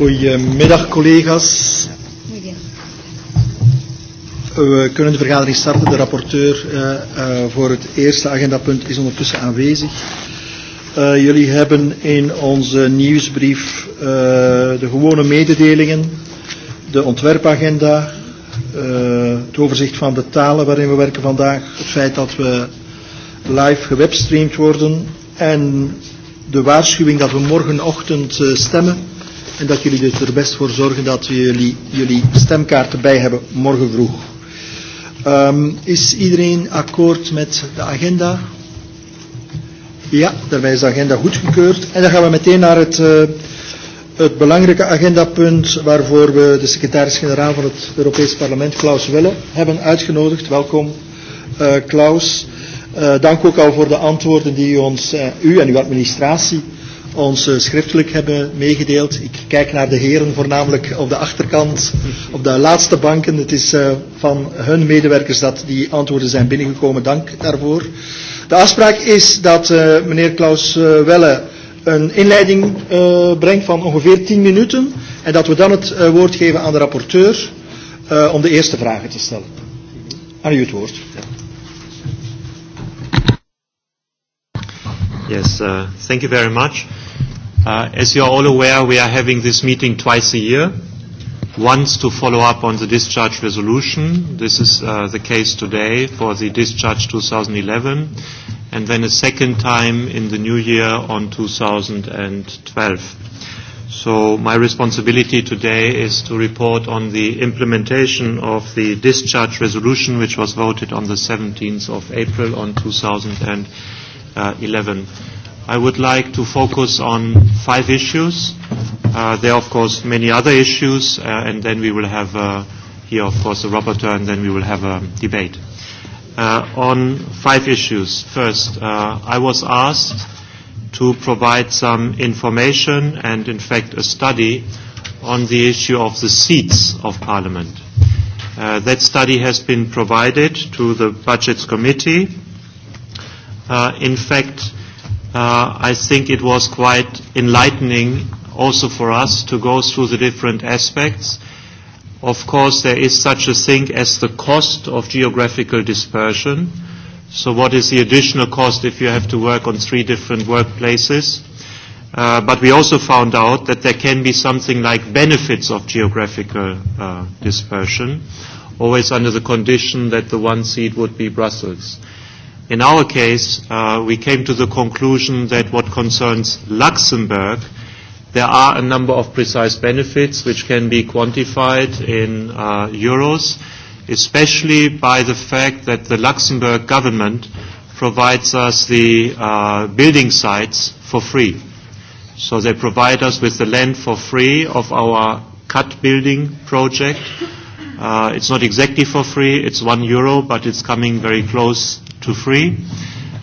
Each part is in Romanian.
Goedemiddag collega's. Eh, we kunnen de vergadering starten. De rapporteur uh, uh, voor het eerste agendapunt is ondertussen aanwezig. Uh, jullie hebben in onze nieuwsbrief uh, de gewone mededelingen, de ontwerpagenda, uh, het overzicht van de talen waarin we werken vandaag, het feit dat we live gewebstreamd worden en de waarschuwing dat we morgenochtend uh, stemmen En dat jullie dus er best voor zorgen dat jullie jullie stemkaarten bij hebben morgen vroeg. Um, is iedereen akkoord met de agenda? Ja, daarbij is de agenda goedgekeurd. En dan gaan we meteen naar het, uh, het belangrijke agendapunt waarvoor we de secretaris-generaal van het Europees Parlement, Klaus Welle, hebben uitgenodigd. Welkom, uh, Klaus. Uh, dank ook al voor de antwoorden die u ons, uh, u en uw administratie, ons uh, schriftelijk hebben meegedeeld. Ik kijk naar de heren voornamelijk op de achterkant, op de laatste banken. Het is uh, van hun medewerkers dat die antwoorden zijn binnengekomen. Dank daarvoor. De afspraak is dat uh, meneer Klaus uh, Welle een inleiding uh, brengt van ongeveer 10 minuten en dat we dan het uh, woord geven aan de rapporteur uh, om de eerste vragen te stellen. Aan u het woord. Yes, uh, thank you very much. Uh, as you are all aware, we are having this meeting twice a year. Once to follow up on the discharge resolution. This is uh, the case today for the discharge 2011. And then a second time in the new year on 2012. So my responsibility today is to report on the implementation of the discharge resolution which was voted on the 17th of April on 2011. I would like to focus on five issues. Uh, there are, of course, many other issues, uh, and then we will have uh, here, of course, a rapporteur, and then we will have a debate. Uh, on five issues. First, uh, I was asked to provide some information and, in fact, a study on the issue of the seats of Parliament. Uh, that study has been provided to the Budgets Committee. Uh, in fact, uh, I think it was quite enlightening also for us to go through the different aspects. Of course, there is such a thing as the cost of geographical dispersion. So what is the additional cost if you have to work on three different workplaces? Uh, but we also found out that there can be something like benefits of geographical uh, dispersion, always under the condition that the one seat would be Brussels. Uh, In our case, uh, we came to the conclusion that what concerns Luxembourg, there are a number of precise benefits which can be quantified in uh, euros, especially by the fact that the Luxembourg government provides us the uh, building sites for free. So they provide us with the land for free of our cut building project Uh, it's not exactly for free, it's one euro, but it's coming very close to free.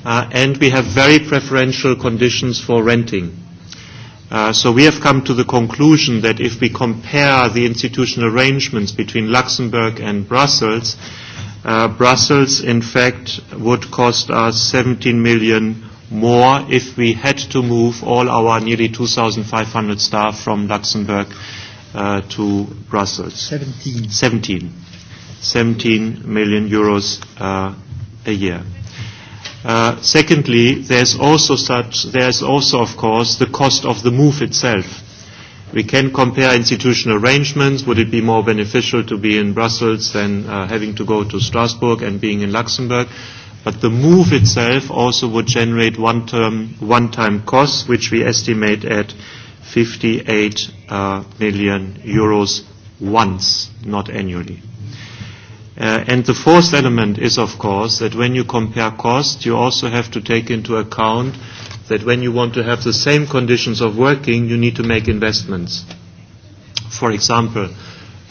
Uh, and we have very preferential conditions for renting. Uh, so we have come to the conclusion that if we compare the institutional arrangements between Luxembourg and Brussels, uh, Brussels in fact would cost us 17 million more if we had to move all our nearly 2,500 staff from Luxembourg uh, to Brussels. 17. 17. 17 million euros uh, a year. Uh, secondly, there's also such, there's also, of course, the cost of the move itself. We can compare institutional arrangements. Would it be more beneficial to be in Brussels than uh, having to go to Strasbourg and being in Luxembourg? But the move itself also would generate one-time one, one costs, which we estimate at 58 uh, million euros once, not annually. Uh, and the fourth element is, of course, that when you compare costs, you also have to take into account that when you want to have the same conditions of working, you need to make investments. For example,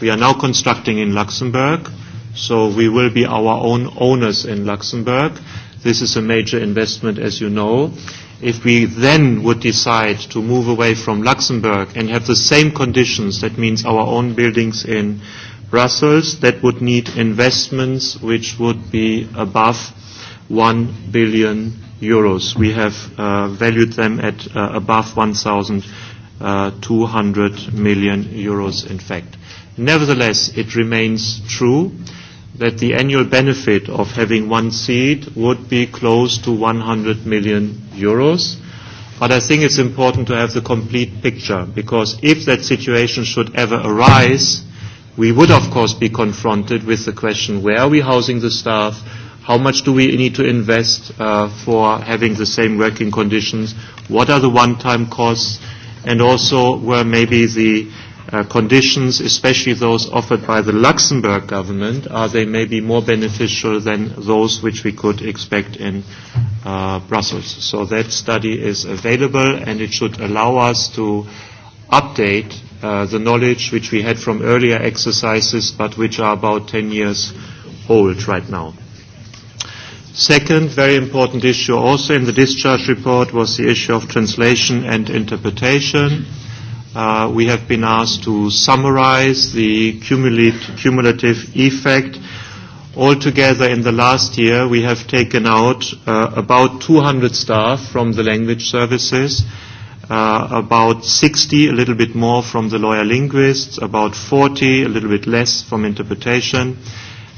we are now constructing in Luxembourg, so we will be our own owners in Luxembourg. This is a major investment, as you know if we then would decide to move away from Luxembourg and have the same conditions, that means our own buildings in Brussels, that would need investments which would be above 1 billion euros. We have uh, valued them at uh, above 1,200 uh, million euros, in fact. Nevertheless, it remains true that the annual benefit of having one seat would be close to 100 million euros. But I think it's important to have the complete picture because if that situation should ever arise, we would of course be confronted with the question, where are we housing the staff? How much do we need to invest uh, for having the same working conditions? What are the one-time costs? And also where maybe the Uh, conditions, especially those offered by the Luxembourg government, are they maybe more beneficial than those which we could expect in uh, Brussels. So that study is available and it should allow us to update uh, the knowledge which we had from earlier exercises but which are about 10 years old right now. Second very important issue also in the discharge report was the issue of translation and interpretation. Mm-hmm Uh, we have been asked to summarize the cumulative effect. Altogether, in the last year, we have taken out uh, about 200 staff from the language services, uh, about 60, a little bit more from the lawyer linguists, about 40, a little bit less from interpretation,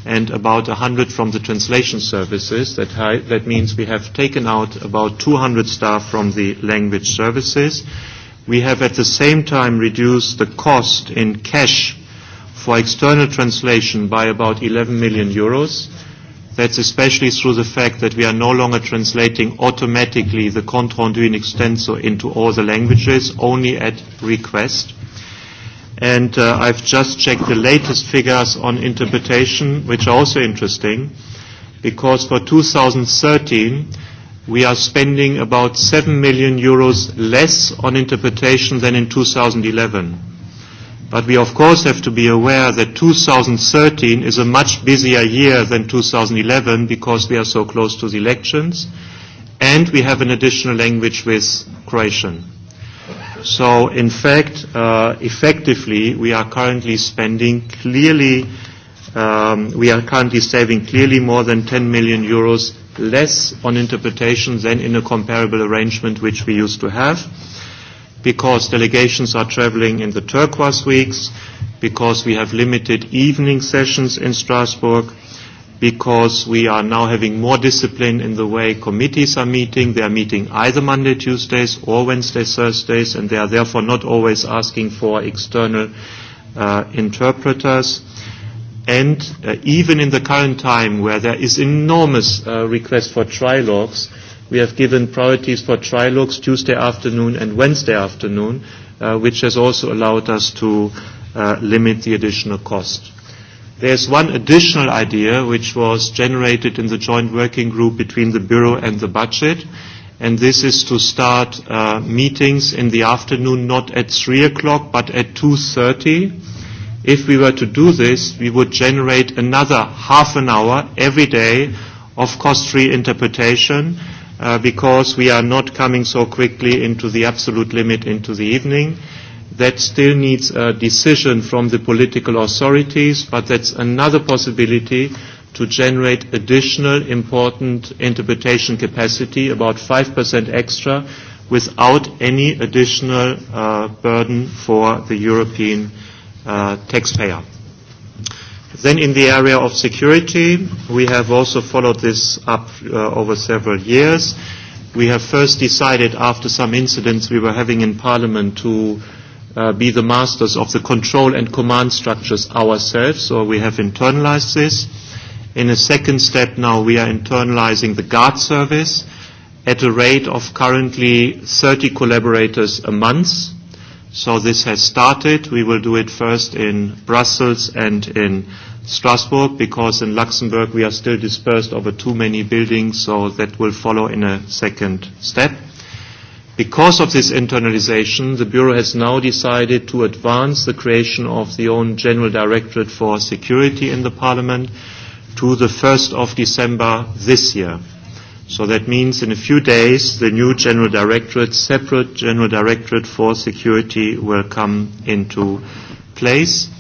and about 100 from the translation services. That, high, that means we have taken out about 200 staff from the language services we have at the same time reduced the cost in cash for external translation by about 11 million euros. That's especially through the fact that we are no longer translating automatically the contrandu in extenso into all the languages, only at request. And uh, I've just checked the latest figures on interpretation, which are also interesting, because for 2013, we are spending about 7 million euros less on interpretation than in 2011. But we of course have to be aware that 2013 is a much busier year than 2011 because we are so close to the elections and we have an additional language with Croatian. So in fact, uh, effectively, we are currently spending clearly Um, we are currently saving clearly more than 10 million euros less on interpretation than in a comparable arrangement which we used to have, because delegations are traveling in the turquoise weeks, because we have limited evening sessions in Strasbourg, because we are now having more discipline in the way committees are meeting. They are meeting either Monday, Tuesdays or Wednesday, Thursdays, and they are therefore not always asking for external uh, interpreters And uh, even in the current time where there is enormous uh, request for trilogues, we have given priorities for trilogues Tuesday afternoon and Wednesday afternoon, uh, which has also allowed us to uh, limit the additional cost. There's one additional idea which was generated in the joint working group between the Bureau and the budget, and this is to start uh, meetings in the afternoon, not at 3 o'clock, but at 2.30 If we were to do this, we would generate another half an hour every day of cost-free interpretation uh, because we are not coming so quickly into the absolute limit into the evening. That still needs a decision from the political authorities, but that's another possibility to generate additional important interpretation capacity, about 5% extra, without any additional uh, burden for the European uh, taxpayer. Then in the area of security, we have also followed this up uh, over several years. We have first decided after some incidents we were having in Parliament to uh, be the masters of the control and command structures ourselves, so we have internalized this. In a second step now we are internalizing the guard service at a rate of currently 30 collaborators a month So this has started. We will do it first in Brussels and in Strasbourg because in Luxembourg we are still dispersed over too many buildings, so that will follow in a second step. Because of this internalization, the Bureau has now decided to advance the creation of the own General Directorate for Security in the Parliament to the 1st of December this year. So that means in a few days the new General Directorate, separate General Directorate for Security will come into place.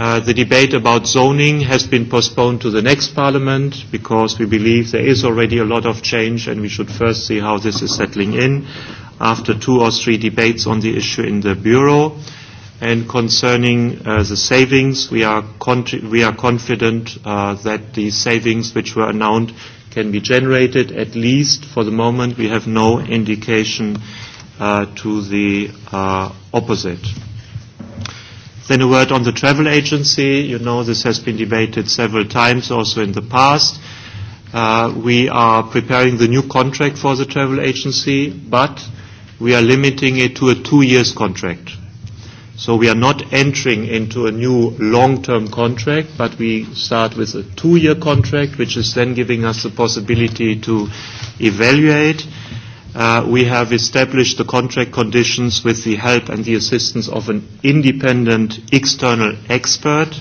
Uh, the debate about zoning has been postponed to the next parliament because we believe there is already a lot of change and we should first see how this is settling in after two or three debates on the issue in the Bureau. And concerning uh, the savings, we are, we are confident uh, that the savings which were announced can be generated. At least for the moment, we have no indication uh, to the uh, opposite. Then a word on the travel agency. You know this has been debated several times also in the past. Uh, we are preparing the new contract for the travel agency, but we are limiting it to a two years contract. So we are not entering into a new long-term contract, but we start with a two-year contract, which is then giving us the possibility to evaluate. Uh, we have established the contract conditions with the help and the assistance of an independent external expert.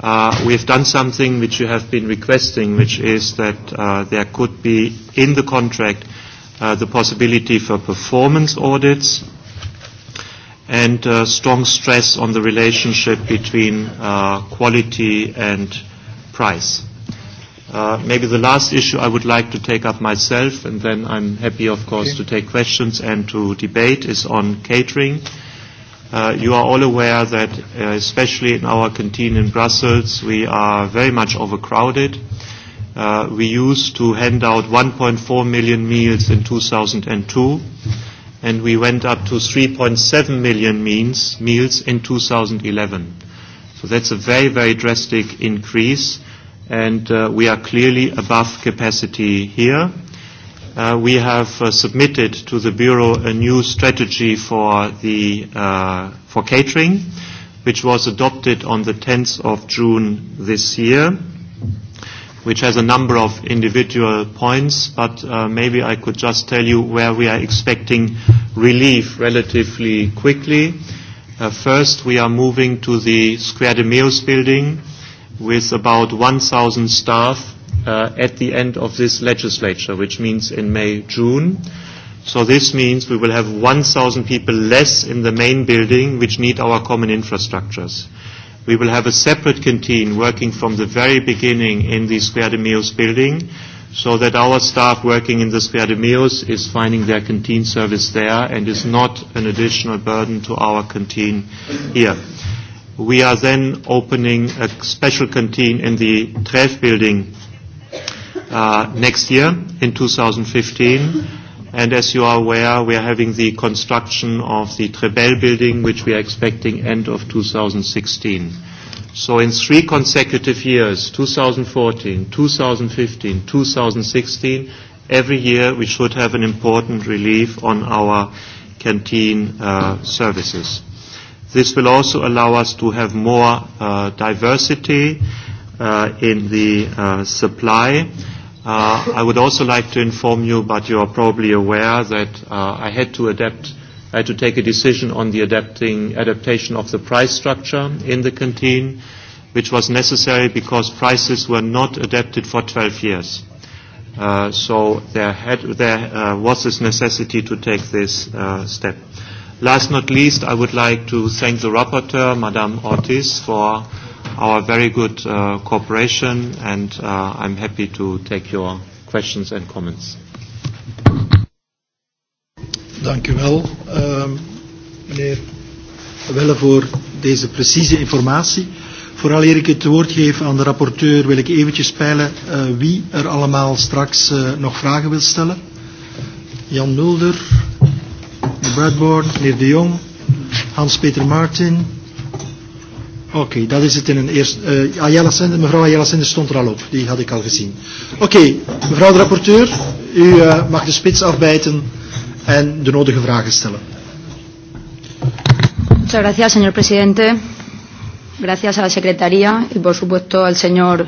Uh, we have done something which you have been requesting, which is that uh, there could be in the contract uh, the possibility for performance audits and uh, strong stress on the relationship between uh, quality and price. Uh, maybe the last issue I would like to take up myself, and then I'm happy, of course, okay. to take questions and to debate, is on catering. Uh, you are all aware that, uh, especially in our canteen in Brussels, we are very much overcrowded. Uh, we used to hand out 1.4 million meals in 2002 and we went up to 3.7 million means, meals in 2011. So that's a very, very drastic increase, and uh, we are clearly above capacity here. Uh, we have uh, submitted to the Bureau a new strategy for, the, uh, for catering, which was adopted on the 10th of June this year which has a number of individual points, but uh, maybe I could just tell you where we are expecting relief relatively quickly. Uh, first, we are moving to the Square de Meos building with about 1,000 staff uh, at the end of this legislature, which means in May, June. So this means we will have 1,000 people less in the main building, which need our common infrastructures. Uh, We will have a separate canteen working from the very beginning in the Square de Meos building so that our staff working in the Square de Meos is finding their canteen service there and is not an additional burden to our canteen here. We are then opening a special canteen in the Treff building uh, next year in 2015 And as you are aware, we are having the construction of the Trebel building, which we are expecting end of 2016. So in three consecutive years, 2014, 2015, 2016, every year we should have an important relief on our canteen uh, services. This will also allow us to have more uh, diversity uh, in the uh, supply Uh, I would also like to inform you, but you are probably aware, that uh, I had to adapt, I had to take a decision on the adapting, adaptation of the price structure in the canteen, which was necessary because prices were not adapted for 12 years. Uh, so there, had, there uh, was this necessity to take this uh, step. Last not least, I would like to thank the rapporteur, Madame Ortiz, for our very good uh, cooperation, and uh, I'm happy to take your questions and comments. Dank u wel, uh, meneer Welle, voor deze precieze informatie. Vooral eer ik het woord geef aan de rapporteur, wil ik eventjes peilen uh, wie er allemaal straks uh, nog vragen wil stellen. Jan Mulder, meneer Bradborn, meneer De Jong, Hans-Peter Martin, Oké, okay, dat is het in een eerste... Uh, Ayala Sender, mevrouw Ayala Sender stond er al op. Die had ik al gezien. Oké, okay, mevrouw de rapporteur, u uh, mag de spits afbijten en de nodige vragen stellen. Muchas gracias, señor presidente. Gracias a la secretaría y, por supuesto, al señor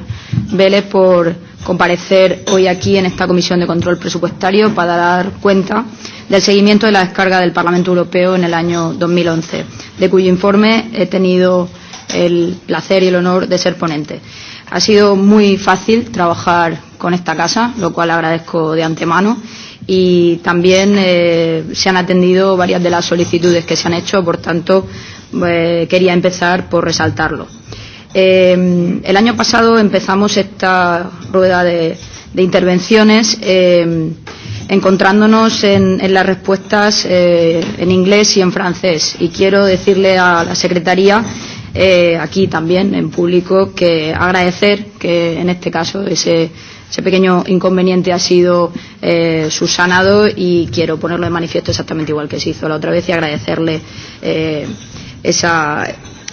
Vélez por comparecer hoy aquí en esta Comisión de Control Presupuestario para dar cuenta del seguimiento de la descarga del Parlamento Europeo en el año 2011, de cuyo informe he tenido el placer y el honor de ser ponente. Ha sido muy fácil trabajar con esta casa, lo cual agradezco de antemano, y también eh, se han atendido varias de las solicitudes que se han hecho, por tanto, eh, quería empezar por resaltarlo. Eh, el año pasado empezamos esta rueda de, de intervenciones eh, encontrándonos en, en las respuestas eh, en inglés y en francés. Y quiero decirle a la Secretaría eh, aquí también en público que agradecer que en este caso ese, ese pequeño inconveniente ha sido eh, subsanado y quiero ponerlo de manifiesto exactamente igual que se hizo la otra vez y agradecerle eh, esa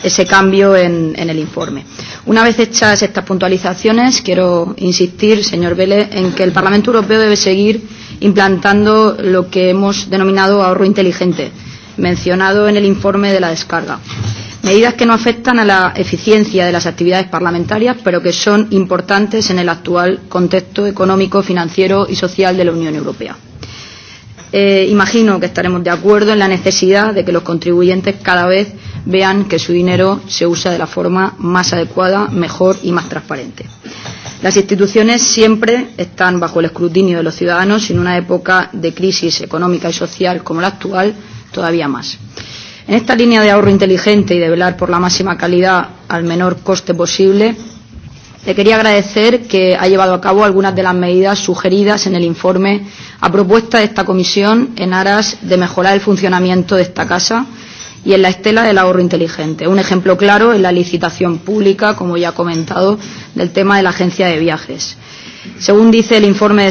ese cambio en, en el informe. Una vez hechas estas puntualizaciones, quiero insistir, señor Vélez, en que el Parlamento Europeo debe seguir implantando lo que hemos denominado ahorro inteligente, mencionado en el informe de la descarga. Medidas que no afectan a la eficiencia de las actividades parlamentarias, pero que son importantes en el actual contexto económico, financiero y social de la Unión Europea. Eh, imagino que estaremos de acuerdo en la necesidad de que los contribuyentes cada vez vean que su dinero se usa de la forma más adecuada, mejor y más transparente. Las instituciones siempre están bajo el escrutinio de los ciudadanos y en una época de crisis económica y social como la actual, todavía más. En esta línea de ahorro inteligente y de velar por la máxima calidad al menor coste posible, le quería agradecer que ha llevado a cabo algunas de las medidas sugeridas en el informe a propuesta de esta comisión en aras de mejorar el funcionamiento de esta casa y en la estela del ahorro inteligente. Un ejemplo claro es la licitación pública, como ya ha comentado, del tema de la agencia de viajes. Según dice el informe...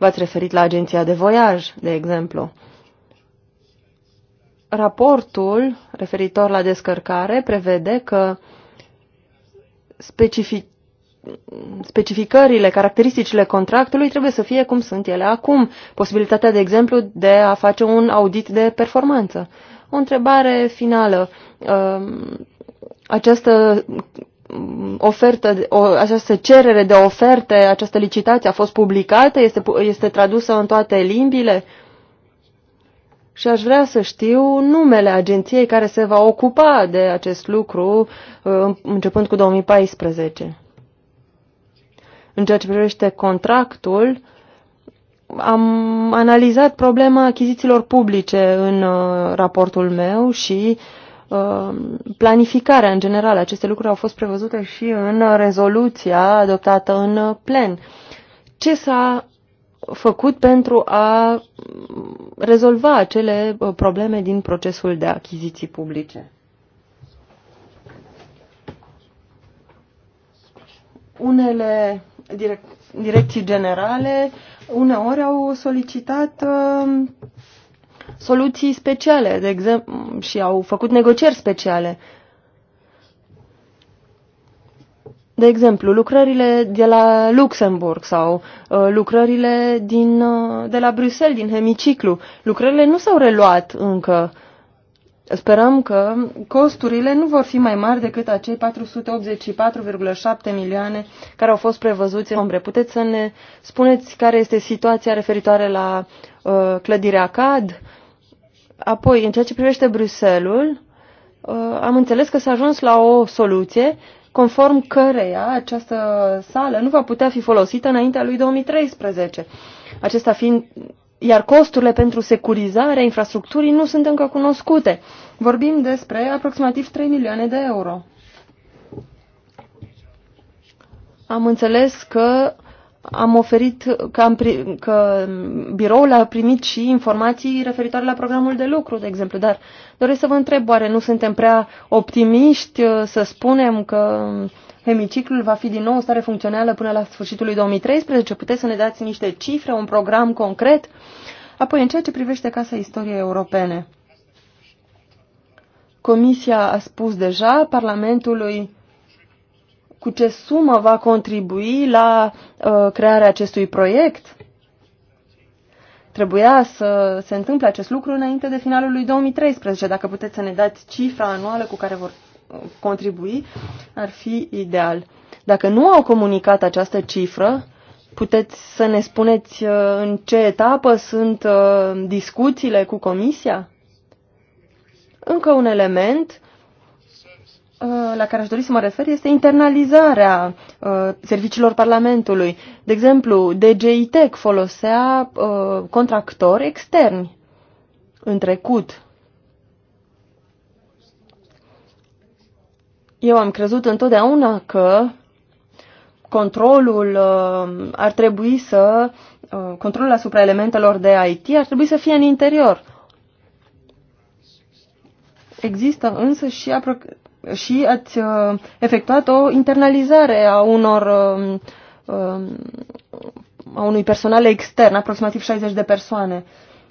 V-ați referir la agencia de voyage, de ejemplo? Raportul referitor la descărcare prevede că specific specificările, caracteristicile contractului trebuie să fie cum sunt ele acum. Posibilitatea, de exemplu, de a face un audit de performanță. O întrebare finală. Um, această um, ofertă, această cerere de oferte, această licitație a fost publicată, este, este tradusă în toate limbile? și aș vrea să știu numele agenției care se va ocupa de acest lucru uh, începând cu 2014. În ceea ce privește contractul, am analizat problema achizițiilor publice în uh, raportul meu și uh, planificarea în general. Aceste lucruri au fost prevăzute și în rezoluția adoptată în plen. Ce s-a făcut pentru a rezolva acele uh, probleme din procesul de achiziții publice? Unele direc direcții generale uneori au solicitat uh, soluții speciale, de exemplu, și au făcut negocieri speciale. De exemplu, lucrările de la Luxemburg sau uh, lucrările din, uh, de la Bruxelles, din hemiciclu, lucrările nu s-au reluat încă. Uh, Sperăm că costurile nu vor fi mai mari decât acei 484,7 milioane care au fost prevăzuți în ombre. Puteți să ne spuneți care este situația referitoare la uh, clădirea CAD? Apoi, în ceea ce privește Bruselul, uh, am înțeles că s-a ajuns la o soluție conform căreia această sală nu va putea fi folosită înaintea lui 2013. Acesta fiind iar costurile pentru securizarea infrastructurii nu sunt încă cunoscute. Vorbim despre aproximativ 3 milioane de euro. Am înțeles că am oferit, că, am, pri, că biroul a primit și informații referitoare la programul de lucru, de exemplu, dar doresc să vă întreb, oare nu suntem prea optimiști să spunem că hemiciclul va fi din nou în stare funcțională până la sfârșitul lui 2013. Puteți să ne dați niște cifre, un program concret? Apoi, în ceea ce privește Casa Istoriei Europene, Comisia a spus deja Parlamentului cu ce sumă va contribui la uh, crearea acestui proiect. Trebuia să se întâmple acest lucru înainte de finalul lui 2013. Dacă puteți să ne dați cifra anuală cu care vor contribui ar fi ideal. Dacă nu au comunicat această cifră, puteți să ne spuneți uh, în ce etapă sunt uh, discuțiile cu Comisia? Încă un element uh, la care aș dori să mă refer este internalizarea serviciilor Parlamentului. De exemplu, DJI Tech folosea contractori externi în trecut Eu am crezut întotdeauna că controlul uh, ar trebui să, uh, controlul asupra elementelor de IT ar trebui să fie în interior. Există însă și, apro- și ați uh, efectuat o internalizare a unor uh, uh, a unui personal extern, aproximativ 60 de persoane.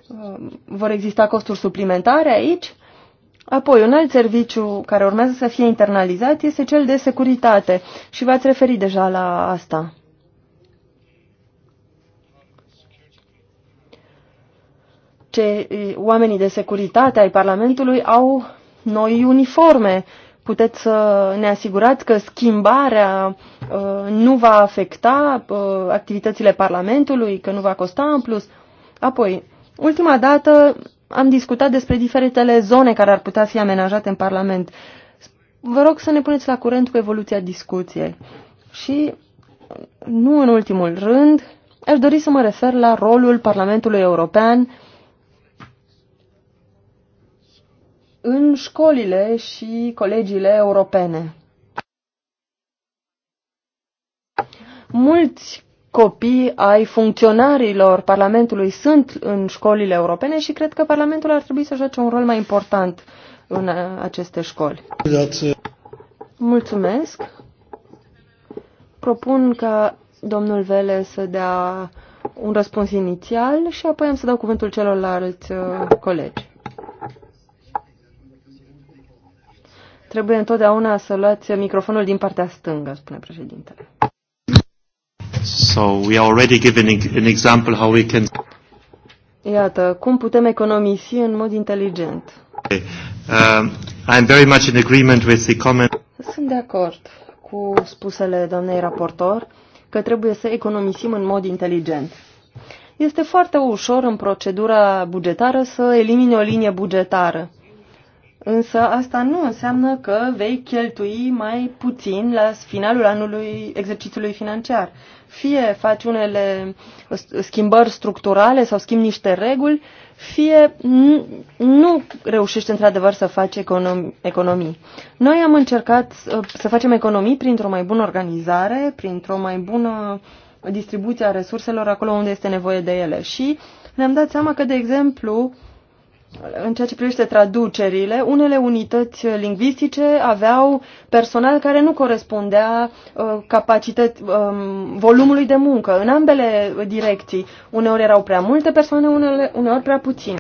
Uh, vor exista costuri suplimentare aici? Apoi, un alt serviciu care urmează să fie internalizat este cel de securitate și v-ați referit deja la asta. Ce, oamenii de securitate ai Parlamentului au noi uniforme. Puteți să ne asigurați că schimbarea nu va afecta activitățile Parlamentului, că nu va costa în plus. Apoi, ultima dată am discutat despre diferitele zone care ar putea fi amenajate în Parlament. Vă rog să ne puneți la curent cu evoluția discuției. Și, nu în ultimul rând, aș dori să mă refer la rolul Parlamentului European în școlile și colegiile europene. Mulți copii ai funcționarilor Parlamentului sunt în școlile europene și cred că Parlamentul ar trebui să joace un rol mai important în aceste școli. Mulțumesc. Propun ca domnul Vele să dea un răspuns inițial și apoi am să dau cuvântul celorlalți uh, colegi. Trebuie întotdeauna să luați microfonul din partea stângă, spune președintele. So we are already given an example how we can Iată, cum putem economisi în mod inteligent. Okay. Um, I'm very much in agreement with the comment. Sunt de acord cu spusele doamnei raportor că trebuie să economisim în mod inteligent. Este foarte ușor în procedura bugetară să elimini o linie bugetară. Însă asta nu înseamnă că vei cheltui mai puțin la finalul anului exercițiului financiar. Fie faci unele schimbări structurale sau schimbi niște reguli, fie nu reușești într-adevăr să faci economii. Noi am încercat să facem economii printr-o mai bună organizare, printr-o mai bună distribuție a resurselor acolo unde este nevoie de ele și ne-am dat seama că, de exemplu, uh, în ceea ce privește traducerile, unele unități lingvistice aveau personal care nu corespundea uh, capacități, um, volumului de muncă în ambele direcții. Uneori erau prea multe persoane, unele, uneori prea puține.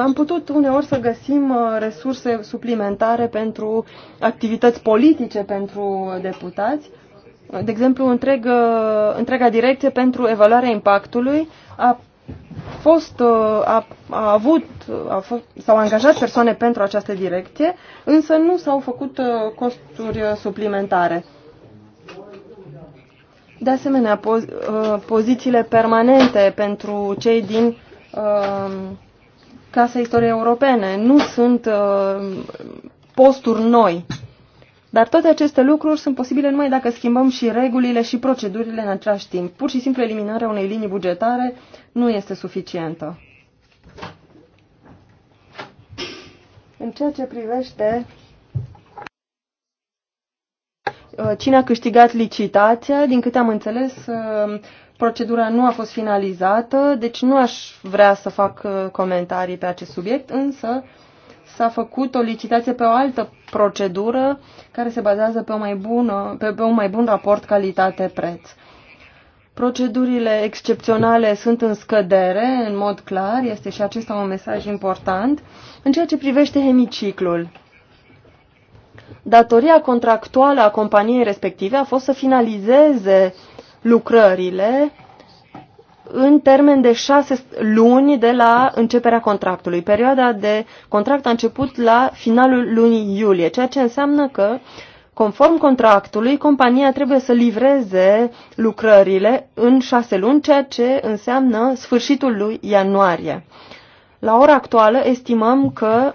Am putut uneori să găsim uh, resurse suplimentare pentru activități politice pentru deputați, de exemplu, întreg, uh, întreaga direcție pentru evaluarea impactului a fost, uh, a, a avut, a fost, s-au angajat persoane pentru această direcție, însă nu s-au făcut uh, costuri uh, suplimentare. De asemenea, poz, pozițiile permanente pentru cei din uh, Casa Istoriei Europene nu sunt uh, posturi noi. Dar toate aceste lucruri sunt posibile numai dacă schimbăm și regulile și procedurile în același timp. Pur și simplu eliminarea unei linii bugetare uh, nu este suficientă. În ceea ce privește uh, cine a câștigat licitația, din câte am înțeles, uh, procedura nu a fost finalizată, deci nu aș vrea să fac uh, comentarii pe acest subiect, însă s-a făcut o licitație pe o altă procedură care se bazează pe, o mai bună, pe, pe un mai bun raport calitate-preț. Procedurile excepționale sunt în scădere, în mod clar, este și acesta un mesaj important, în ceea ce privește hemiciclul. Datoria contractuală a companiei respective a fost să finalizeze lucrările în termen de șase luni de la începerea contractului. Perioada de contract a început la finalul lunii iulie, ceea ce înseamnă că Conform contractului, compania trebuie să livreze lucrările în șase luni, ceea ce înseamnă sfârșitul lui ianuarie. La ora actuală estimăm că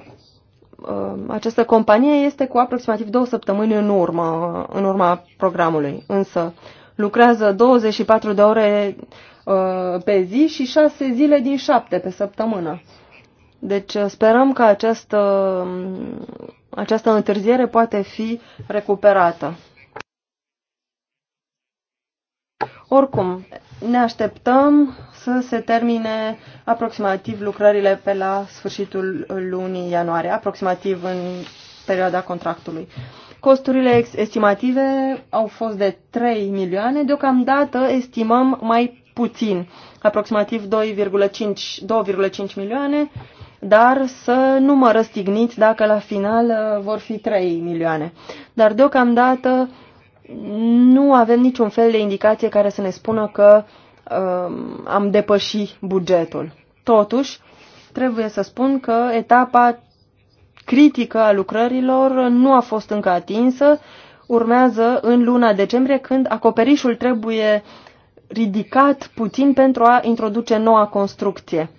uh, această companie este cu aproximativ două săptămâni în urmă, în urma programului, însă lucrează 24 de ore uh, pe zi și 6 zile din 7 pe săptămână. Deci uh, sperăm că această, um, această întârziere poate fi recuperată. Oricum, ne așteptăm să se termine aproximativ lucrările pe la sfârșitul lunii ianuarie, aproximativ în perioada contractului. Costurile estimative au fost de 3 milioane, deocamdată estimăm mai puțin, aproximativ 2,5 milioane dar să nu mă răstigniți dacă la final uh, vor fi 3 milioane. Dar deocamdată nu avem niciun fel de indicație care să ne spună că uh, am depășit bugetul. Totuși, trebuie să spun că etapa critică a lucrărilor nu a fost încă atinsă. Urmează în luna decembrie când acoperișul trebuie ridicat puțin pentru a introduce noua construcție.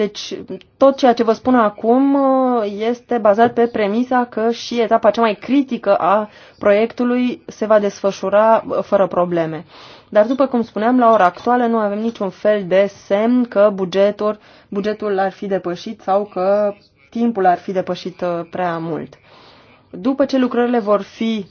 Deci tot ceea ce vă spun acum uh, este bazat pe premisa că și etapa cea mai critică a proiectului se va desfășura uh, fără probleme. Dar după cum spuneam, la ora actuală nu avem niciun fel de semn că bugetul, bugetul ar fi depășit sau că timpul ar fi depășit uh, prea mult. După ce lucrările vor fi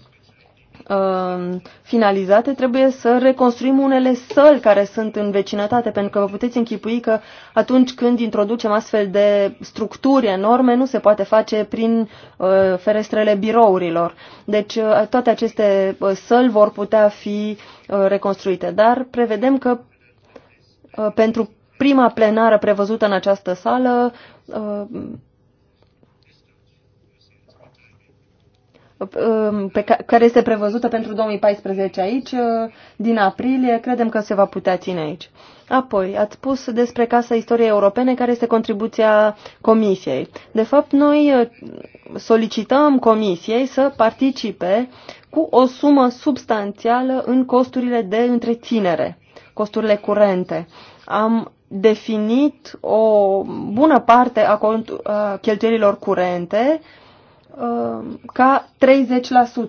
Uh, finalizate, trebuie să reconstruim unele săli care sunt în vecinătate, pentru că vă puteți închipui că atunci când introducem astfel de structuri enorme, nu se poate face prin uh, ferestrele birourilor. Deci uh, toate aceste uh, săli vor putea fi uh, reconstruite, dar prevedem că uh, pentru prima plenară prevăzută în această sală, uh, Um, pe care este prevăzută pentru 2014 aici, uh, din aprilie, credem că se va putea ține aici. Apoi, ați spus despre Casa Istoriei Europene, care este contribuția Comisiei. De fapt, noi uh, solicităm Comisiei să participe cu o sumă substanțială în costurile de întreținere, costurile curente. Am definit o bună parte a, a cheltuielilor curente, Uh, ca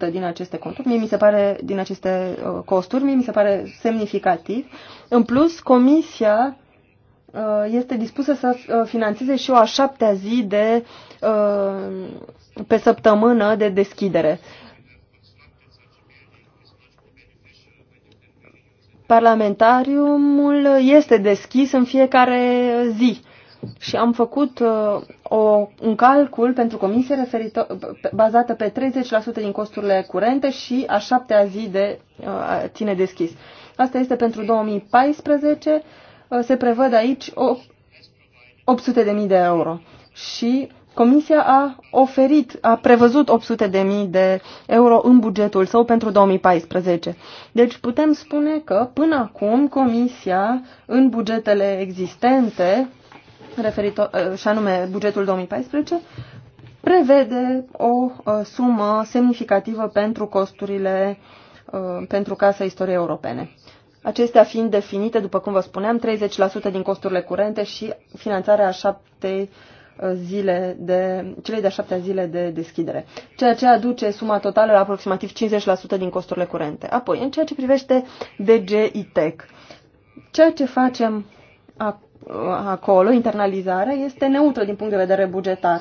30% din aceste conturi, mie mi se pare, din aceste uh, costuri, mie mi se pare semnificativ. În plus, comisia uh, este dispusă să finanțeze și o a șaptea zi de, pe săptămână de deschidere. Parlamentariumul este deschis în fiecare zi și am făcut uh, o, un calcul pentru comisie referitor, bazată pe 30% din costurile curente și a șaptea zi de uh, ține deschis. Asta este pentru 2014. Uh, se prevăd aici o, 800.000 de euro și Comisia a oferit, a prevăzut 800.000 de euro în bugetul său pentru 2014. Deci putem spune că până acum Comisia în bugetele existente referitor, uh, și anume bugetul 2014, prevede o uh, sumă semnificativă pentru costurile uh, pentru Casa Istoriei Europene. Acestea fiind definite, după cum vă spuneam, 30% din costurile curente și finanțarea a șapte zile de, cele de-a zile de deschidere, ceea ce aduce suma totală la aproximativ 50% din costurile curente. Apoi, în ceea ce privește DGITEC, ceea ce facem acum acolo, internalizarea, este neutră din punct de vedere bugetar.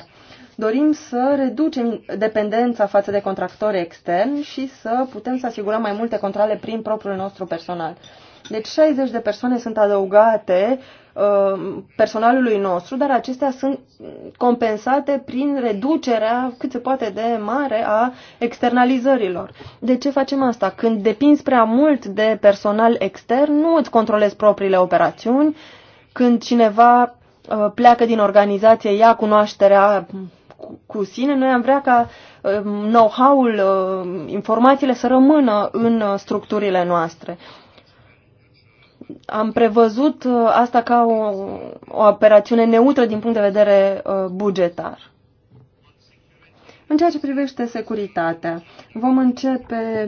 Dorim să reducem dependența față de contractori externi și să putem să asigurăm mai multe controle prin propriul nostru personal. Deci 60 de persoane sunt adăugate uh, personalului nostru, dar acestea sunt compensate prin reducerea cât se poate de mare a externalizărilor. De ce facem asta? Când depinzi prea mult de personal extern, nu îți controlezi propriile operațiuni, când cineva uh, pleacă din organizație, ia cunoașterea cu sine, noi am vrea ca um, know-how-ul, uh, informațiile să rămână în uh, structurile noastre. Am prevăzut asta ca o, o operațiune neutră din punct de vedere bugetar. În ceea ce privește securitatea, vom începe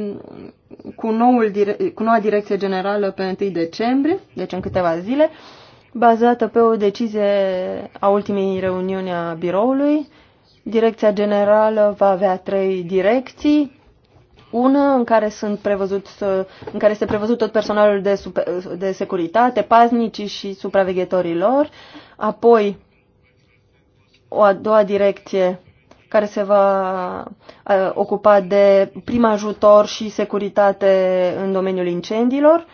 cu, noul, cu noua direcție generală pe 1 decembrie, deci în câteva zile, bazată pe o decizie a ultimei reuniuni a biroului. Direcția generală va avea trei direcții. Una în care, sunt prevăzut, în care este prevăzut tot personalul de, super, de securitate, paznicii și supraveghetorii lor. Apoi, o a doua direcție care se va ocupa de prim ajutor și securitate în domeniul incendiilor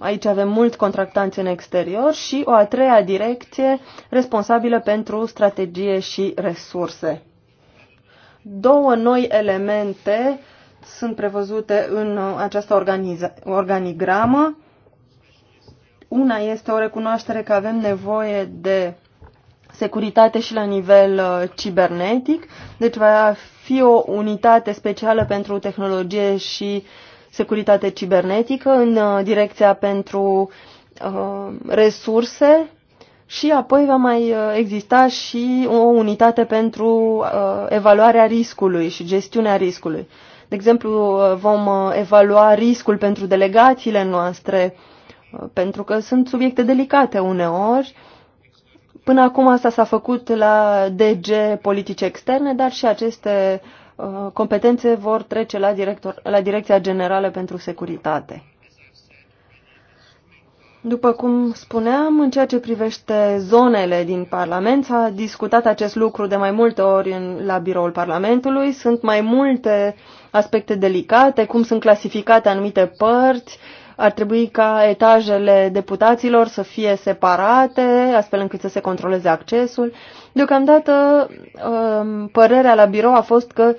aici avem mult contractanți în exterior și o a treia direcție responsabilă pentru strategie și resurse. Două noi elemente sunt prevăzute în această organigramă. Una este o recunoaștere că avem nevoie de securitate și la nivel uh, cibernetic, deci va fi o unitate specială pentru tehnologie și uh, securitate cibernetică, în uh, direcția pentru uh, resurse și apoi va mai uh, exista și o unitate pentru evaluarea riscului și gestiunea riscului. De exemplu, vom evalua riscul pentru delegațiile noastre, pentru că sunt subiecte delicate uneori. Până acum asta s-a făcut la DG Politici Externe, dar și aceste uh, Uh, competențe vor trece la, director, la Direcția Generală pentru Securitate. După cum spuneam, în ceea ce privește zonele din Parlament, s-a discutat acest lucru de mai multe ori în, la biroul Parlamentului. Sunt mai multe aspecte delicate, cum sunt clasificate anumite părți, uh, ar trebui ca etajele deputaților să fie separate, astfel încât să se controleze accesul. Deocamdată, um, părerea la birou a fost că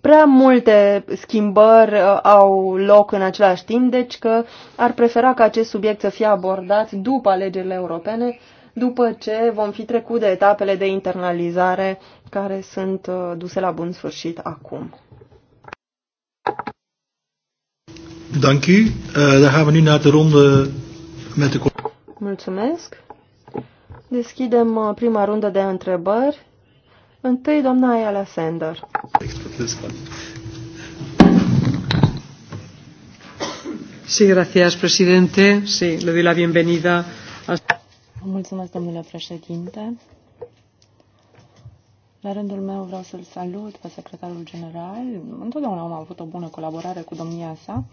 prea multe schimbări uh, au loc în același timp, deci că ar prefera ca acest subiect să fie abordat după alegerile europene, după ce vom fi trecut de etapele de internalizare care sunt uh, duse la bun sfârșit acum. Dank u. Uh, dan gaan we nu naar de ronde met de... Mulțumesc. Deschidem uh, prima rundă de întrebări. Întâi, doamna Ayala Sender. Sí, gracias, presidente. Sí, le doy la bienvenida. A... Mulțumesc, domnule președinte. La rândul meu vreau să-l salut pe secretarul general. Întotdeauna am avut o bună colaborare cu domnia sa.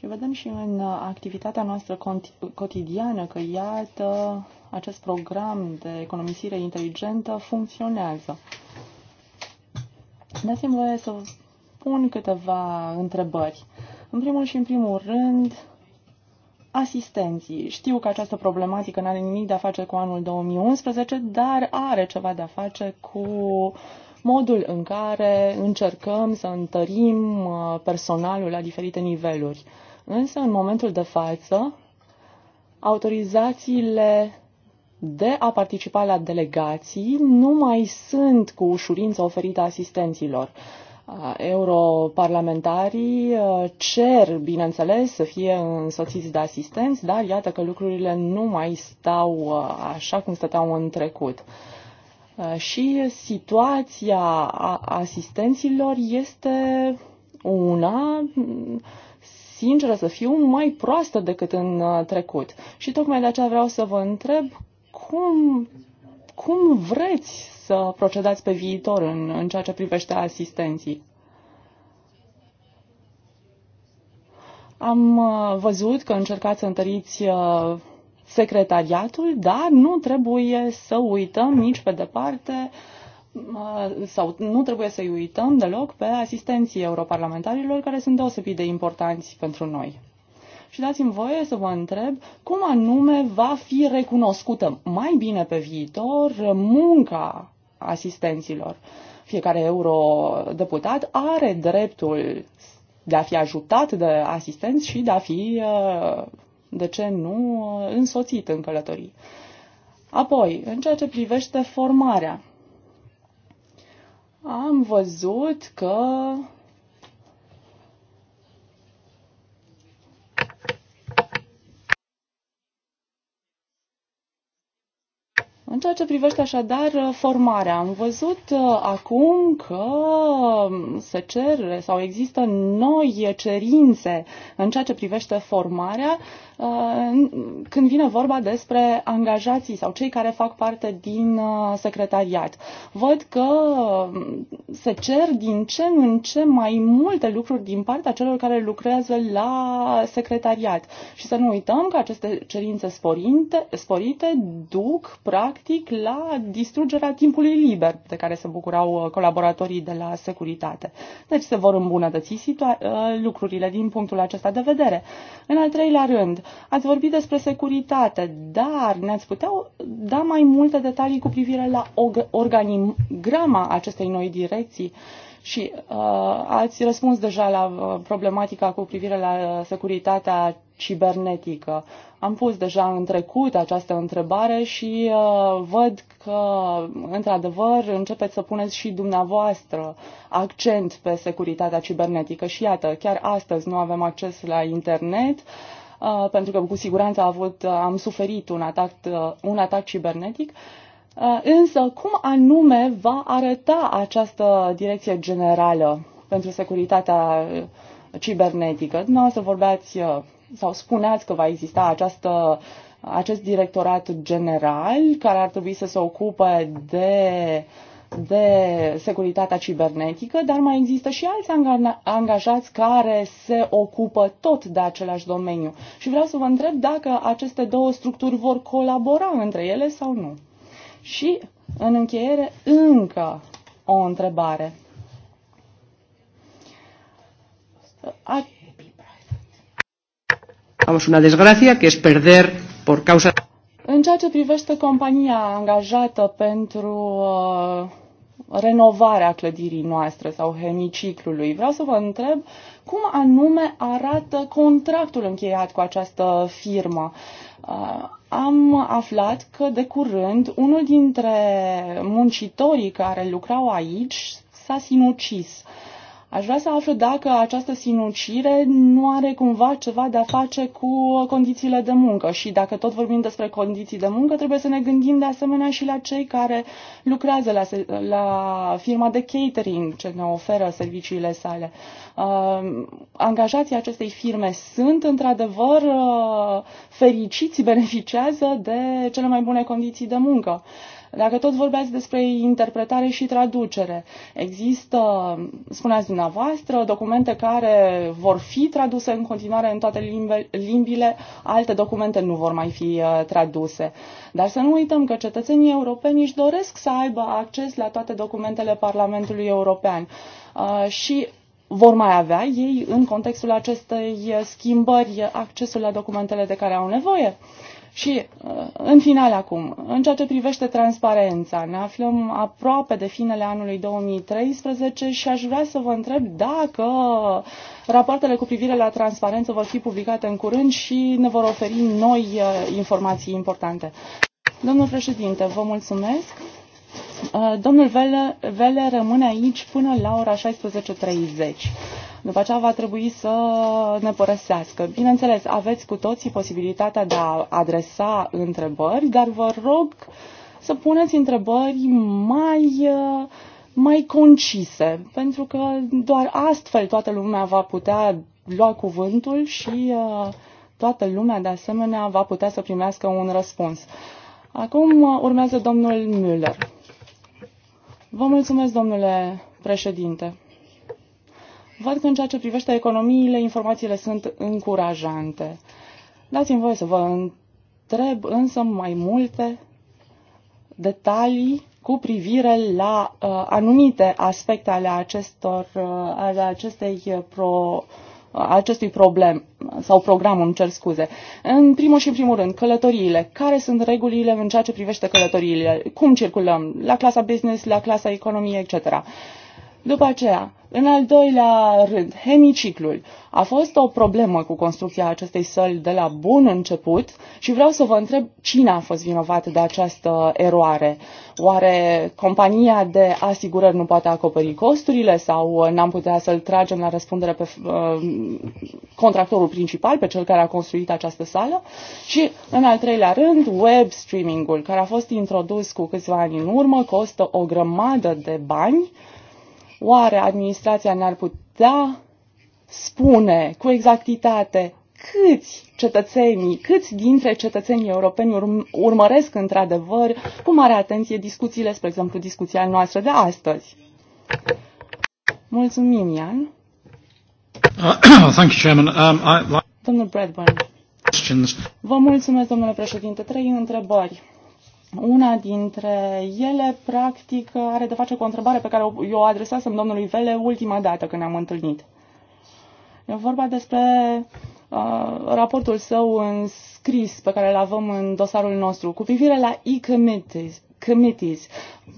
Și vedem și în uh, activitatea noastră cotidiană că, iată, acest program de economisire inteligentă funcționează. Dați-mi voie să pun câteva întrebări. În primul și în primul rând, asistenții. Știu că această problematică nu are nimic de a face cu anul 2011, dar are ceva de a face cu modul în care încercăm să întărim uh, personalul la diferite niveluri. Însă, în momentul de față, autorizațiile de a participa la delegații nu mai sunt cu ușurință oferite asistenților. Europarlamentarii cer, bineînțeles, să fie însoțiți de asistenți, dar iată că lucrurile nu mai stau așa cum stăteau în trecut. Și situația asistenților este una sinceră să fiu, mai proastă decât în uh, trecut. Și tocmai de aceea vreau să vă întreb cum, cum vreți să procedați pe viitor în, în ceea ce privește asistenții. Am uh, văzut că încercați să întăriți uh, secretariatul, dar nu trebuie să uităm nici pe departe uh, Uh, sau nu trebuie să-i uităm deloc pe asistenții europarlamentarilor care sunt deosebit de importanți pentru noi. Și dați-mi voie să vă întreb cum anume va fi recunoscută mai bine pe viitor munca asistenților. Fiecare eurodeputat are dreptul de a fi ajutat de asistenți și de a fi, uh, de ce nu, însoțit în călătorii. Apoi, în ceea ce privește formarea, am văzut că În ceea ce privește așadar uh, formarea, am văzut uh, acum că um, se cer sau există noi cerințe în ceea ce privește formarea uh, când vine vorba despre angajații sau cei care fac parte din secretariat. Văd că um, se cer din ce în ce mai multe lucruri din partea celor care lucrează la secretariat. Și să nu uităm că aceste cerințe sporinte, sporite duc practic practic, la distrugerea timpului liber de care se bucurau uh, colaboratorii de la securitate. Deci se vor îmbunătăți uh, lucrurile din punctul acesta de vedere. În al treilea rând, ați vorbit despre securitate, dar ne-ați putea uh, da mai multe detalii cu privire la organigrama acestei noi direcții? Și uh, ați răspuns deja la problematica cu privire la securitatea cibernetică. Am pus deja în trecut această întrebare și uh, văd că, într-adevăr, începeți să puneți și dumneavoastră accent pe securitatea cibernetică. Și iată, chiar astăzi nu avem acces la internet. Uh, pentru că cu siguranță a avut, uh, am suferit un atac, uh, un atac cibernetic, uh, Însă, cum anume va arăta această direcție generală pentru securitatea uh, cibernetică? Dumneavoastră vorbeați uh, sau spuneați că va exista această, acest directorat general care ar trebui să se ocupe de de securitatea cibernetică, dar mai există și alți angajați care se ocupă tot de același domeniu. Și vreau să vă întreb dacă aceste două structuri vor colabora între ele sau nu. Și, în încheiere, încă o întrebare. A Vamos, una desgracia que es perder por causa... În ceea ce privește compania angajată pentru uh, renovarea clădirii noastre sau hemiciclului, vreau să vă întreb cum anume arată contractul încheiat cu această firmă. Uh, am aflat că de curând unul dintre muncitorii care lucrau aici s-a sinucis. Uh, Aș vrea să aflu dacă această sinucire nu are cumva ceva de a face cu condițiile de muncă și dacă tot vorbim despre condiții de muncă, trebuie să ne gândim de asemenea și la cei care lucrează la, la firma de catering ce ne oferă serviciile sale. Uh, angajații acestei firme sunt într-adevăr uh, fericiți, beneficiază de cele mai bune condiții de muncă. Uh, dacă tot vorbeați despre interpretare și traducere, există, spuneați dumneavoastră, documente care vor fi traduse în continuare în toate limbile, alte documente nu vor mai fi uh, traduse. Dar să nu uităm că cetățenii europeni își doresc să aibă acces la toate documentele Parlamentului European. Uh, și vor mai avea ei în contextul acestei schimbări accesul la documentele de care au nevoie. Și, în final, acum, în ceea ce privește transparența, ne aflăm aproape de finele anului 2013 și aș vrea să vă întreb dacă rapoartele cu privire la transparență vor fi publicate în curând și ne vor oferi noi eh, informații importante. Domnul președinte, vă mulțumesc. Eh, domnul Vele, rămâne aici până la ora 16.30. După aceea va trebui să ne părăsească. Bineînțeles, aveți cu toții posibilitatea de a adresa întrebări, dar vă rog să puneți întrebări mai, eh, mai concise, pentru că doar astfel toată lumea va putea lua cuvântul și eh, toată lumea, de asemenea, va putea să primească un răspuns. Acum urmează domnul Müller. Vă mulțumesc, domnule președinte. Văd că în ceea ce privește economiile, informațiile sunt încurajante. Dați-mi voie să vă întreb însă mai multe detalii cu privire la uh, anumite aspecte ale, acestor, uh, ale acestei uh, pro, uh, acestui problem sau program, îmi cer scuze. În primul și în primul rând, călătoriile. Care sunt regulile în ceea ce privește călătoriile? Cum circulăm? La clasa business, la clasa economie, etc. După aceea, în al doilea rând, hemiciclul. A fost o problemă cu construcția acestei săli de la bun început și vreau să vă întreb cine a fost vinovat de această eroare. Oare compania de asigurări nu poate acoperi costurile sau uh, n-am putea să-l tragem la răspundere pe uh, contractorul principal, pe cel care a construit această sală? Și, în al treilea rând, web streaming-ul, care a fost introdus cu câțiva ani în urmă, costă o grămadă de bani Oare administrația ne-ar putea spune cu exactitate câți cetățenii, câți dintre cetățenii europeni urm- urmăresc într-adevăr cu mare atenție discuțiile, spre exemplu discuția noastră de astăzi? Mulțumim, Ian. Uh, thank you, Chairman. Um, I, like... Domnul Bradburn. Vă mulțumesc, domnule președinte. Trei întrebări. Una dintre ele, practic, are de face cu o întrebare pe care eu o adresasem domnului Vele ultima dată când ne-am întâlnit. E vorba despre uh, raportul său în scris pe care îl avem în dosarul nostru cu privire la e-committees. Committees.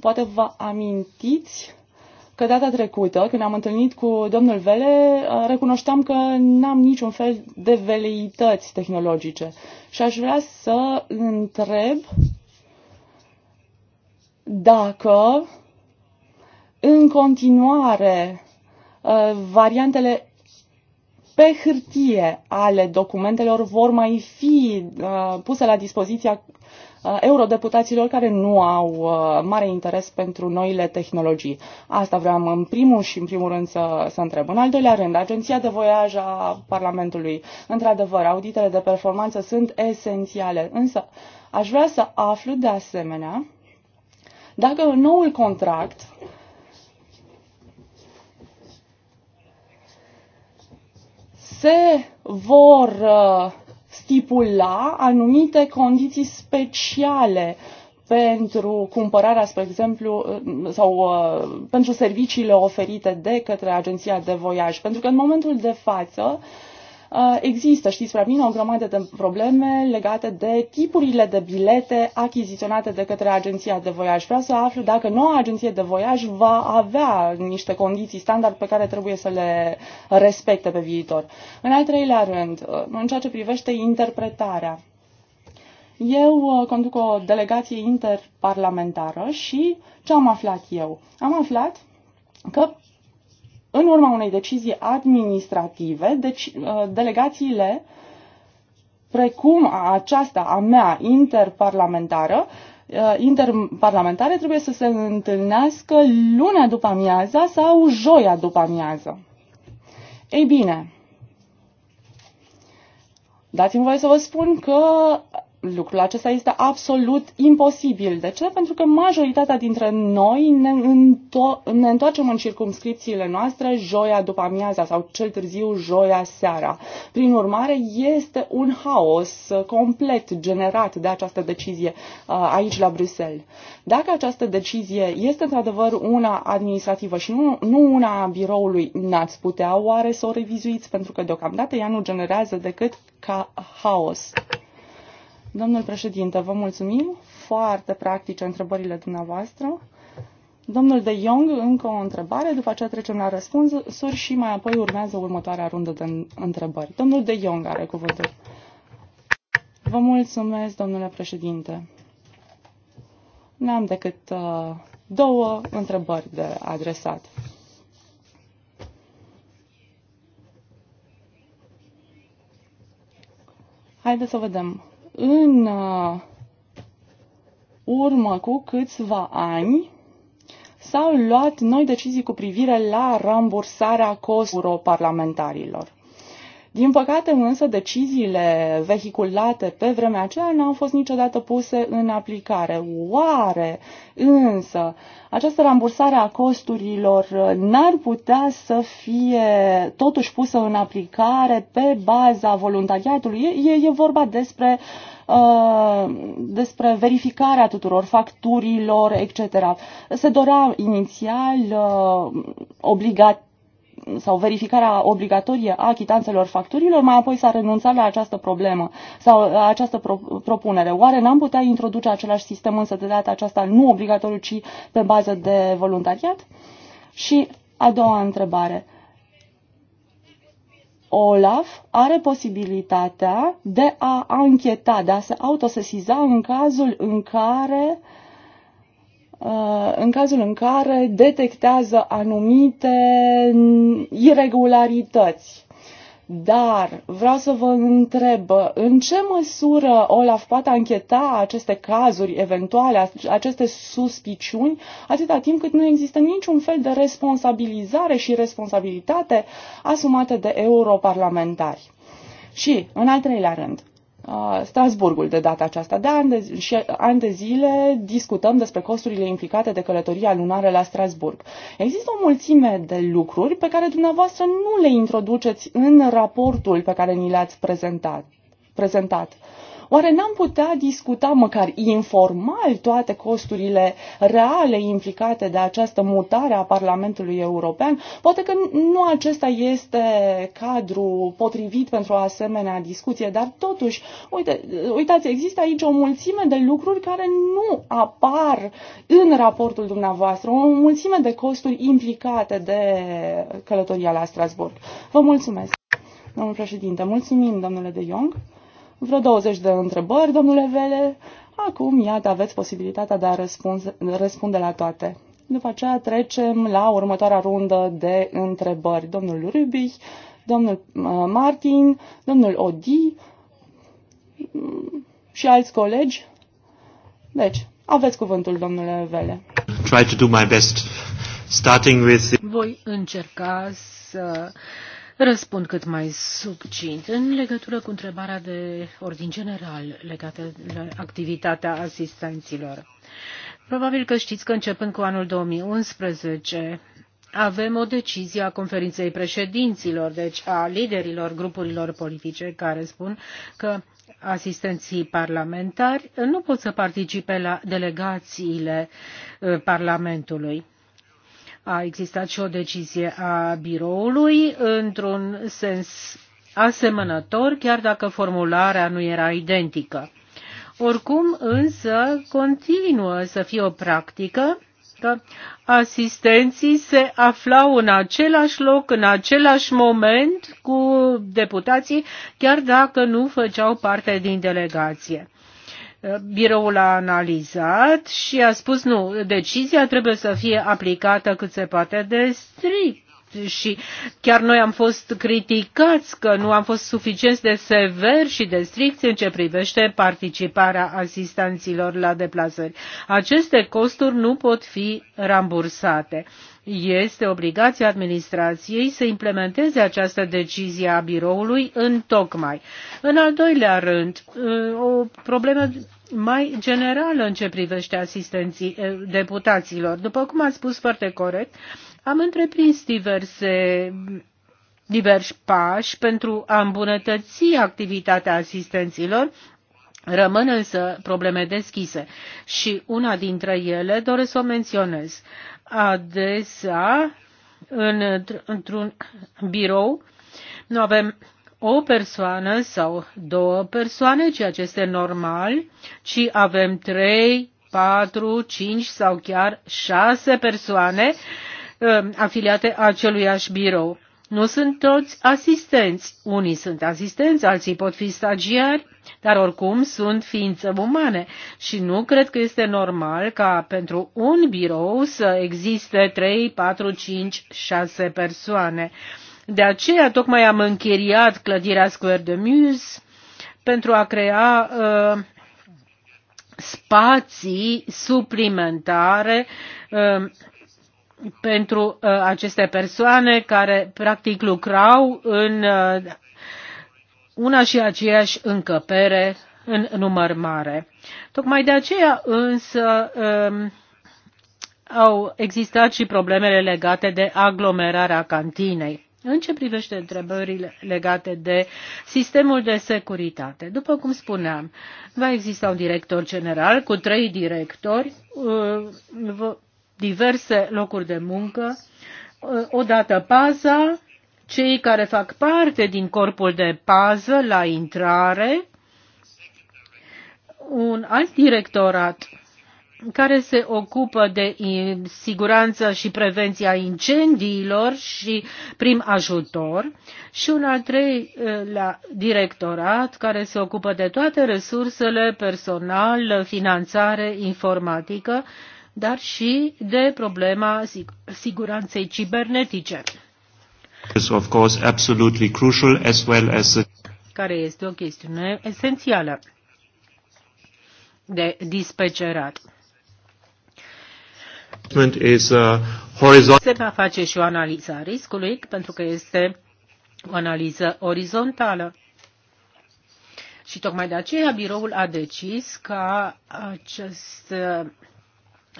Poate vă amintiți că data trecută, când am întâlnit cu domnul Vele, uh, recunoșteam că n-am niciun fel de veleități tehnologice. Și aș vrea să întreb dacă în continuare uh, variantele pe hârtie ale documentelor vor mai fi uh, puse la dispoziția uh, eurodeputaților care nu au mare interes pentru noile tehnologii. Asta vreau în primul și în primul rând să, să întreb. În al doilea rând, agenția de voiaj a Parlamentului. Într-adevăr, auditele de performanță sunt esențiale, însă aș vrea să aflu de asemenea dacă în noul contract se vor uh, stipula anumite condiții speciale pentru cumpărarea, spre exemplu, uh, sau uh, pentru serviciile oferite de către agenția de voiaj. Pentru că în momentul de față, uh, Uh, există, știți prea bine, o grămadă de probleme legate de tipurile de bilete achiziționate de către agenția de voiaj. Vreau să aflu dacă noua agenție de voiaj va avea niște condiții standard pe care trebuie să le respecte pe viitor. În al treilea rând, uh, în ceea ce privește interpretarea. Eu uh, conduc o delegație interparlamentară și ce am aflat eu? Am aflat că în urma unei decizii administrative, deci, uh, delegațiile precum aceasta a mea interparlamentară, uh, interparlamentare trebuie să se întâlnească luna după amiaza sau joia după amiază. Ei bine, dați-mi voie să vă spun că Lucrul acesta este absolut imposibil. De ce? Pentru că majoritatea dintre noi ne, înto- ne întoarcem în circumscripțiile noastre joia după amiaza sau cel târziu joia seara. Prin urmare, este un haos complet generat de această decizie uh, aici la Bruxelles. Dacă această decizie este într-adevăr una administrativă și nu, nu una a biroului, n-ați putea oare să o revizuiți? Pentru că deocamdată ea nu generează decât ca haos. Domnul președinte, vă mulțumim. Foarte practice întrebările dumneavoastră. Domnul De Jong, încă o întrebare, după aceea trecem la răspunsuri și mai apoi urmează următoarea rundă de întrebări. Domnul De Jong are cuvântul. Vă mulțumesc, domnule președinte. N-am decât uh, două întrebări de adresat. Haideți să vedem în uh, urmă cu câțiva ani s-au luat noi decizii cu privire la rambursarea costurilor parlamentarilor. Din păcate însă, deciziile vehiculate pe vremea aceea nu au fost niciodată puse în aplicare. Oare însă această rambursare a costurilor uh, n-ar putea să fie totuși pusă în aplicare pe baza voluntariatului? E, e vorba despre uh, despre verificarea tuturor facturilor, etc. Se dorea inițial uh, obligat sau verificarea obligatorie a chitanțelor facturilor, mai apoi s-a renunțat la această problemă sau la această pro, propunere. Oare n-am putea introduce același sistem însă de data aceasta nu obligatoriu, ci pe bază de voluntariat? Și a doua întrebare. Olaf are posibilitatea de a ancheta, de a se autosesiza în cazul în care uh, Uh, în cazul în care detectează anumite irregularități. Dar vreau să vă întreb, în ce măsură Olaf poate ancheta aceste cazuri eventuale, aceste suspiciuni, atâta timp cât nu există niciun fel de responsabilizare și responsabilitate asumate de europarlamentari? Și, în al treilea rând, Strasburgul de data aceasta. De ani de, și ani de zile discutăm despre costurile implicate de călătoria lunară la Strasburg. Există o mulțime de lucruri pe care dumneavoastră nu le introduceți în raportul pe care ni l-ați prezentat. prezentat. Oare n-am putea discuta măcar informal toate costurile reale implicate de această mutare a Parlamentului European? Poate că nu acesta este cadrul potrivit pentru o asemenea discuție, dar totuși, uite, uitați, există aici o mulțime de lucruri care nu apar în raportul dumneavoastră, o mulțime de costuri implicate de călătoria la Strasburg. Vă mulțumesc! Domnul președinte, mulțumim, domnule de Jong vreo 20 de întrebări, domnule Vele. Acum, iată, aveți posibilitatea de a răspunde, răspunde la toate. După aceea trecem la următoarea rundă de întrebări. Domnul Rubich, domnul uh, Martin, domnul Odi mm, și alți colegi. Deci, aveți cuvântul, domnule Vele. Try to do my best, starting with... Voi încerca să uh, răspund cât mai succint în legătură cu întrebarea de ordin general legată de activitatea asistenților. Probabil că știți că începând cu anul 2011 avem o decizie a conferinței președinților, deci a liderilor grupurilor politice care spun că asistenții parlamentari nu pot să participe la delegațiile uh, Parlamentului. A existat și o decizie a biroului într-un sens asemănător, chiar dacă formularea nu era identică. Oricum, însă, continuă să fie o practică că asistenții se aflau în același loc, în același moment cu deputații, chiar dacă nu făceau parte din delegație biroul a analizat și a spus nu, decizia trebuie să fie aplicată cât se poate de strict și chiar noi am fost criticați că nu am fost suficient de sever și de stricți în ce privește participarea asistanților la deplasări. Aceste costuri nu pot fi rambursate. Este obligația administrației să implementeze această decizie a biroului în tocmai. În al doilea rând, uh, o problemă mai generală în ce privește asistenții uh, deputaților. După cum ați spus foarte corect, am întreprins diverse diversi pași pentru a îmbunătăți activitatea asistenților, Rămân însă probleme deschise și una dintre ele doresc să o menționez adesea în, într-un birou nu avem o persoană sau două persoane, ceea ce este normal, ci avem trei, patru, cinci sau chiar șase persoane uh, afiliate aceluiași birou. Nu sunt toți asistenți. Unii sunt asistenți, alții pot fi stagiari, dar oricum sunt ființe umane și nu cred că este normal ca pentru un birou să existe 3, 4, 5, 6 persoane. De aceea tocmai am închiriat clădirea Square de Muse pentru a crea uh, spații suplimentare uh, pentru uh, aceste persoane care practic lucrau în uh, una și aceeași încăpere în număr mare. Tocmai de aceea însă um, au existat și problemele legate de aglomerarea cantinei. În ce privește întrebările legate de sistemul de securitate, după cum spuneam, va exista un director general cu trei directori uh, diverse locuri de muncă. Odată paza, cei care fac parte din corpul de pază la intrare, un alt directorat care se ocupă de siguranță și prevenția incendiilor și prim ajutor și un al treilea directorat care se ocupă de toate resursele, personal, finanțare, informatică dar și de problema siguranței cibernetice. Of course, absolutely crucial as well as a... care este o chestiune esențială de dispecerat. Is, uh, Se va face și o analiză a riscului, pentru că este o analiză orizontală. Și tocmai de aceea biroul a decis ca acest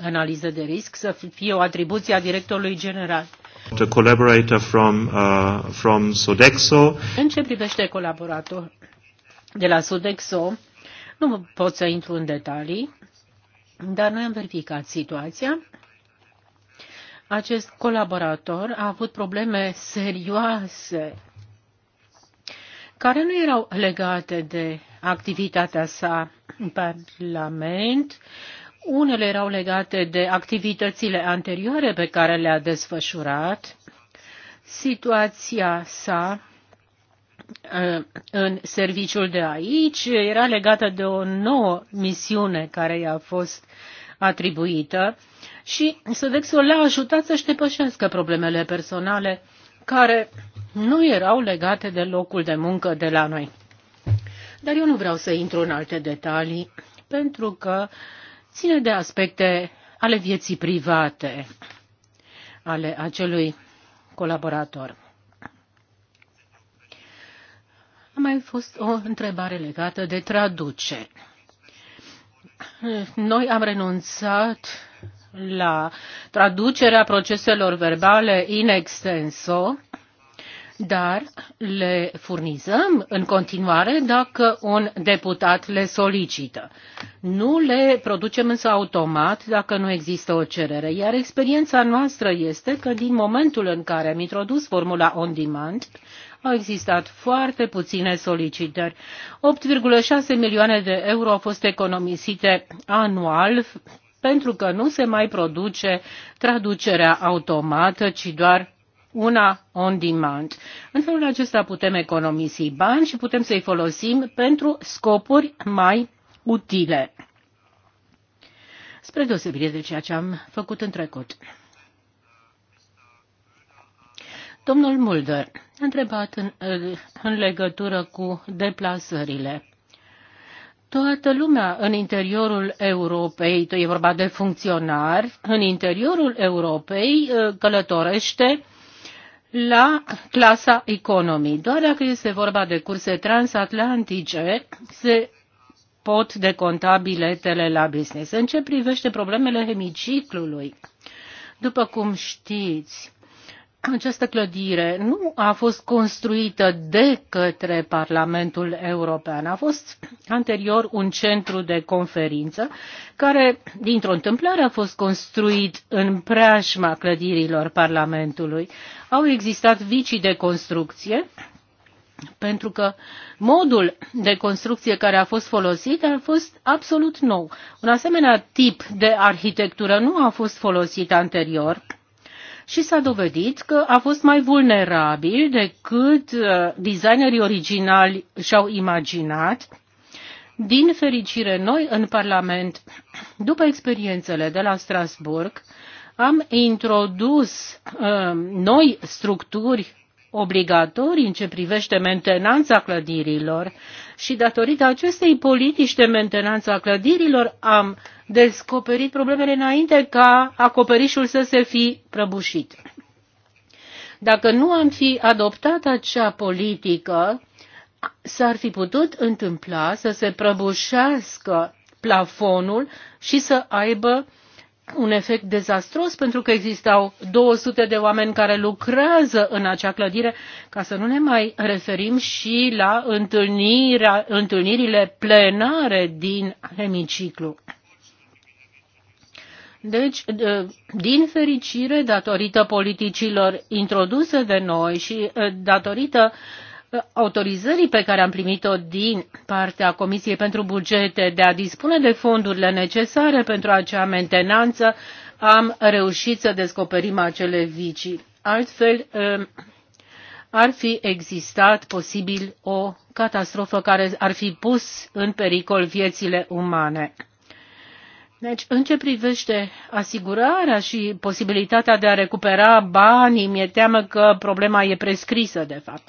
analiză de risc să fie o atribuție a directorului general. The collaborator from, uh, from Sodexo. În ce privește colaborator de la Sodexo, nu pot să intru în detalii, dar noi am verificat situația. Acest colaborator a avut probleme serioase care nu erau legate de activitatea sa în Parlament, unele erau legate de activitățile anterioare pe care le-a desfășurat, situația sa uh, în serviciul de aici era legată de o nouă misiune care i-a fost atribuită și Sodexul l-a ajutat să-și depășească problemele personale care nu erau legate de locul de muncă de la noi. Dar eu nu vreau să intru în alte detalii pentru că uh, ține de aspecte ale vieții private ale acelui colaborator. A mai fost o întrebare legată de traducere. Noi am renunțat la traducerea proceselor verbale in extenso dar le furnizăm în continuare dacă un deputat le solicită. Nu le producem însă automat dacă nu există o cerere, iar experiența noastră este că din momentul în care am introdus formula on demand, au existat foarte puține solicitări. 8,6 milioane de euro au fost economisite anual pentru că nu se mai produce traducerea automată, ci doar una on demand. În felul acesta putem economisi bani și putem să-i folosim pentru scopuri mai utile. Spre deosebire de ceea ce am făcut în trecut. Domnul Mulder a întrebat în, în legătură cu deplasările. Toată lumea în interiorul Europei, e vorba de funcționari, în interiorul Europei uh, călătorește la clasa economii. Doar dacă este vorba de curse transatlantice, se pot deconta biletele la business. În ce privește problemele hemiciclului, după cum știți, această clădire nu a fost construită de către Parlamentul European, a fost anterior un centru de conferință care, dintr-o întâmplare, a fost construit în preajma clădirilor Parlamentului. Au existat vicii de construcție, pentru că modul de construcție care a fost folosit a fost absolut nou. Un asemenea tip de arhitectură nu a fost folosit anterior și s-a dovedit că a fost mai vulnerabil decât uh, designerii originali și-au imaginat. Din fericire, noi în Parlament, după experiențele de la Strasburg, am introdus uh, noi structuri obligatorii în ce privește mentenanța clădirilor și datorită acestei politici de mentenanță a clădirilor am descoperit problemele înainte ca acoperișul să se fi prăbușit. Dacă nu am fi adoptat acea politică, s-ar fi putut întâmpla să se prăbușească plafonul și să aibă un efect dezastros pentru că existau 200 de oameni care lucrează în acea clădire, ca să nu ne mai referim și la întâlnirile plenare din hemiciclu. Deci, din fericire, datorită politicilor introduse de noi și datorită uh, autorizării pe care am primit-o din partea Comisiei pentru Bugete de a dispune de fondurile necesare pentru acea mentenanță, am reușit să descoperim acele vicii. Altfel, um, ar fi existat posibil o catastrofă care ar fi pus în pericol viețile umane. Deci, în ce privește asigurarea și posibilitatea de a recupera banii, mi-e teamă că problema e prescrisă, de fapt.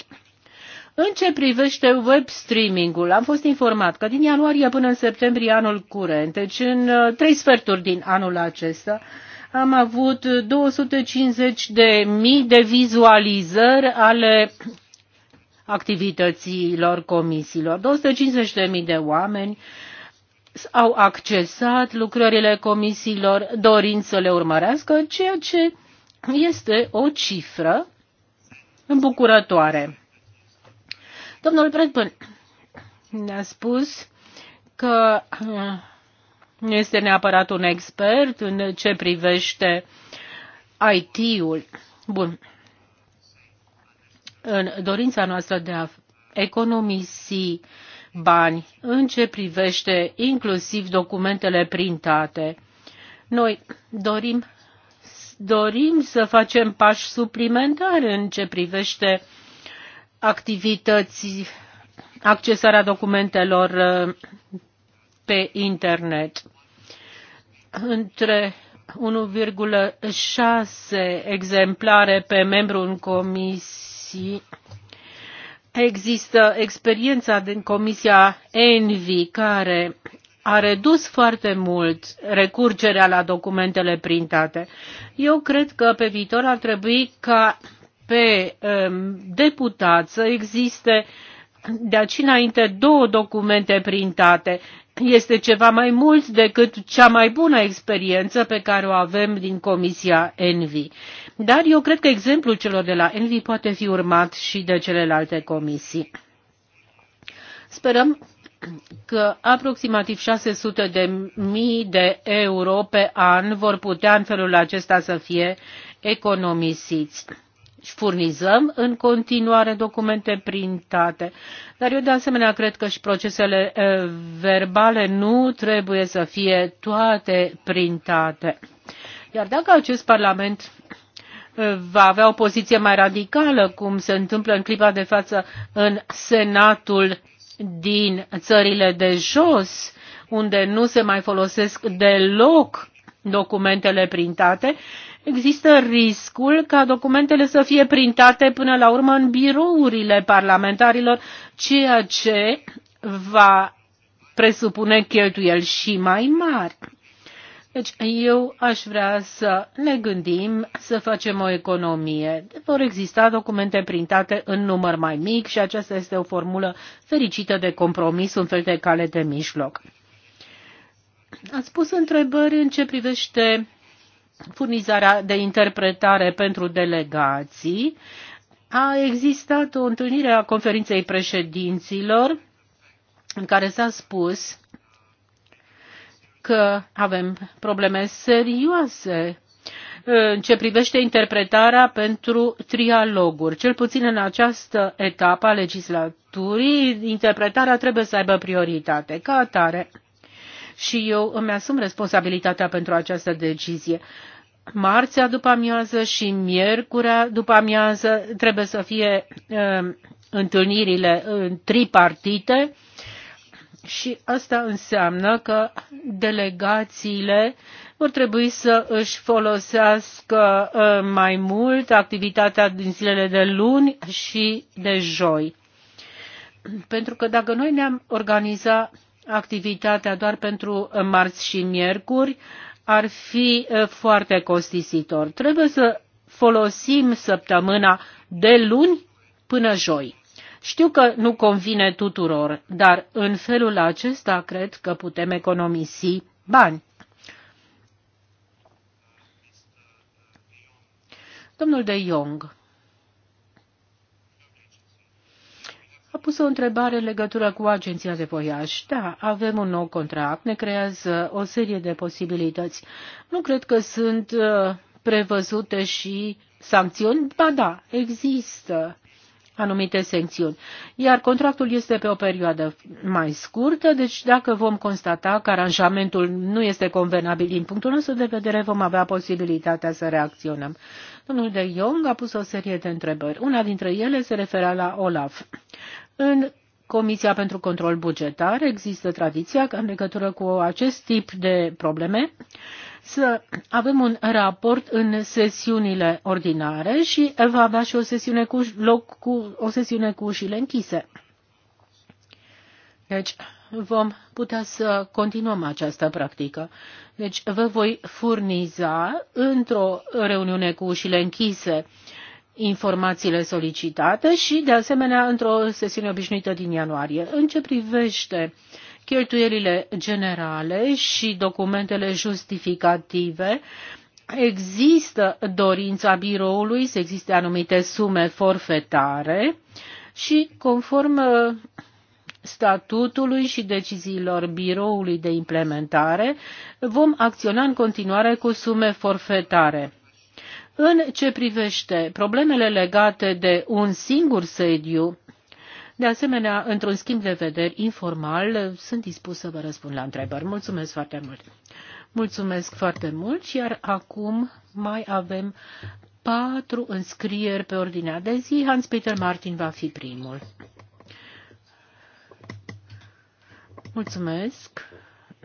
În ce privește web streaming-ul, am fost informat că din ianuarie până în septembrie anul curent, deci în uh, trei sferturi din anul acesta, am avut 250 de mii de vizualizări ale activităților comisiilor. 250 de mii de oameni au accesat lucrările comisiilor dorind să le urmărească, ceea ce este o cifră îmbucurătoare. Domnul Bradburn ne-a spus că uh, nu este neapărat un expert în ce privește IT-ul. Bun. În dorința noastră de a economisi bani în ce privește inclusiv documentele printate. Noi dorim, dorim să facem pași suplimentari în ce privește uh, activități, accesarea documentelor uh, pe internet. Între 1,6 exemplare pe membru în comisii. Există experiența din Comisia ENVI care a redus foarte mult recurgerea la documentele printate. Eu cred că pe viitor ar trebui ca pe um, deputat să existe de aici înainte două documente printate. Este ceva mai mult decât cea mai bună experiență pe care o avem din Comisia Envi. Dar eu cred că exemplul celor de la Envi poate fi urmat și de celelalte comisii. Sperăm că aproximativ 600 de mii de euro pe an vor putea în felul acesta să fie economisiți furnizăm în continuare documente printate. Dar eu de asemenea cred că și procesele verbale nu trebuie să fie toate printate. Iar dacă acest Parlament va avea o poziție mai radicală, cum se întâmplă în clipa de față în Senatul din țările de jos, unde nu se mai folosesc deloc documentele printate, există riscul ca documentele să fie printate până la urmă în birourile parlamentarilor, ceea ce va presupune cheltuieli și mai mari. Deci eu aș vrea să ne gândim să facem o economie. Vor exista documente printate în număr mai mic și aceasta este o formulă fericită de compromis, un fel de cale de mijloc. Ați pus întrebări în ce privește furnizarea de interpretare pentru delegații, a existat o întâlnire a conferinței președinților în care s-a spus că avem probleme serioase uh, în ce privește interpretarea pentru trialoguri. Cel puțin în această etapă a legislaturii, interpretarea trebuie să aibă prioritate. Ca atare, și eu îmi asum responsabilitatea pentru această decizie. Marțea după amiază și miercurea după amiază trebuie să fie um, uh, întâlnirile în tripartite și asta înseamnă că delegațiile vor trebui să își folosească uh, mai mult activitatea din zilele de luni și de joi. Pentru că dacă noi ne-am organiza activitatea doar pentru uh, marți și miercuri ar fi uh, foarte costisitor. Trebuie să folosim săptămâna de luni până joi. Știu că nu convine tuturor, dar în felul acesta cred că putem economisi bani. Domnul de Jong. a pus o întrebare în legătură cu agenția de voiaj. Da, avem un nou contract, ne creează o serie de posibilități. Nu cred că sunt uh, prevăzute și sancțiuni, ba da, există anumite sancțiuni. Iar contractul este pe o perioadă mai scurtă, deci dacă vom constata că aranjamentul nu este convenabil din punctul nostru de vedere, vom avea posibilitatea să reacționăm. Domnul de Jong a pus o serie de întrebări. Una dintre ele se referea la Olaf. În Comisia pentru Control Bugetar există tradiția ca în legătură cu acest tip de probleme să avem un raport în sesiunile ordinare și va avea și o sesiune cu, loc cu, o sesiune cu ușile închise. Deci vom putea să continuăm această practică. Deci vă voi furniza într-o reuniune cu ușile închise informațiile solicitate și, de asemenea, într-o sesiune obișnuită din ianuarie. În ce privește cheltuielile generale și documentele justificative, există dorința biroului să existe anumite sume forfetare și, conform uh, statutului și deciziilor biroului de implementare, vom acționa în continuare cu sume forfetare în ce privește problemele legate de un singur sediu, de asemenea, într-un schimb de vederi informal, sunt dispus să vă răspund la întrebări. Mulțumesc foarte mult! Mulțumesc foarte mult, iar acum mai avem patru înscrieri pe ordinea de zi. Hans-Peter Martin va fi primul. Mulțumesc.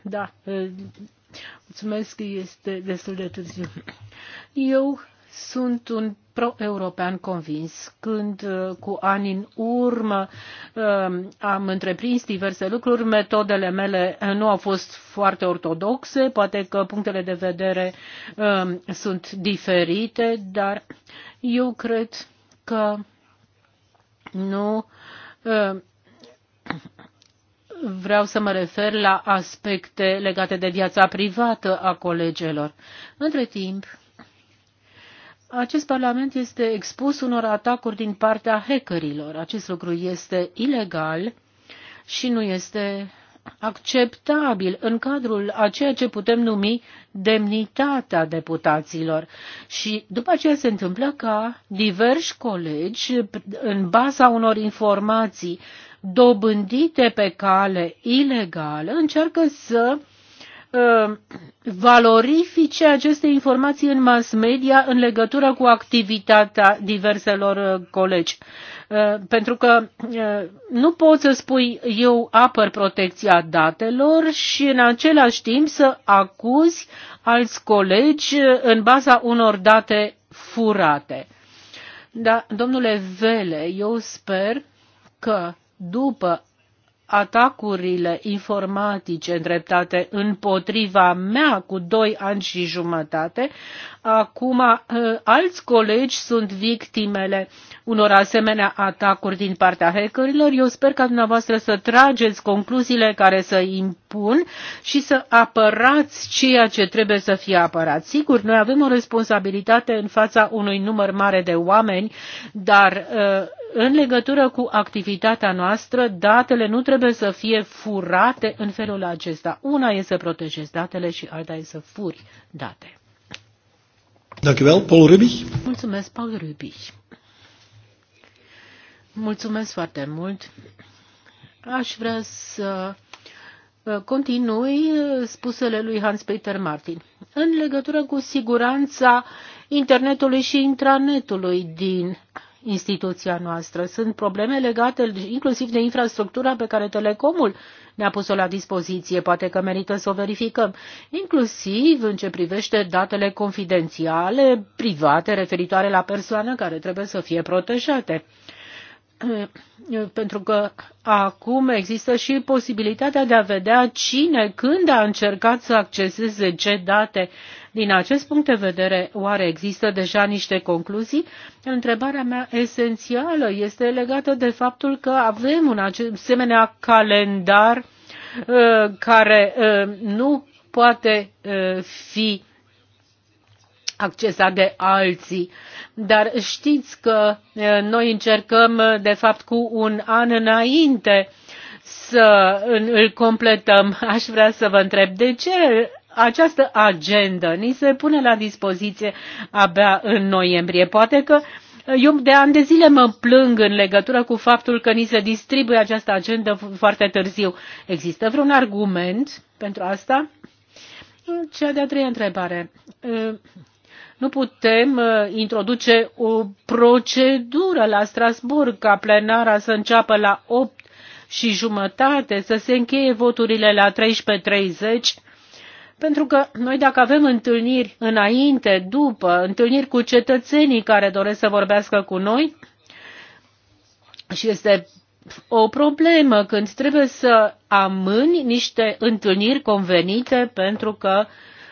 Da, eh, mulțumesc, este destul de târziu. Eu sunt un pro-european convins. Când uh, cu ani în urmă um, am întreprins diverse lucruri, metodele mele uh, nu au fost foarte ortodoxe, poate că punctele de vedere um, sunt diferite, dar eu cred că nu um, vreau să mă refer la aspecte legate de viața privată a colegelor. Între timp, acest parlament este expus unor atacuri din partea hackerilor. Acest lucru este ilegal și nu este acceptabil în cadrul a ceea ce putem numi demnitatea deputaților. Și după aceea se întâmplă ca diversi colegi, în baza unor informații dobândite pe cale ilegală, încearcă să uh, Uh, valorifice aceste informații în mass media în legătură cu activitatea diverselor uh, colegi. Uh, pentru că nu poți să spui eu apăr protecția datelor și în același timp să acuzi alți colegi în baza unor date furate. Da, domnule Vele, eu sper că după atacurile informatice îndreptate împotriva mea cu doi ani și jumătate, acum ă, alți colegi sunt victimele unor asemenea atacuri din partea hackerilor. Eu sper ca dumneavoastră să trageți concluziile care să impun și să apărați ceea ce trebuie să fie apărat. Sigur, noi avem o responsabilitate în fața unui număr mare de oameni, dar uh, în legătură cu activitatea noastră, datele nu trebuie să fie furate în felul acesta. Una e să protejezi datele și alta e să furi date. Dankjewel, Paul Rubich. Mulțumesc, Paul Rubich. Mulțumesc foarte mult. Aș vrea să uh, continui spusele lui Hans-Peter Martin. În legătură cu siguranța internetului și intranetului din instituția noastră. Sunt probleme legate inclusiv de infrastructura pe care Telecomul ne-a pus-o la dispoziție, poate că merită să o verificăm, inclusiv în ce privește datele confidențiale, private, referitoare la persoană care trebuie să fie protejate pentru că acum există și posibilitatea de a vedea cine, când a încercat să acceseze ce date din acest punct de vedere, oare există deja niște concluzii? Întrebarea mea esențială este legată de faptul că avem un asemenea calendar uh, care uh, nu poate uh, fi accesat de alții. Dar știți că noi încercăm, de fapt, cu un an înainte să îl completăm. Aș vrea să vă întreb de ce această agendă ni se pune la dispoziție abia în noiembrie. Poate că uh, eu de ani de zile mă plâng în legătură cu faptul că ni se distribuie această agendă foarte târziu. Există vreun argument pentru asta? Mm, cea de-a treia întrebare. Uh, nu putem uh, introduce o procedură la Strasburg ca plenara să înceapă la 8 și jumătate, să se încheie voturile la 13.30 pentru că noi dacă avem întâlniri înainte, după, întâlniri cu cetățenii care doresc să vorbească cu noi, și este o problemă când trebuie să amâni niște întâlniri convenite pentru că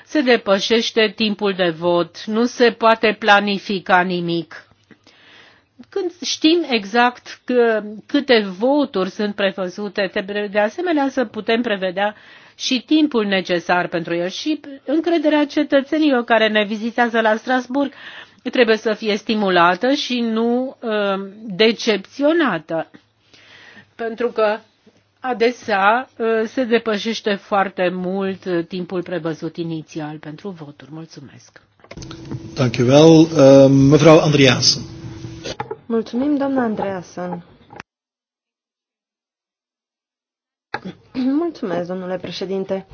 se depășește timpul de vot, nu se poate planifica nimic. Când știm exact că, câte voturi sunt prevăzute, de asemenea să putem prevedea și timpul necesar pentru el și încrederea cetățenilor care ne vizitează la Strasburg trebuie să fie stimulată și nu um, decepționată. Pentru că adesea uh, se depășește foarte mult uh, timpul prevăzut inițial pentru voturi. Mulțumesc. Thank you well. uh, Mulțumim, doamna Andreasen. Mulțumesc, domnule președinte.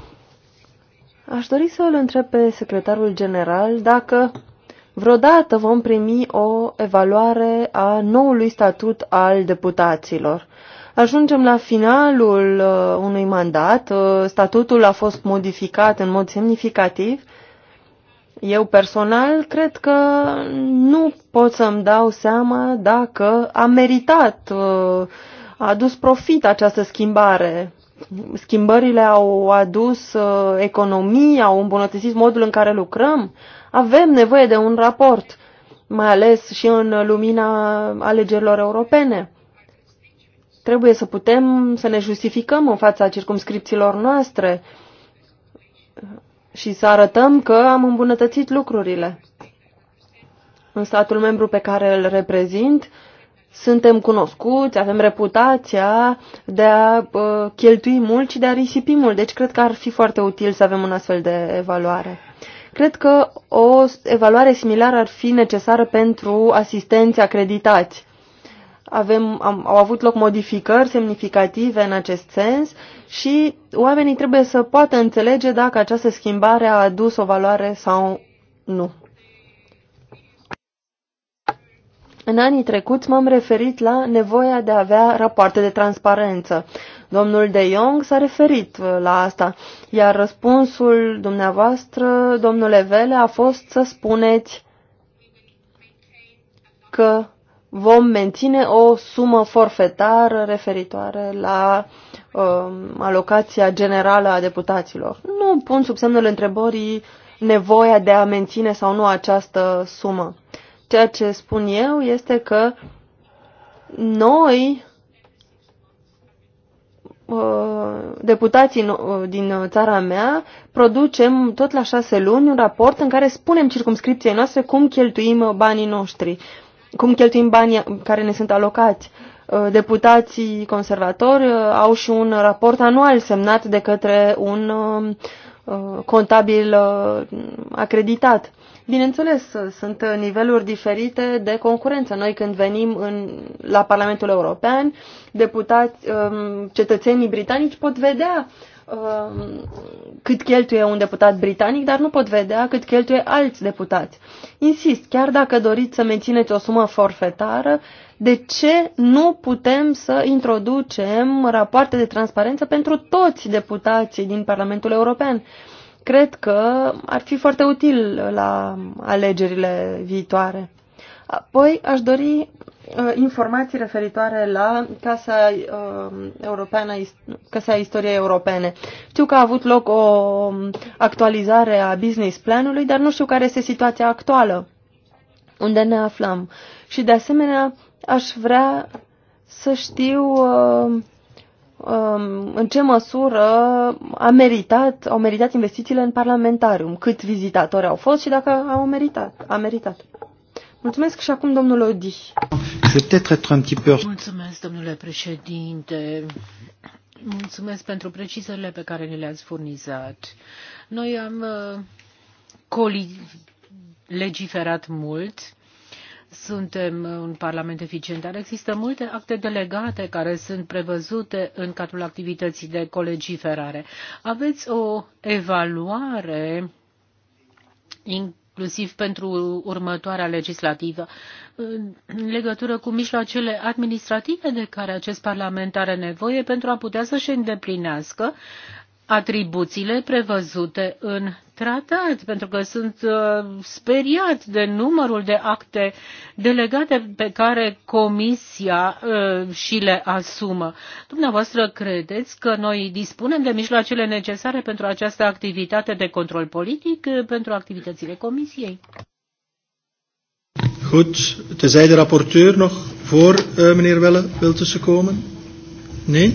Aș dori să îl întreb pe secretarul general dacă vreodată vom primi o evaluare a noului statut al deputaților. Ajungem la finalul uh, unui mandat, uh, statutul a fost modificat în mod semnificativ. Eu personal cred că nu pot să-mi dau seama dacă a meritat uh, a adus profit această schimbare. Schimbările au adus uh, economia, au îmbunătățit modul în care lucrăm. Avem nevoie de un raport, mai ales și în lumina alegerilor europene. Trebuie să putem să ne justificăm în fața circumscripțiilor noastre și să arătăm că am îmbunătățit lucrurile. În statul membru pe care îl reprezint, suntem cunoscuți, avem reputația de a uh, cheltui mult și de a risipi mult. Deci cred că ar fi foarte util să avem un astfel de evaluare. Cred că o evaluare similară ar fi necesară pentru asistenți acreditați. Avem, am, au avut loc modificări semnificative în acest sens și oamenii trebuie să poată înțelege dacă această schimbare a adus o valoare sau nu. În anii trecuți m-am referit la nevoia de a avea rapoarte de transparență. Domnul De Jong s-a referit uh, la asta, iar răspunsul dumneavoastră, domnule Vele, a fost să spuneți că vom menține o sumă forfetară referitoare la um, alocația generală a deputaților. Nu pun sub semnul întrebării nevoia de a menține sau nu această sumă. Ceea ce spun eu este că noi, uh, deputații uh, din țara mea, producem tot la șase luni un raport în care spunem circumscripției noastre cum cheltuim banii noștri, cum cheltuim banii care ne sunt alocați. Uh, deputații conservatori au și un raport anual semnat de către un contabil acreditat Bineînțeles, sunt niveluri diferite de concurență. Noi când venim în, la Parlamentul European, deputați, um, cetățenii britanici pot vedea um, cât cheltuie un deputat britanic, dar nu pot vedea cât cheltuie alți deputați. Insist, chiar dacă doriți să mențineți o sumă forfetară, de ce nu putem să introducem rapoarte de transparență pentru toți deputații din Parlamentul European? Uh, cred că ar fi foarte util la alegerile viitoare. Apoi aș dori uh, informații referitoare la Casa, uh, Europeană, Casa Istoriei Europene. Știu că a avut loc o um, actualizare a business planului, dar nu știu care este situația actuală unde ne aflăm. Și de asemenea aș vrea să știu uh, Um, în ce măsură a meritat, au meritat investițiile în parlamentarium, cât vizitatori au fost și dacă au meritat, a meritat. Mulțumesc și acum domnul Odi. Mulțumesc, domnule președinte. Mulțumesc pentru precizările pe care ni le-ați furnizat. Noi am uh, legiferat mult suntem un parlament eficient, dar există multe acte delegate care sunt prevăzute în cadrul activității de colegiferare. Aveți o evaluare inclusiv pentru următoarea legislativă, în legătură cu mijloacele administrative de care acest Parlament are nevoie pentru a putea să-și îndeplinească atribuțiile prevăzute în tratat, pentru că sunt uh, speriat de numărul de acte delegate pe care Comisia uh, și le asumă. Dumneavoastră credeți că noi dispunem de mijloacele necesare pentru această activitate de control politic, uh, pentru activitățile Comisiei? Goed, tenzij de rapporteur nog voor uh, meneer Welle wil tussenkomen? Nee?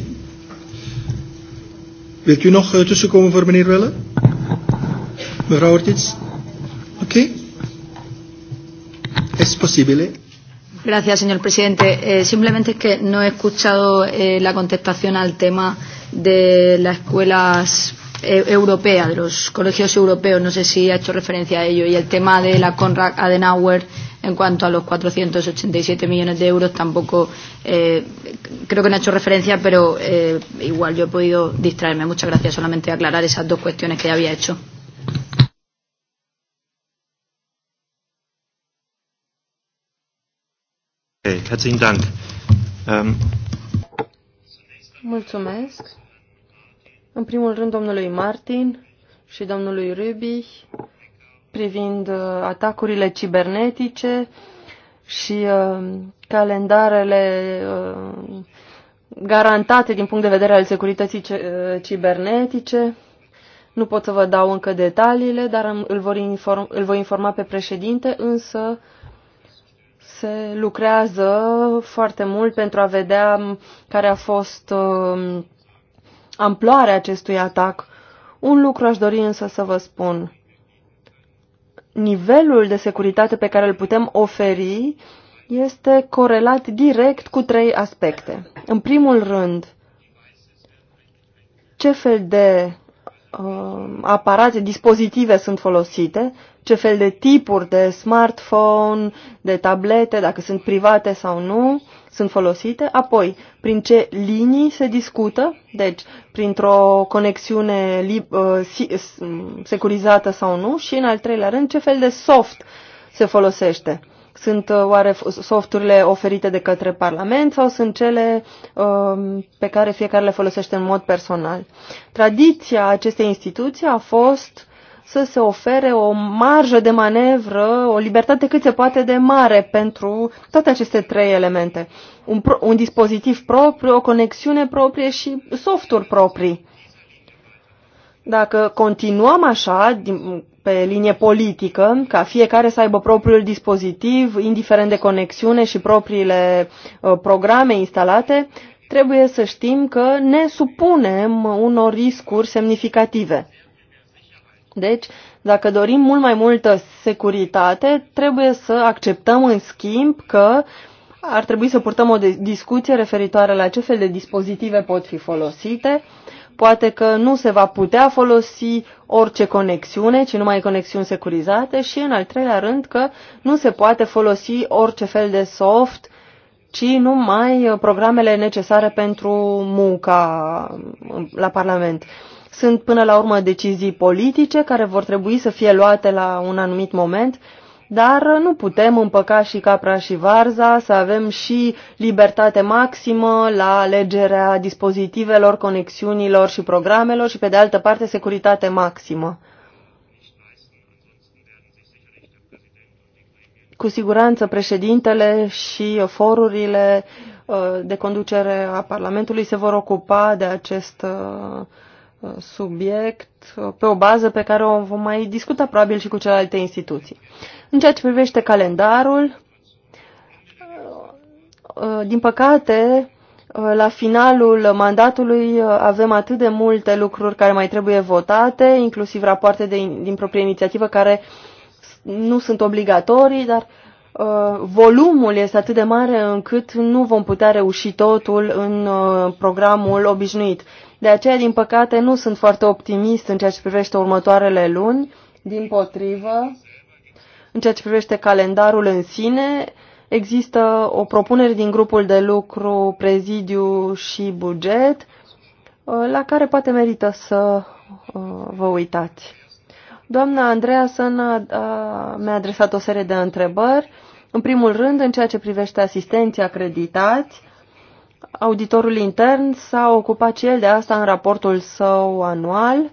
Wilt u nog uh, tussenkomen voor meneer Welle? Mevrouw Ortiz? Oké. Okay. Es posible. Gracias, señor presidente. Eh, simplemente es que no he escuchado eh, la contestación al tema de las escuelas e eh, europeas, de los colegios europeos. No sé si ha hecho referencia a ello. Y el tema de la Conrad Adenauer En cuanto a los 487 millones de euros, tampoco eh, creo que no he hecho referencia, pero eh, igual yo he podido distraerme. Muchas gracias. Solamente aclarar esas dos cuestiones que ya había hecho. Okay, herzlichen Dank. Um, Mulțumesc. În primul rând domnului Martin și domnului Rubi privind uh, atacurile cibernetice și uh, calendarele uh, garantate din punct de vedere al securității cibernetice. Nu pot să vă dau încă detaliile, dar îl, vor inform, îl voi informa pe președinte, însă se lucrează foarte mult pentru a vedea care a fost uh, amploarea acestui atac. Un lucru aș dori însă să vă spun nivelul de securitate pe care îl putem oferi este corelat direct cu trei aspecte. În primul rând, ce fel de uh, um, aparate, dispozitive sunt folosite, ce fel de tipuri de smartphone, de tablete, dacă sunt private sau nu, sunt folosite, apoi prin ce linii se discută, deci printr-o conexiune uh, securizată sau nu și în al treilea rând ce fel de soft se folosește. Sunt uh, oare softurile oferite de către Parlament sau sunt cele um, pe care fiecare le folosește în mod personal? Tradiția acestei instituții a fost să se ofere o marjă de manevră, o libertate cât se poate de mare pentru toate aceste trei elemente. Un, pro, un dispozitiv propriu, o conexiune proprie și softuri proprii. Dacă continuăm așa, din, pe linie politică, ca fiecare să aibă propriul dispozitiv, indiferent de conexiune și propriile uh, programe instalate, trebuie să știm că ne supunem unor riscuri semnificative. Deci, dacă dorim mult mai multă securitate, trebuie să acceptăm în schimb că ar trebui să purtăm o discuție referitoare la ce fel de dispozitive pot fi folosite. Poate că nu se va putea folosi orice conexiune, ci numai conexiuni securizate și, în al treilea rând, că nu se poate folosi orice fel de soft, ci numai programele necesare pentru munca la Parlament. Sunt până la urmă decizii politice care vor trebui să fie luate la un anumit moment, dar nu putem împăca și capra și varza, să avem și libertate maximă la alegerea dispozitivelor, conexiunilor și programelor și, pe de altă parte, securitate maximă. Cu siguranță președintele și forurile uh, de conducere a Parlamentului se vor ocupa de acest uh, subiect pe o bază pe care o vom mai discuta probabil și cu celelalte instituții. În ceea ce privește calendarul, din păcate, la finalul mandatului avem atât de multe lucruri care mai trebuie votate, inclusiv rapoarte de, din proprie inițiativă care nu sunt obligatorii, dar uh, volumul este atât de mare încât nu vom putea reuși totul în uh, programul obișnuit. De aceea, din păcate, nu sunt foarte optimist în ceea ce privește următoarele luni. Din potrivă, în ceea ce privește calendarul în sine, există o propunere din grupul de lucru prezidiu și buget uh, la care poate merită să uh, vă uitați. Doamna Andreasen mi-a adresat o serie de întrebări. În primul rând, în ceea ce privește asistenții acreditați, Auditorul intern s-a ocupat și el de asta în raportul său anual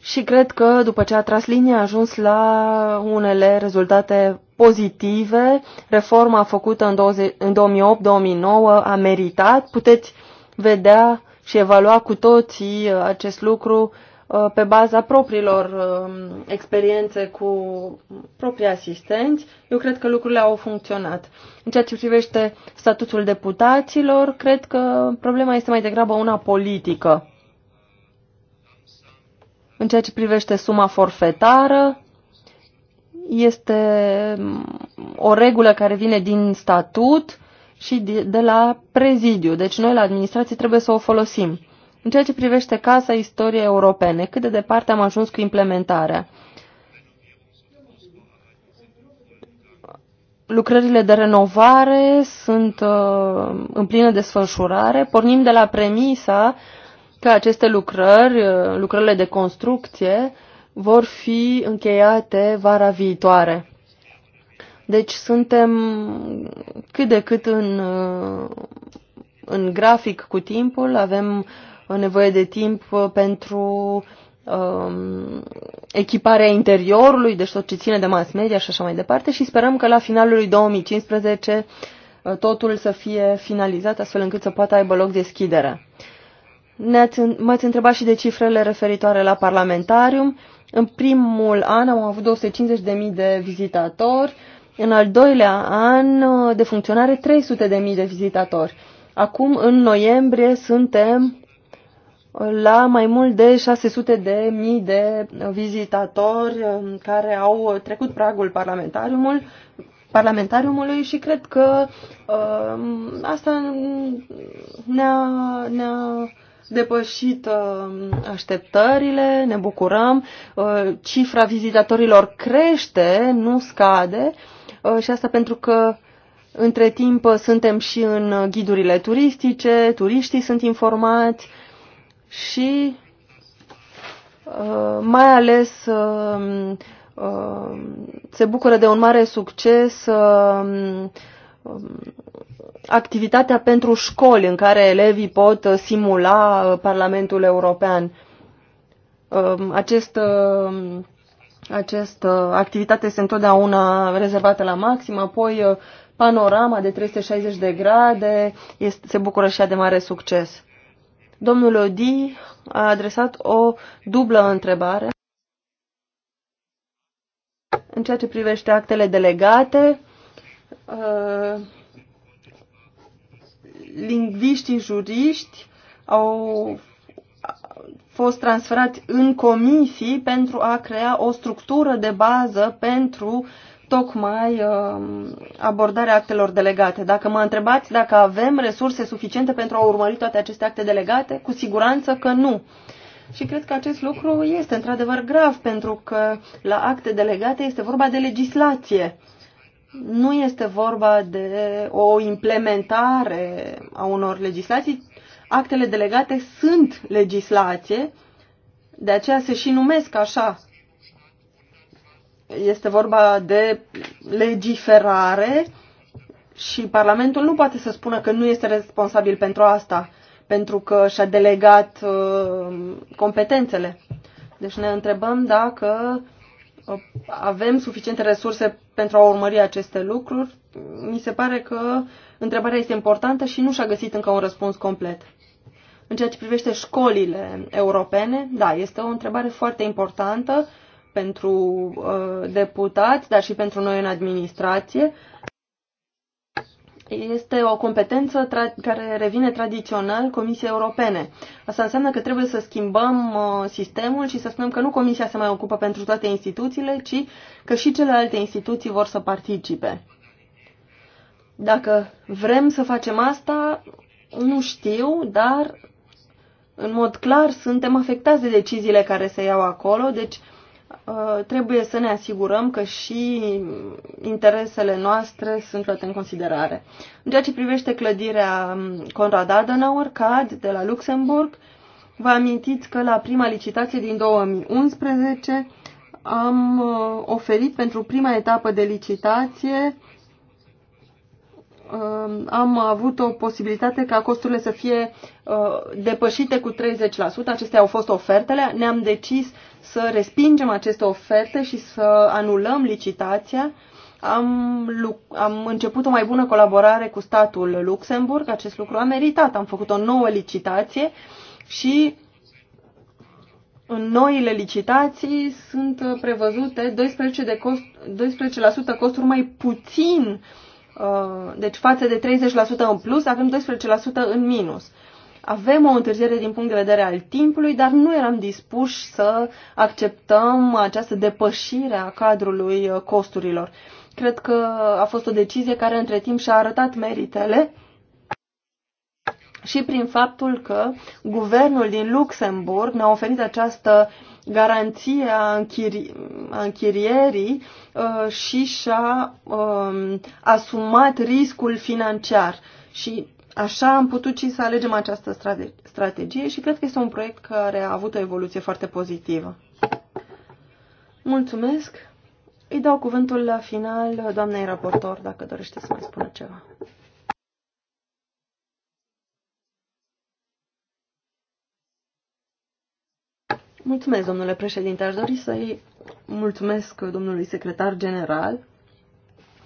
și cred că după ce a tras linia a ajuns la unele rezultate pozitive. Reforma făcută în, în 2008-2009 a meritat. Puteți vedea și evalua cu toții acest lucru Uh, pe baza propriilor um, experiențe cu proprii asistenți, eu cred că lucrurile au funcționat. În ceea ce privește statutul deputaților, cred că problema este mai degrabă una politică. În ceea ce privește suma forfetară, este um, o regulă care vine din statut și de la prezidiu. Deci noi la administrație trebuie să o folosim. În ceea ce privește Casa Istoriei Europene, cât de departe am ajuns cu implementarea? Lucrările de renovare sunt uh, în plină desfășurare. Pornim de la premisa că aceste lucrări, uh, lucrările de construcție, vor fi încheiate vara viitoare. Deci suntem cât de cât în, uh, în grafic cu timpul, avem Uh, nevoie de timp uh, pentru um, echiparea interiorului, deci tot ce ține de mass media și așa mai departe și sperăm că la finalul lui 2015 uh, totul să fie finalizat astfel încât să poată aibă loc deschiderea. M-ați întrebat și de cifrele referitoare la parlamentarium. În primul an am avut 250.000 de vizitatori, în al doilea an de funcționare 300.000 de vizitatori. Acum, în noiembrie, suntem la mai mult de 600 de mii de vizitatori um, care au trecut pragul parlamentariumul, parlamentariumului și cred că uh, asta ne-a, ne-a depășit uh, așteptările, ne bucurăm, uh, cifra vizitatorilor crește, nu scade uh, și asta pentru că între timp suntem și în ghidurile turistice, turiștii sunt informați, uh, și uh, mai ales uh, uh, se bucură de un mare succes um, activitatea pentru școli în care elevii pot simula Parlamentul European. Um, acest, um, acest activitate este întotdeauna rezervată la maxim, apoi panorama de 360 de grade este, se bucură și ea de mare succes. Domnul Odi a adresat o dublă întrebare în ceea ce privește actele delegate. Uh, lingviștii juriști au fost transferați în comisii pentru a crea o structură de bază pentru uh, tocmai um, abordarea actelor delegate. Dacă mă întrebați dacă avem resurse suficiente pentru a urmări toate aceste acte delegate, cu siguranță că nu. Și cred că acest lucru este într-adevăr grav, pentru că la acte delegate este vorba de legislație. Nu este vorba de o implementare a unor legislații. Actele delegate sunt legislație, de aceea se și numesc așa este vorba de legiferare și Parlamentul nu poate să spună că nu este responsabil pentru asta, pentru că și-a delegat uh, competențele. Deci ne întrebăm dacă uh, avem suficiente resurse pentru a urmări aceste lucruri. Mi se pare că întrebarea este importantă și nu și-a găsit încă un răspuns complet. În ceea ce privește școlile europene, da, este o întrebare foarte importantă pentru uh, deputați, dar și pentru noi în administrație. Este o competență care revine tradițional Comisiei Europene. Asta înseamnă că trebuie să schimbăm uh, sistemul și să spunem că nu Comisia se mai ocupă pentru toate instituțiile, ci că și celelalte instituții vor să participe. Dacă vrem să facem asta, nu știu, dar în mod clar suntem afectați de deciziile care se iau acolo, deci Uh, trebuie să ne asigurăm că și interesele noastre sunt luate în considerare. În ceea ce privește clădirea um, Conrad Adenauer, CAD, de la Luxemburg, vă amintiți că la prima licitație din 2011 am uh, oferit pentru prima etapă de licitație um, am avut o posibilitate ca costurile să fie uh, depășite cu 30%. Acestea au fost ofertele. Ne-am decis să respingem aceste oferte și să anulăm licitația. Am, am început o mai bună colaborare cu statul Luxemburg, acest lucru a meritat. Am făcut o nouă licitație și în noile licitații sunt prevăzute 12, de cost, 12% costuri mai puțin, uh, deci față de 30% în plus, avem 12% în minus. Avem o întârziere din punct de vedere al timpului, dar nu eram dispuși să acceptăm această depășire a cadrului uh, costurilor. Cred că a fost o decizie care între timp și-a arătat meritele și prin faptul că guvernul din Luxemburg ne-a oferit această garanție a, închiri, a închirierii uh, și și-a uh, asumat riscul financiar. Și Așa am putut și să alegem această strategie și cred că este un proiect care a avut o evoluție foarte pozitivă. Mulțumesc! Îi dau cuvântul la final doamnei raportor, dacă dorește să mai spună ceva. Mulțumesc, domnule președinte. Aș dori să-i mulțumesc domnului secretar general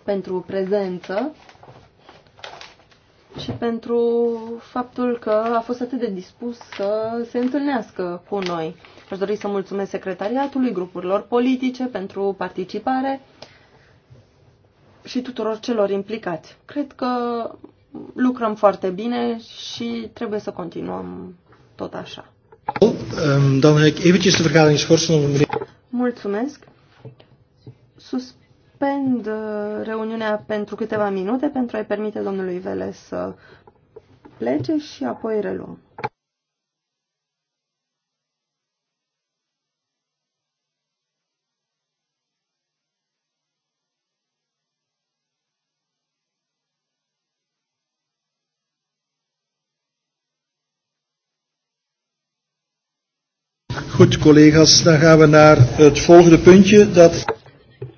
pentru prezență și pentru faptul că a fost atât de dispus să se întâlnească cu noi. Aș dori să mulțumesc secretariatului, grupurilor politice pentru participare și tuturor celor implicați. Cred că lucrăm foarte bine și trebuie să continuăm tot așa. Mulțumesc. Sus suspend uh, reuniunea pentru câteva minute pentru a-i permite domnului Vele să plece și apoi reluăm. Goed, collega's, dan gaan we naar het volgende puntje. Dat...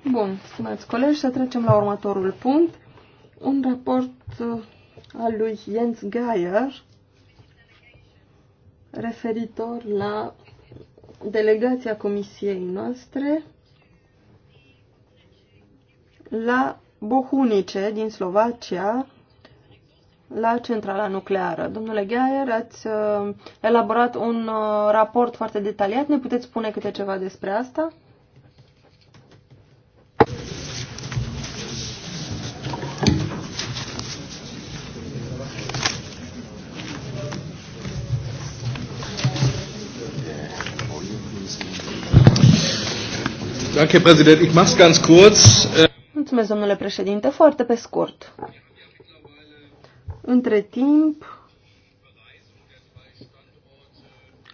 Bun, stimați colegi, să trecem la următorul punct. Un raport uh, al lui Jens Geier referitor la delegația comisiei noastre la Bohunice din Slovacia la centrala nucleară. Domnule Geier, ați uh, elaborat un uh, raport foarte detaliat. Ne puteți spune câte ceva despre asta? Mulțumesc, domnule președinte, foarte pe scurt. Între timp,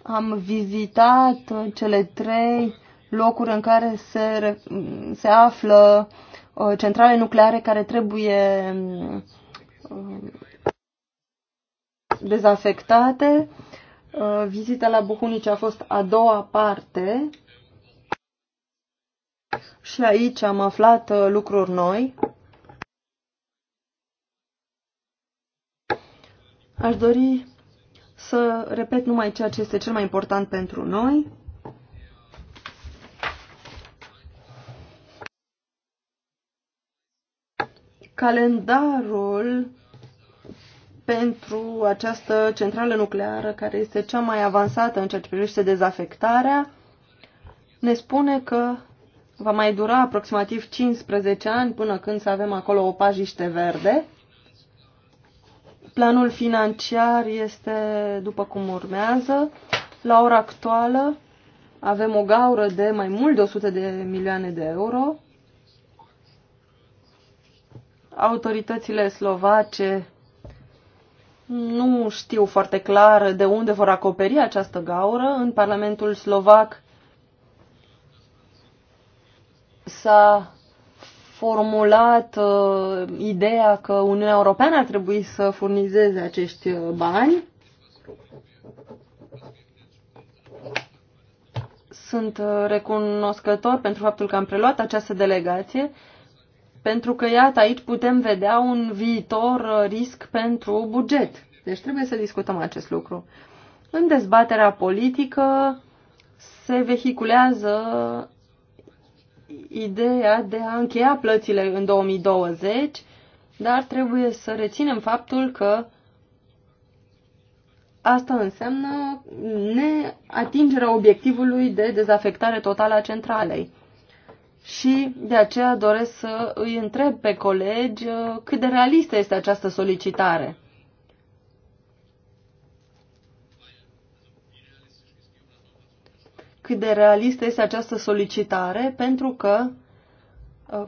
am vizitat cele trei locuri în care se, se află uh, centrale nucleare care trebuie uh, dezafectate. Uh, vizita la Buhunici a fost a doua parte și aici am aflat uh, lucruri noi. Aș dori să repet numai ceea ce este cel mai important pentru noi. Calendarul pentru această centrală nucleară, care este cea mai avansată în ceea ce privește dezafectarea, ne spune că va mai dura aproximativ 15 ani până când să avem acolo o pajiște verde. Planul financiar este după cum urmează. La ora actuală avem o gaură de mai mult de 100 de milioane de euro. Autoritățile slovace nu știu foarte clar de unde vor acoperi această gaură. În Parlamentul slovac s-a formulat uh, ideea că Uniunea Europeană ar trebui să furnizeze acești uh, bani. Sunt uh, recunoscător pentru faptul că am preluat această delegație, pentru că, iată, aici putem vedea un viitor uh, risc pentru buget. Deci trebuie să discutăm acest lucru. În dezbaterea politică se vehiculează ideea de a încheia plățile în 2020, dar trebuie să reținem faptul că asta înseamnă neatingerea obiectivului de dezafectare totală a centralei. Și de aceea doresc să îi întreb pe colegi uh, cât de realistă este această solicitare. cât de realistă este această solicitare, pentru că, um,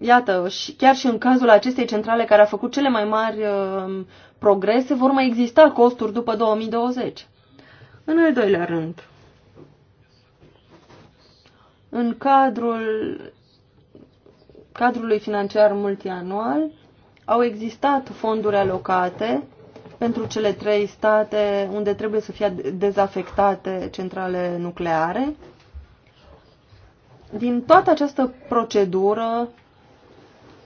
iată, chiar și în cazul acestei centrale care a făcut cele mai mari um, progrese, vor mai exista costuri după 2020. În al doilea rând, în cadrul cadrului financiar multianual au existat fonduri alocate pentru cele trei state unde trebuie să fie dezafectate centrale nucleare. Din toată această procedură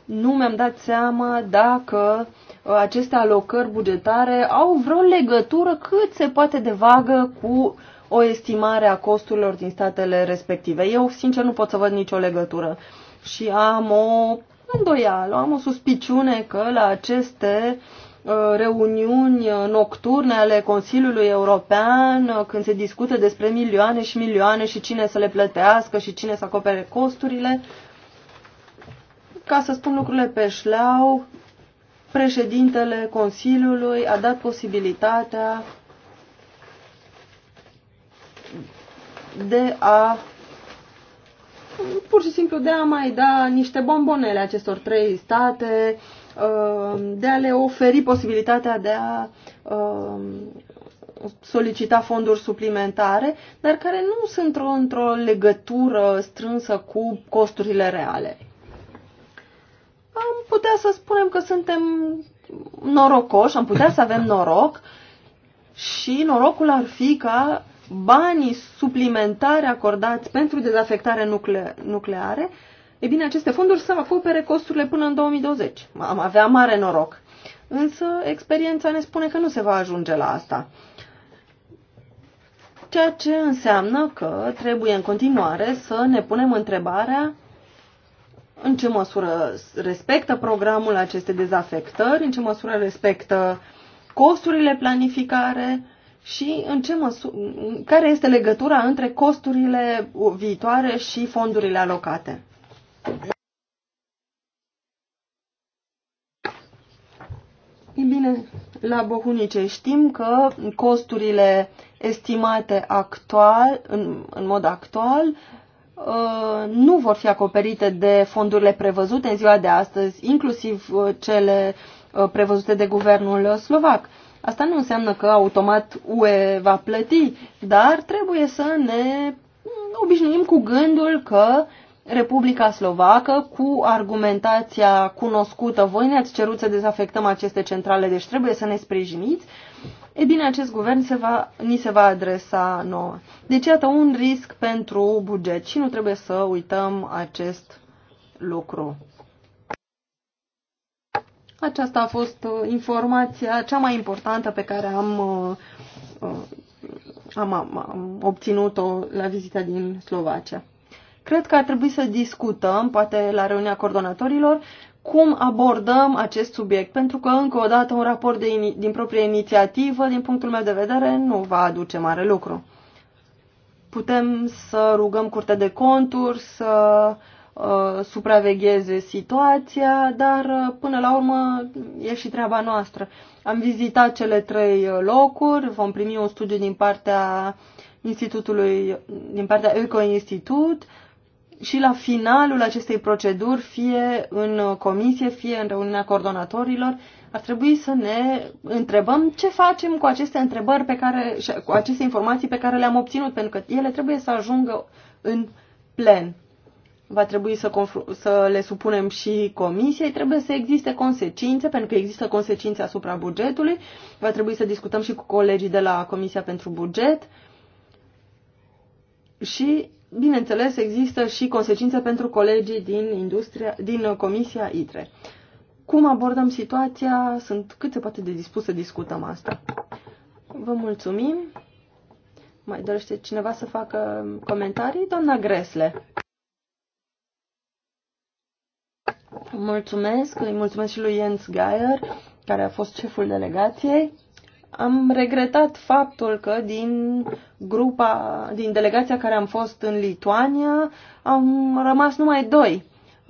nu mi-am dat seama dacă uh, aceste alocări bugetare au vreo legătură cât se poate de vagă cu o estimare a costurilor din statele respective. Eu, sincer, nu pot să văd nicio legătură și am o îndoială, am o suspiciune că la aceste uh, Uh, reuniuni uh, nocturne ale Consiliului European uh, când se discută despre milioane și milioane și cine să le plătească și cine să acopere costurile. Ca să spun lucrurile pe șleau, președintele Consiliului a dat posibilitatea de a pur și simplu de a mai da niște bombonele acestor trei state, uh, Uh, de a le oferi posibilitatea de a uh, solicita fonduri suplimentare, dar care nu sunt într-o, într, -o, legătură strânsă cu costurile reale. Am putea să spunem că suntem norocoși, am putea să avem noroc și norocul ar fi ca banii suplimentari acordați pentru dezafectare nucle- nucleare e bine, aceste fonduri să acopere costurile până în 2020. Am avea mare noroc. Însă experiența ne spune că nu se va ajunge la asta. Ceea ce înseamnă că trebuie în continuare să ne punem întrebarea în ce măsură respectă programul aceste dezafectări, în ce măsură respectă costurile planificare și în ce măsură, care este legătura între costurile viitoare și fondurile alocate. E bine, la Bohunice știm că costurile estimate actual, în, în mod actual uh, nu vor fi acoperite de fondurile prevăzute în ziua de astăzi, inclusiv uh, cele uh, prevăzute de guvernul slovac. Asta nu înseamnă că automat UE va plăti, dar trebuie să ne mm, obișnuim cu gândul că uh, Republica Slovacă cu argumentația cunoscută, voi ne-ați cerut să dezafectăm aceste centrale, deci trebuie să ne sprijiniți, e bine, acest guvern se va, ni se va adresa nouă. Deci, iată, un risc pentru buget și nu trebuie să uităm acest lucru. Aceasta a fost uh, informația cea mai importantă pe care uh, uh, am, am, am, obținut-o la vizita din Slovacia. Cred că ar trebui să discutăm, poate la reuniunea coordonatorilor, cum abordăm acest subiect, pentru că, încă o dată, un raport de, din proprie inițiativă, din punctul meu de vedere, nu va aduce mare lucru. Putem să rugăm curte de Conturi să uh, supravegheze situația, dar, uh, până la urmă, e și treaba noastră. Am vizitat cele trei uh, locuri, vom primi un studiu din partea Institutului, din partea Eco Institut, uh, și la finalul acestei proceduri, fie în comisie, fie în reuniunea coordonatorilor, ar trebui să ne întrebăm ce facem cu aceste întrebări pe care, cu aceste informații pe care le-am obținut, pentru că ele trebuie să ajungă în plen. Va trebui să, să le supunem și comisiei, trebuie să existe consecințe, pentru că există consecințe asupra bugetului. Va trebui să discutăm și cu colegii de la Comisia pentru Buget. Și bineînțeles, există și consecințe pentru colegii din, industria, din Comisia ITRE. Cum abordăm situația? Sunt cât se poate de dispus să discutăm asta. Vă mulțumim. Mai dorește cineva să facă comentarii? Doamna Gresle. Mulțumesc, îi mulțumesc și lui Jens Geier, care a fost șeful delegației am regretat faptul că din grupa, din delegația care am fost în Lituania, am rămas numai doi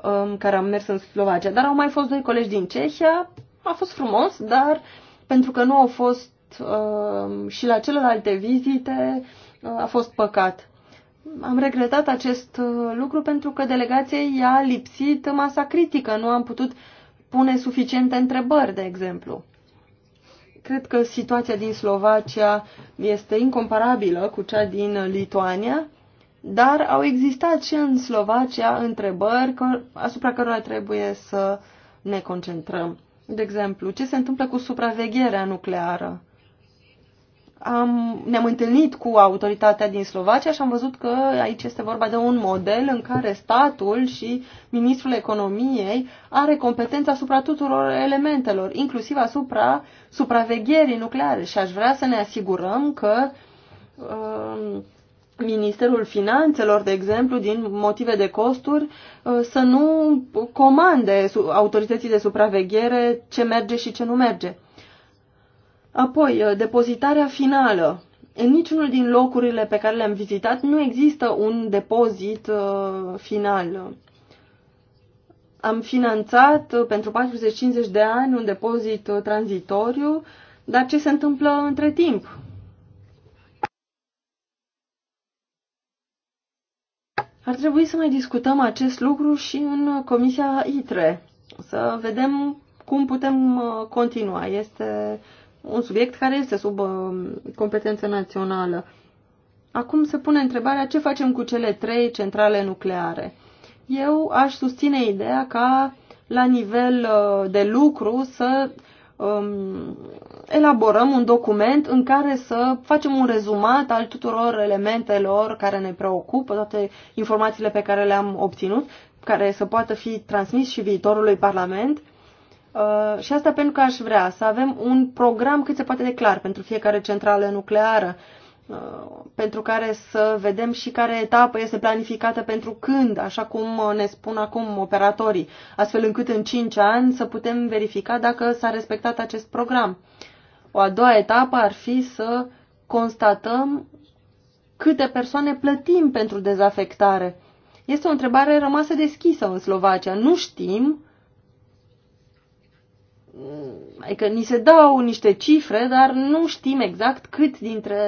um, care am mers în Slovacia, dar au mai fost doi colegi din Cehia. A fost frumos, dar pentru că nu au fost um, și la celelalte vizite, uh, a fost păcat. Am regretat acest uh, lucru pentru că delegației i-a lipsit masa critică, nu am putut pune suficiente întrebări, de exemplu. Cred că situația din Slovacia este incomparabilă cu cea din Lituania, dar au existat și în Slovacia întrebări asupra cărora trebuie să ne concentrăm. De exemplu, ce se întâmplă cu supravegherea nucleară? am, ne-am întâlnit cu autoritatea din Slovacia și am văzut că aici este vorba de un model în care statul și ministrul economiei are competența asupra tuturor elementelor, inclusiv asupra supravegherii nucleare și aș vrea să ne asigurăm că uh, Ministerul Finanțelor, de exemplu, din motive de costuri, uh, să nu comande autorității de supraveghere ce merge și ce nu merge Apoi, uh, depozitarea finală. În niciunul din locurile pe care le-am vizitat nu există un depozit uh, final. Am finanțat uh, pentru 40-50 de ani un depozit uh, tranzitoriu, dar ce se întâmplă între timp? Ar trebui să mai discutăm acest lucru și în Comisia ITRE, să vedem cum putem continua. Este un subiect care este sub uh, competență națională. Acum se pune întrebarea ce facem cu cele trei centrale nucleare. Eu aș susține ideea ca la nivel uh, de lucru să um, elaborăm un document în care să facem un rezumat al tuturor elementelor care ne preocupă, toate informațiile pe care le-am obținut, care să poată fi transmis și viitorului Parlament Uh, și asta pentru că aș vrea să avem un program cât se poate de clar pentru fiecare centrală nucleară, uh, pentru care să vedem și care etapă este planificată pentru când, așa cum ne spun acum operatorii, astfel încât în 5 ani să putem verifica dacă s-a respectat acest program. O a doua etapă ar fi să constatăm câte persoane plătim pentru dezafectare. Este o întrebare rămasă deschisă în Slovacia. Nu știm Mm, adică ni se dau niște cifre, dar nu știm exact cât dintre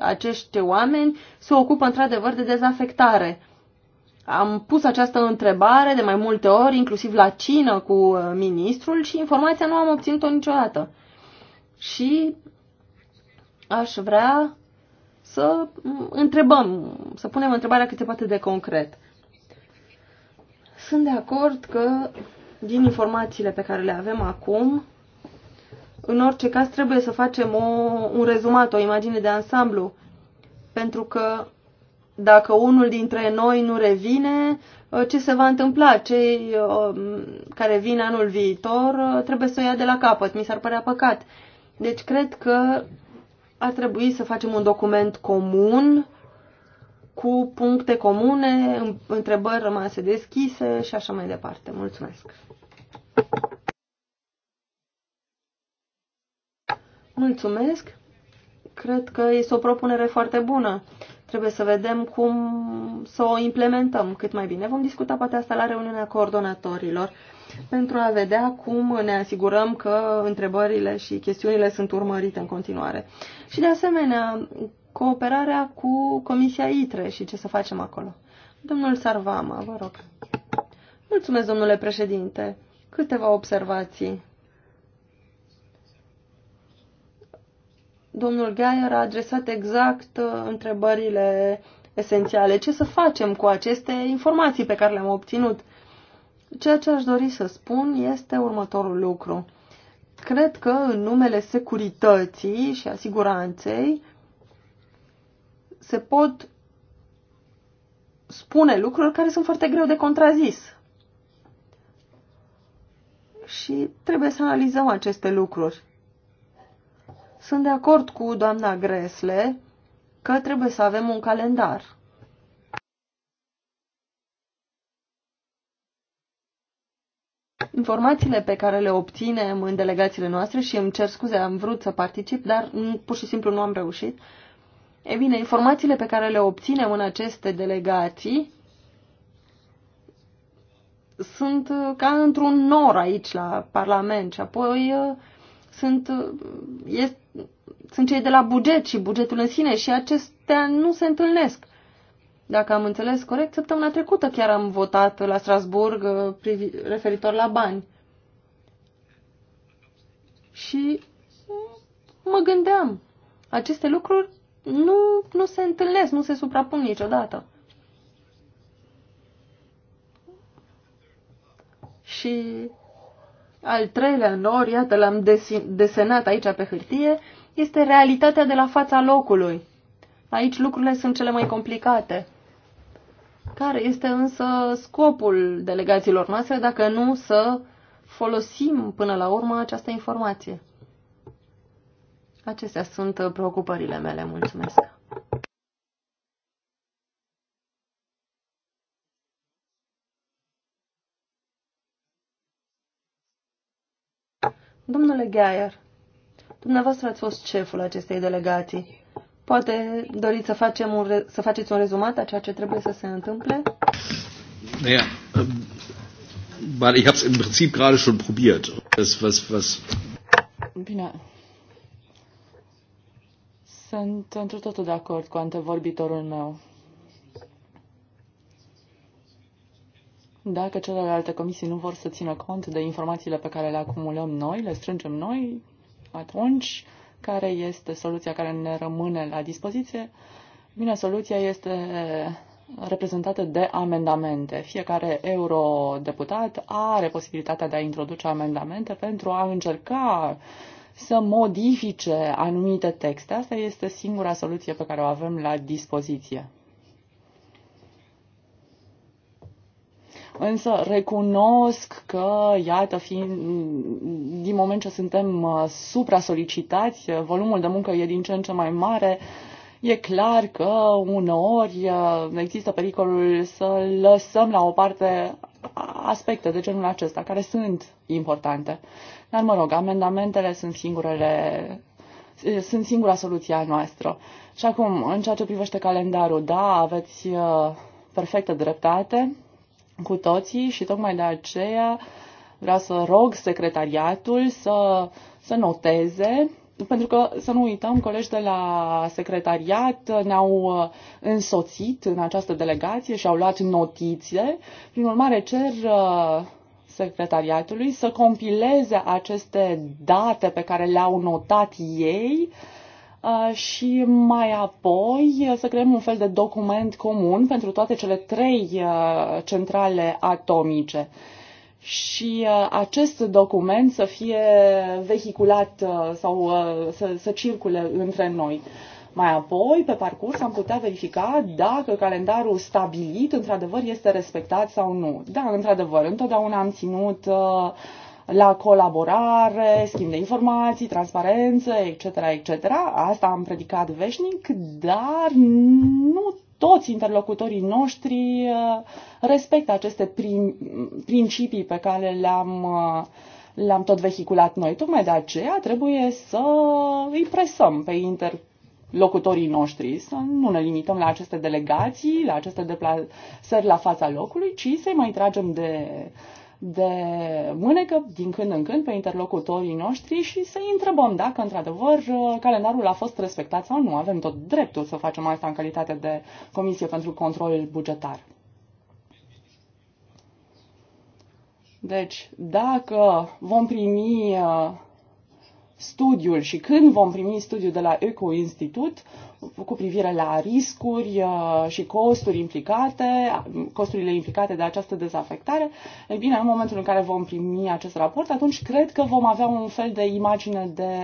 acești oameni se ocupă într-adevăr de dezafectare. Am pus această întrebare de mai multe ori, inclusiv la cină cu uh, ministrul și informația nu am obținut-o niciodată. Și aș vrea să întrebăm, să punem întrebarea cât se poate de concret. Sunt de acord că din informațiile pe care le avem acum, în orice caz trebuie să facem o, un rezumat, o imagine de ansamblu, pentru că dacă unul dintre noi nu revine, ă, ce se va întâmpla? Cei ă, care vin anul viitor ă, trebuie să o ia de la capăt, mi s-ar părea păcat. Deci cred că ar trebui să facem un document comun cu puncte comune, întrebări rămase deschise și așa mai departe. Mulțumesc! Mulțumesc! Cred că este o propunere foarte bună. Trebuie să vedem cum să o implementăm cât mai bine. Vom discuta poate asta la reuniunea coordonatorilor pentru a vedea cum ne asigurăm că întrebările și chestiunile sunt urmărite în continuare. Și de asemenea, cooperarea cu Comisia ITRE și ce să facem acolo. Domnul Sarvama, vă rog. Mulțumesc, domnule președinte. Câteva observații. Domnul Gaier a adresat exact uh, întrebările esențiale. Ce să facem cu aceste informații pe care le-am obținut? Ceea ce aș dori să spun este următorul lucru. Cred că în numele securității și a siguranței, se pot spune lucruri care sunt foarte greu de contrazis. Și trebuie să analizăm aceste lucruri. Sunt de acord cu doamna Gresle că trebuie să avem un calendar. Informațiile pe care le obținem în delegațiile noastre și îmi cer scuze, am vrut să particip, dar pur și simplu nu am reușit. Uh, E bine, informațiile pe care le obținem în aceste delegații sunt uh, ca într-un nor aici la Parlament și apoi uh, sunt, uh, este, sunt cei de la buget și bugetul în sine și acestea nu se întâlnesc. Dacă am înțeles corect, săptămâna trecută chiar am votat la Strasburg referitor la bani. Și mă gândeam, aceste lucruri nu, nu se întâlnesc, nu se suprapun niciodată. Și al treilea nor, iată l-am desenat aici pe hârtie, este realitatea de la fața locului. Aici lucrurile sunt cele mai complicate. Care este însă scopul delegațiilor noastre dacă nu să folosim până la urmă această informație? Acestea sunt uh, preocupările mele. Mulțumesc. Domnule Gheaier, dumneavoastră ați fost șeful acestei delegații. Poate doriți să, facem un să faceți un rezumat a ceea ce trebuie să se întâmple? Naja, ähm, ich habe es im Prinzip gerade schon probiert. Das, was, was Bine, sunt într totul de acord cu antevorbitorul meu. Dacă celelalte comisii nu vor să țină cont de informațiile pe care le acumulăm noi, le strângem noi, atunci care este soluția care ne rămâne la dispoziție? Bine, soluția este reprezentată de amendamente. Fiecare eurodeputat are posibilitatea de a introduce amendamente pentru a încerca uh, să modifice anumite texte. Asta este singura soluție pe care o avem la dispoziție. Însă recunosc că, iată, fiind, din moment ce suntem uh, supra-solicitați, uh, volumul de muncă e din ce în ce mai mare, e clar că uneori uh, există pericolul să lăsăm la o parte aspecte de genul acesta, care sunt importante. Dar, mă rog, amendamentele sunt singurele sunt singura soluție a noastră. Și acum, în ceea ce privește calendarul, da, aveți uh, perfectă dreptate cu toții și tocmai de aceea vreau să rog secretariatul să, să noteze pentru că, să nu uităm, colegi de la secretariat ne-au uh, însoțit în această delegație și au luat notițe. Prin urmare, cer uh, secretariatului să compileze aceste date pe care le-au notat ei uh, și mai apoi să creăm un fel de document comun pentru toate cele trei uh, centrale atomice. Și uh, acest document să fie vehiculat sau să, să circule între noi. Mai apoi, pe parcurs, am putea verifica dacă calendarul stabilit într-adevăr este respectat sau nu. Da, într-adevăr, întotdeauna am ținut uh, la colaborare, schimb de informații, transparență, etc., etc. Asta am predicat veșnic, dar nu toți interlocutorii noștri uh, respectă aceste prim, principii pe care le-am uh, le-am tot vehiculat noi. Tocmai de aceea trebuie să îi presăm pe inter locutorii noștri, să nu ne limităm la aceste delegații, la aceste deplasări la fața locului, ci să mai tragem de, de mânecă din când în când pe interlocutorii noștri și să-i întrebăm dacă, într-adevăr, calendarul a fost respectat sau nu. Avem tot dreptul să facem asta în calitate de Comisie pentru Control Bugetar. Deci, dacă vom primi uh, studiul și când vom primi studiul de la Eco-Institut cu privire la riscuri uh, și costuri implicate, costurile implicate de această dezafectare, e bine, în momentul în care vom primi acest raport, atunci cred că vom avea un fel de imagine de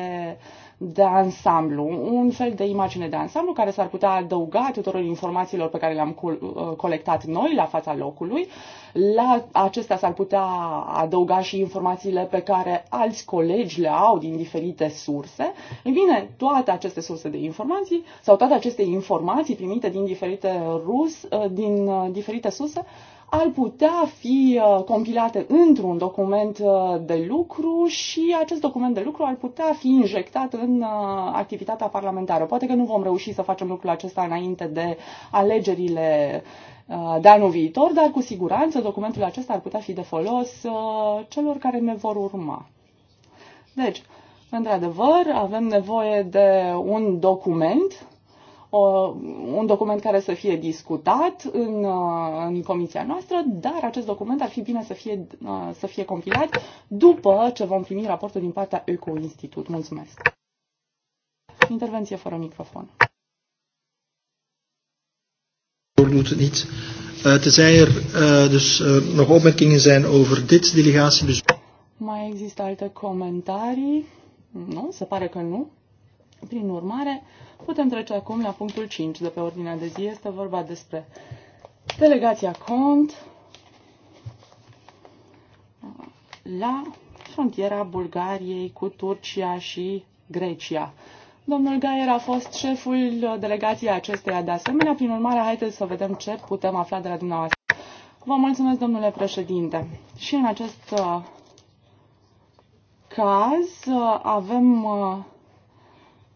de ansamblu, un fel de imagine de ansamblu care s-ar putea adăuga tuturor informațiilor pe care le-am uh, colectat noi la fața locului. La acestea s-ar putea adăuga și informațiile pe care alți colegi le au din diferite surse. Ei bine, toate aceste surse de informații sau toate aceste informații primite din diferite, rus, uh, din uh, diferite surse ar putea fi uh, compilate într-un document uh, de lucru și acest document de lucru ar putea fi injectat în uh, activitatea parlamentară. Poate că nu vom reuși să facem lucrul acesta înainte de alegerile de anul viitor, dar cu siguranță documentul acesta ar putea fi de folos celor care ne vor urma. Deci, într-adevăr, avem nevoie de un document o, uh, un document care să fie discutat în, uh, în comisia noastră, dar acest document ar fi bine să fie, uh, să fie compilat după ce vom primi raportul din partea Eco-Institut. Mulțumesc! Intervenție fără microfon. Eh, er, eh, eh, Mai există alte comentarii? Nu, se pare că nu. Prin urmare, uh, Putem trece acum la punctul 5 de pe ordinea de zi. Este vorba despre delegația cont uh, la frontiera Bulgariei cu Turcia și Grecia. Domnul Gaier a fost șeful delegației acesteia de asemenea. Prin urmare, haideți să vedem ce putem afla de la dumneavoastră. Vă mulțumesc, domnule președinte. Și în acest uh, caz uh, avem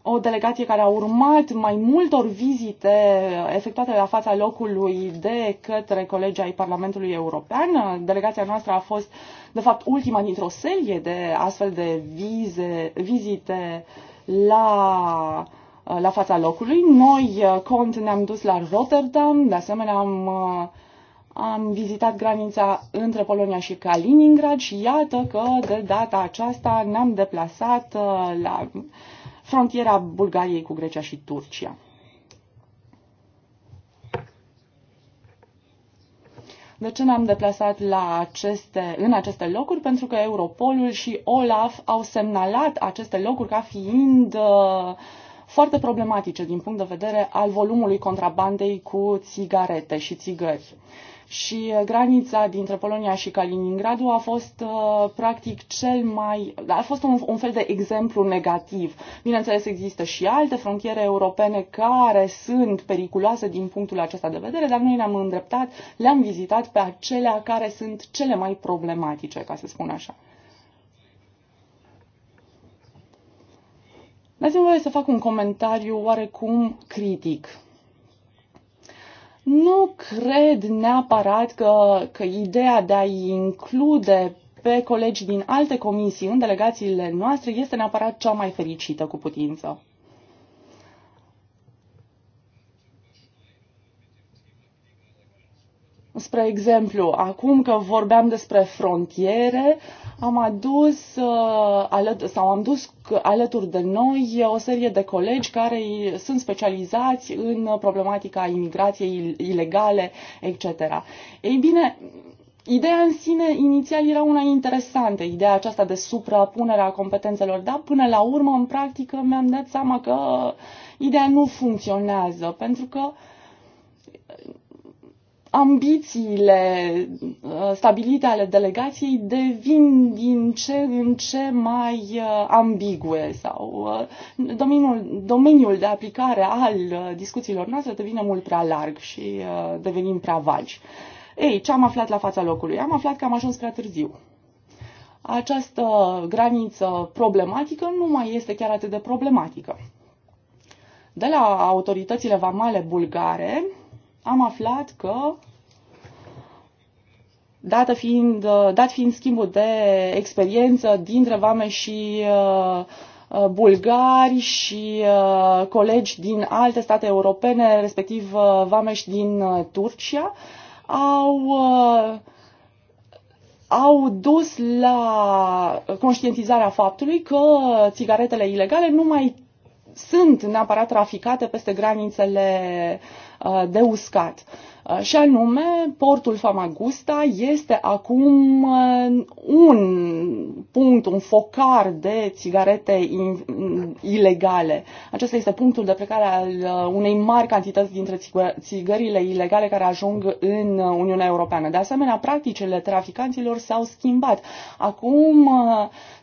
o delegație care a urmat mai multor vizite efectuate la fața locului de către colegii ai Parlamentului European. Delegația noastră a fost, de fapt, ultima dintr-o serie de astfel de vize, vizite la, la fața locului. Noi, uh, cont, ne-am dus la Rotterdam, de asemenea am uh, am vizitat granița între Polonia și Kaliningrad și iată că de data aceasta ne-am deplasat uh, la frontiera Bulgariei cu Grecia și Turcia. De ce ne-am deplasat la aceste, în aceste locuri? Pentru că Europolul și OLAF au semnalat aceste locuri ca fiind uh, foarte problematice din punct de vedere al volumului contrabandei cu țigarete și țigări. Uh, și uh, granița dintre Polonia și Kaliningradul a fost uh, practic cel mai, a fost un, un fel de exemplu negativ. Bineînțeles, există și alte frontiere europene care sunt periculoase din punctul acesta de vedere, dar noi ne-am îndreptat, le-am vizitat pe acelea care sunt cele mai problematice, ca să spun așa. Dați-mi voie să fac un comentariu oarecum critic nu cred neapărat că, că ideea de a i include pe colegii din alte comisii în delegațiile noastre este neapărat cea mai fericită cu putință. Spre exemplu, acum că vorbeam despre frontiere, am adus uh, sau am dus alături de noi o serie de colegi care sunt specializați în problematica imigrației ilegale, etc. Ei bine, Ideea în sine inițial era una interesantă, ideea aceasta de suprapunere a competențelor, dar până la urmă, în practică, mi-am dat seama că ideea nu funcționează, pentru că uh, ambițiile uh, stabilite ale delegației devin din ce în ce mai uh, ambigue sau uh, domeniul, domeniul de aplicare al discuțiilor noastre devine mult prea larg și devenim prea vagi. Ei, ce am aflat la fața locului? Am aflat că am ajuns prea târziu. Această graniță problematică nu mai este chiar atât de problematică. De la autoritățile vamale bulgare, am aflat că dată fiind, dat fiind schimbul de experiență dintre vame și uh, uh, bulgari și uh, colegi din alte state europene, respectiv uh, vameși din Turcia, au, au dus la conștientizarea faptului că țigaretele ilegale nu mai sunt neapărat traficate peste granițele uh, Uh, de uscat. Și anume, portul Famagusta este acum uh, un punct, un focar de țigarete ilegale. Acesta este punctul de plecare al uh, unei mari cantități dintre țigările ilegale care ajung în uh, Uniunea Europeană. De asemenea, practicile traficanților s-au schimbat. Acum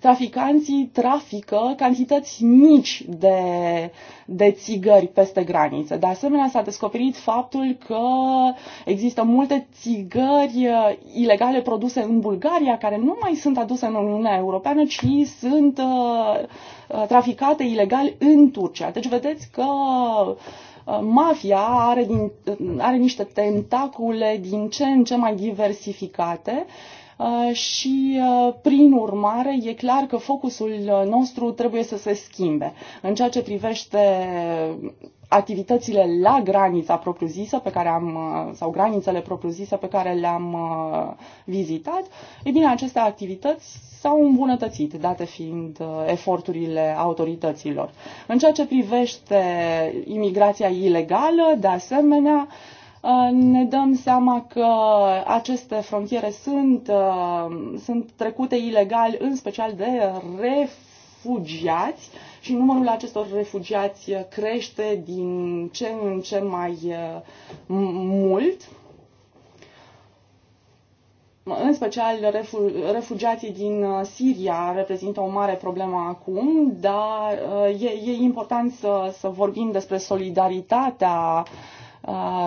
traficanții trafică cantități mici de, de țigări peste graniță. De asemenea, s-a descoperit faptul că Există multe țigări uh, ilegale produse în Bulgaria care nu mai sunt aduse în Uniunea Europeană, ci sunt uh, uh, traficate ilegal în Turcia. Deci vedeți că mafia are, din, are niște tentacule din ce în ce mai diversificate și, prin urmare, e clar că focusul nostru trebuie să se schimbe. În ceea ce privește activitățile la granița propriu-zisă pe care am, uh, sau granițele propriu-zise pe care le-am uh, vizitat, e bine, aceste activități s-au îmbunătățit, date fiind uh, eforturile autorităților. În ceea ce privește imigrația ilegală, de asemenea, ne dăm seama că aceste frontiere sunt, sunt trecute ilegal, în special de refugiați, și numărul acestor refugiați uh, crește din ce în ce mai uh, mult în special refugiații din uh, Siria reprezintă o mare problemă acum, dar e, e important să, să vorbim despre solidaritatea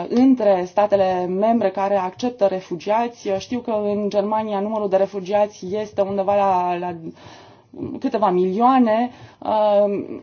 între statele membre care acceptă refugiați. Știu că în Germania numărul de refugiați este undeva la, la câteva milioane. Um,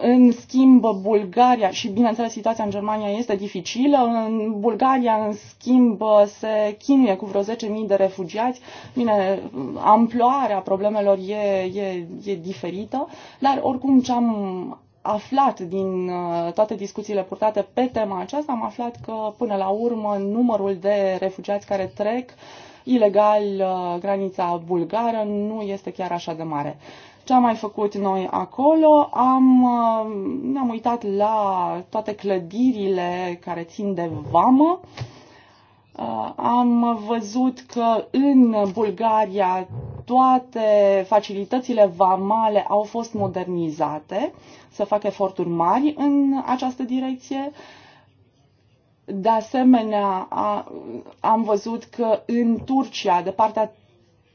în schimb, Bulgaria, și bineînțeles situația în Germania este dificilă, în Bulgaria, în schimb, se chinuie cu vreo 10.000 de refugiați. Bine, amploarea problemelor e, e, e diferită, dar oricum ce am aflat din uh, toate discuțiile purtate pe tema aceasta, am aflat că până la urmă numărul de refugiați care trec uh, ilegal uh, granița bulgară nu este chiar așa de mare. Ce am mai făcut noi acolo? Am, uh, ne-am uitat la toate clădirile care țin de vamă. Uh, am văzut că în Bulgaria toate facilitățile vamale au fost modernizate, să fac eforturi mari în această direcție. Uh, de asemenea, a, am văzut că în Turcia, de partea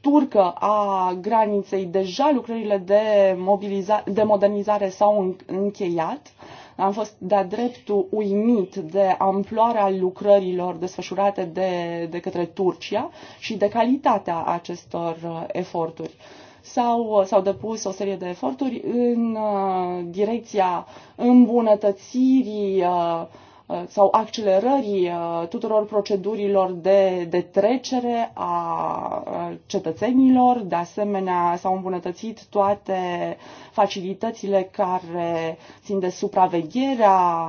turcă a graniței, deja lucrările de, mobiliza- de modernizare s-au încheiat. Am fost de-a dreptul uimit de amploarea lucrărilor desfășurate de, de către Turcia și de calitatea acestor uh, eforturi s-au, uh, s-au depus o serie de eforturi în uh, direcția îmbunătățirii uh, Uh, sau accelerării uh, tuturor procedurilor de, de trecere a uh, cetățenilor. De asemenea, s-au îmbunătățit toate facilitățile care țin de supravegherea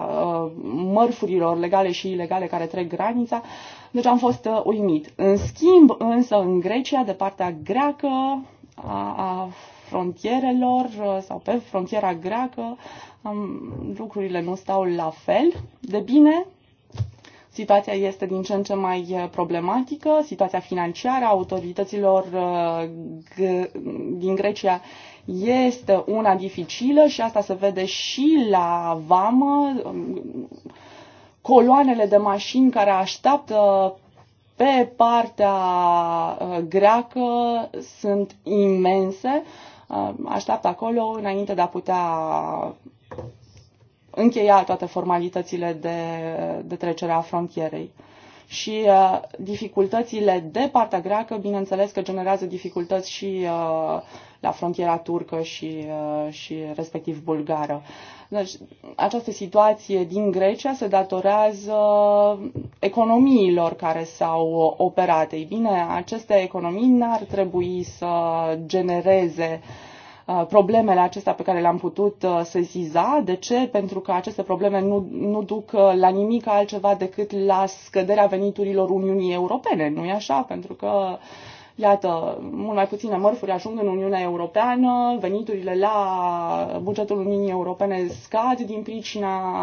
mărfurilor legale și ilegale care trec granița. Deci am fost uimit. În schimb, însă, în Grecia, de partea greacă a, a frontierelor sau pe frontiera greacă, lucrurile nu stau la fel de bine. Situația este din ce în ce mai uh, problematică. Situația financiară a autorităților uh, din Grecia este una dificilă și asta se vede și la vamă. Um, coloanele de mașini care așteaptă pe partea uh, greacă sunt imense. Așteaptă acolo înainte de a putea încheia toate formalitățile de, de trecere a frontierei. Și uh, dificultățile de partea greacă, bineînțeles că generează dificultăți și uh, la frontiera turcă și, uh, și respectiv bulgară. Deci, această situație din Grecia se datorează economiilor care s-au operat. Ei bine, aceste economii n-ar trebui să genereze uh, Uh, problemele acestea pe care le-am putut uh, sesiza. De ce? Pentru că aceste probleme nu, nu duc uh, la nimic altceva decât la scăderea veniturilor Uniunii Europene, nu-i așa? Pentru că Iată, mult mai puține mărfuri ajung în Uniunea Europeană, veniturile la bugetul Uniunii Europene scad din pricina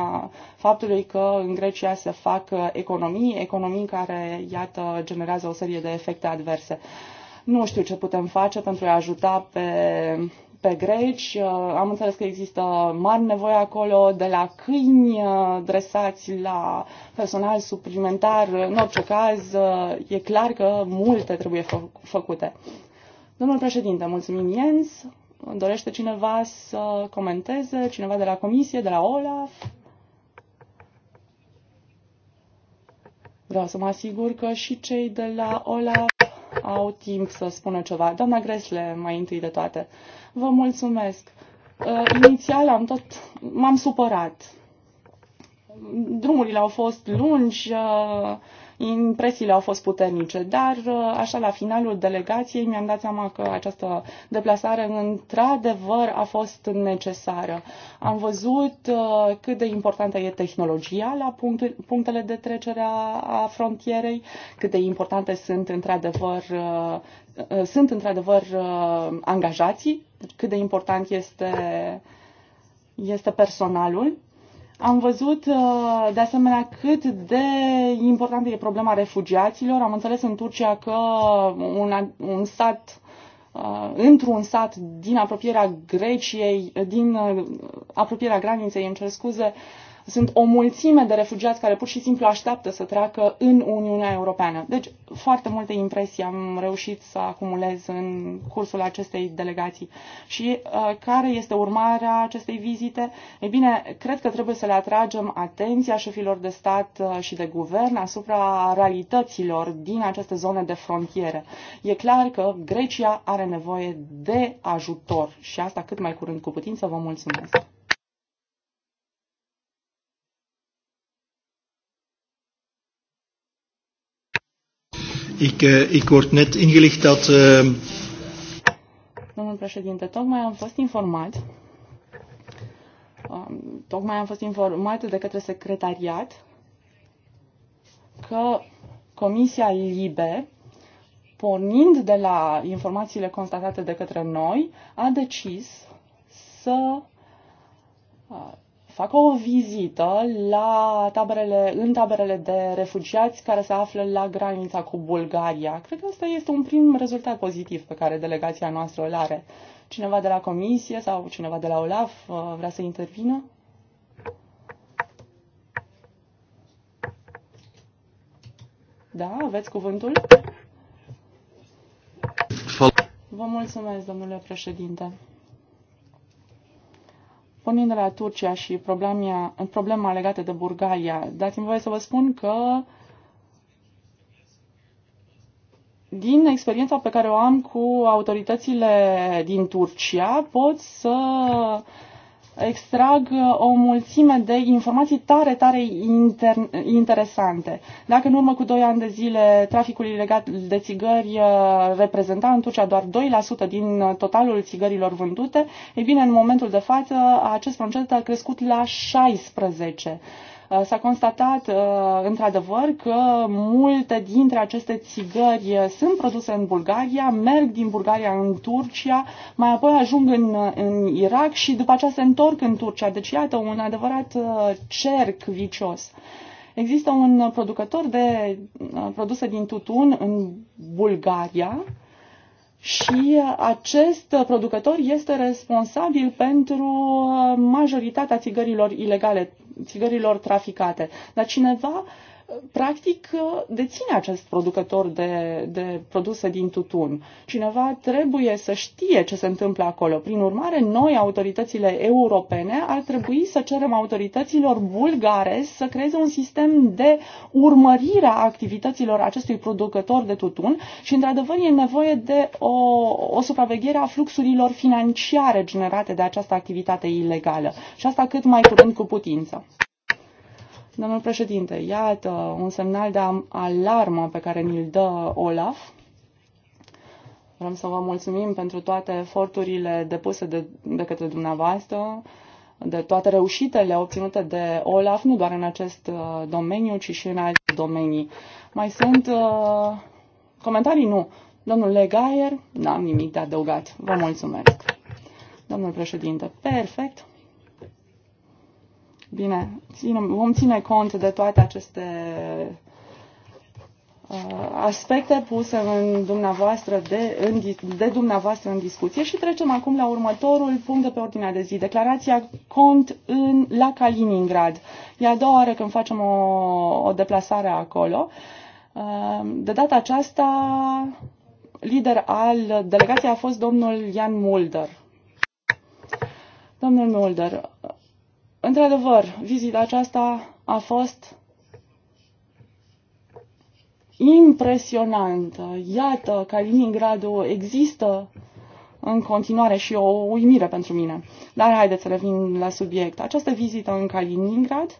faptului că în Grecia se fac economii, economii care, iată, generează o serie de efecte adverse. Nu știu ce putem face pentru a ajuta pe pe greci. Uh, am înțeles că există mari nevoi acolo, de la câini uh, dresați la personal suplimentar. În orice caz, uh, e clar că multe trebuie fă făcute. Domnul președinte, mulțumim Jens. Dorește cineva să comenteze? Cineva de la comisie, de la OLAF? Vreau să mă asigur că și cei de la OLAF au timp să spună ceva. Doamna Gresle, mai întâi de toate. Vă mulțumesc. Uh, inițial am tot, m-am supărat. Drumurile au fost lungi, uh, Impresiile au fost puternice, dar uh, așa la finalul delegației mi-am dat seama că această deplasare într-adevăr a fost necesară. Am văzut uh, cât de importantă e tehnologia la punctele de trecere a, a frontierei, cât de importante sunt într-adevăr uh, sunt într-adevăr angajații, cât de important este, este personalul am văzut uh, de asemenea cât de importantă e problema refugiaților. Am înțeles în Turcia că un, un stat uh, într-un sat din apropierea Greciei, din uh, apropierea graniței, îmi cer scuze, sunt o mulțime de refugiați care pur și simplu așteaptă să treacă în Uniunea Europeană. Deci, foarte multe impresii am reușit să acumulez în cursul acestei delegații. Și uh, care este urmarea acestei vizite? Ei bine, cred că trebuie să le atragem atenția șefilor de stat uh, și de guvern asupra realităților din aceste zone de frontiere. E clar că Grecia are nevoie de ajutor și asta cât mai curând cu putință. Vă mulțumesc! Ik, uh, ik word net ingelicht dat... Uh... Domnul președinte, tocmai am fost informat um, tocmai am fost informat de către secretariat că Comisia Libe, pornind de la informațiile constatate de către noi, a decis să Uh, facă o vizită la taberele, în taberele de refugiați care se află la granița cu Bulgaria. Cred că asta este un prim rezultat pozitiv pe care delegația noastră îl are. Cineva de la Comisie sau cineva de la OLAF uh, vrea să intervină? Da, aveți cuvântul? Vă mulțumesc, domnule președinte. Pornind de la Turcia și problema, problema legată de Bulgaria, dați-mi voie să vă spun că din experiența pe care o am cu autoritățile din Turcia, pot să uh, extrag uh, o mulțime de informații tare, tare inter- interesante. Dacă în urmă cu 2 ani de zile traficul ilegal de țigări uh, reprezenta în Turcia doar 2% din uh, totalul țigărilor vândute, e bine, în momentul de față acest procent a crescut la 16%. Uh, s-a constatat uh, într-adevăr că multe dintre aceste țigări uh, sunt produse în Bulgaria, merg din Bulgaria în Turcia, mai apoi ajung în, în Irak și după aceea se întorc în Turcia. Deci iată un adevărat cerc vicios. Există un producător de produse din tutun în Bulgaria și acest producător este responsabil pentru majoritatea țigărilor ilegale, țigărilor traficate. Dar cineva uh, practic uh, deține acest producător de, de produse din tutun. Cineva trebuie să știe ce se întâmplă acolo. Prin urmare, noi, autoritățile europene, ar trebui să cerem autorităților bulgare să creeze un sistem de urmărire a activităților acestui producător de tutun și, într-adevăr, e nevoie de o, o supraveghere a fluxurilor financiare generate de această activitate ilegală. Și asta cât mai curând cu putință. Domnul președinte, iată un semnal de alarmă pe care ni-l dă Olaf. Vrem să vă mulțumim pentru toate eforturile depuse de, de către dumneavoastră, de toate reușitele obținute de Olaf, nu doar în acest uh, domeniu, ci și în alte domenii. Mai sunt uh, comentarii? Nu. Domnul Legaier, n-am nimic de adăugat. Vă mulțumesc. Domnul președinte, perfect. Bine, ținem, vom ține cont de toate aceste uh, aspecte puse în dumneavoastră de, în, de dumneavoastră în discuție și trecem acum la următorul punct de pe ordinea de zi. Declarația cont în, la Kaliningrad. E a doua oară când facem o, o deplasare acolo. Uh, de data aceasta, lider al delegației a fost domnul Jan Mulder. Domnul Mulder, Într-adevăr, vizita aceasta a fost impresionantă. Iată, Kaliningradul există în continuare și o uimire pentru mine. Dar haideți să revin la subiect. Această vizită în Kaliningrad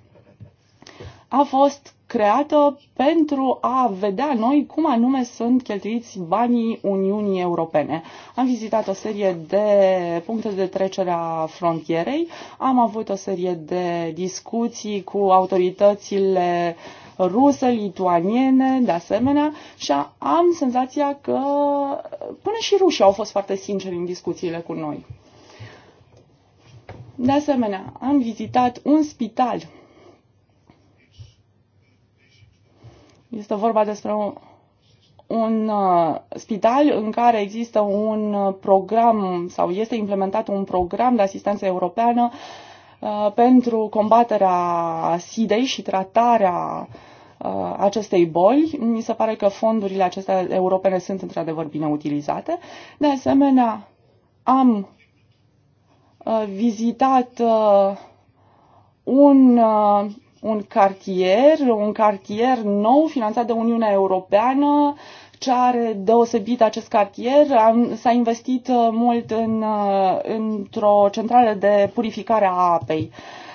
a fost creată pentru a vedea noi cum anume sunt cheltuiți banii Uniunii Europene. Am vizitat o serie de puncte de trecere a frontierei, am avut o serie de discuții cu autoritățile ruse, lituaniene, de asemenea, și am senzația că până și rușii au fost foarte sinceri în discuțiile cu noi. De asemenea, am vizitat un spital Este vorba despre un, un uh, spital în care există un uh, program sau este implementat un program de asistență europeană uh, pentru combaterea SIDEI și tratarea acestei boli. Mi se pare că fondurile acestea europene sunt într-adevăr bine utilizate. De asemenea, am vizitat un un cartier, un cartier nou finanțat de Uniunea Europeană. Ce are deosebit acest cartier? S-a investit uh, mult în, uh, într-o centrală de purificare a apei.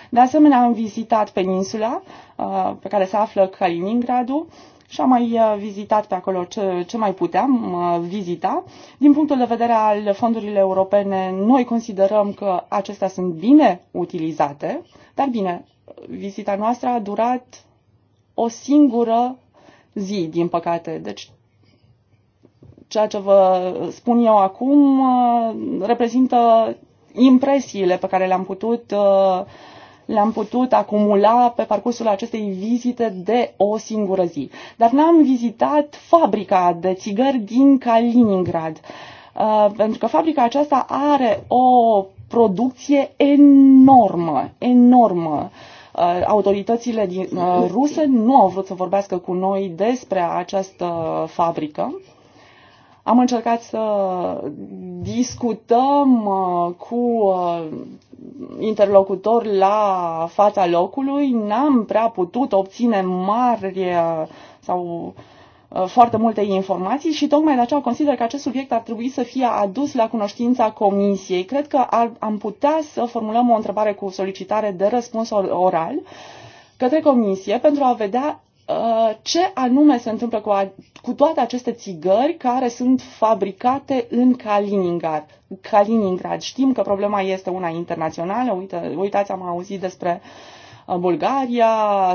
De asemenea, am vizitat peninsula uh, pe care se află Kaliningradul și am mai vizitat pe acolo ce, ce mai puteam vizita. Din punctul de vedere al fondurilor europene, noi considerăm că acestea sunt bine utilizate, dar bine, vizita noastră a durat o singură zi, din păcate. Deci ceea ce vă spun eu acum uh, reprezintă impresiile pe care le-am putut, uh, le-am putut acumula pe parcursul acestei vizite de o singură zi. Dar n-am vizitat fabrica de țigări din Kaliningrad, uh, pentru că fabrica aceasta are o producție enormă, enormă. Uh, Uh, autoritățile din, uh, ruse nu au vrut să vorbească cu noi despre această fabrică. Am încercat să discutăm uh, cu interlocutori la fața locului, n-am prea putut obține mari sau uh, Uh, foarte multe informații și tocmai de aceea consider că acest subiect ar trebui să fie adus la cunoștința Comisiei. Cred că ar, am putea să formulăm o întrebare cu solicitare de răspuns oral către Comisie pentru a vedea uh, ce anume se întâmplă cu, a, cu toate aceste țigări care sunt fabricate în Kaliningrad. Kaliningrad. Știm că problema este una internațională. Uite, uitați, am auzit despre uh, Bulgaria,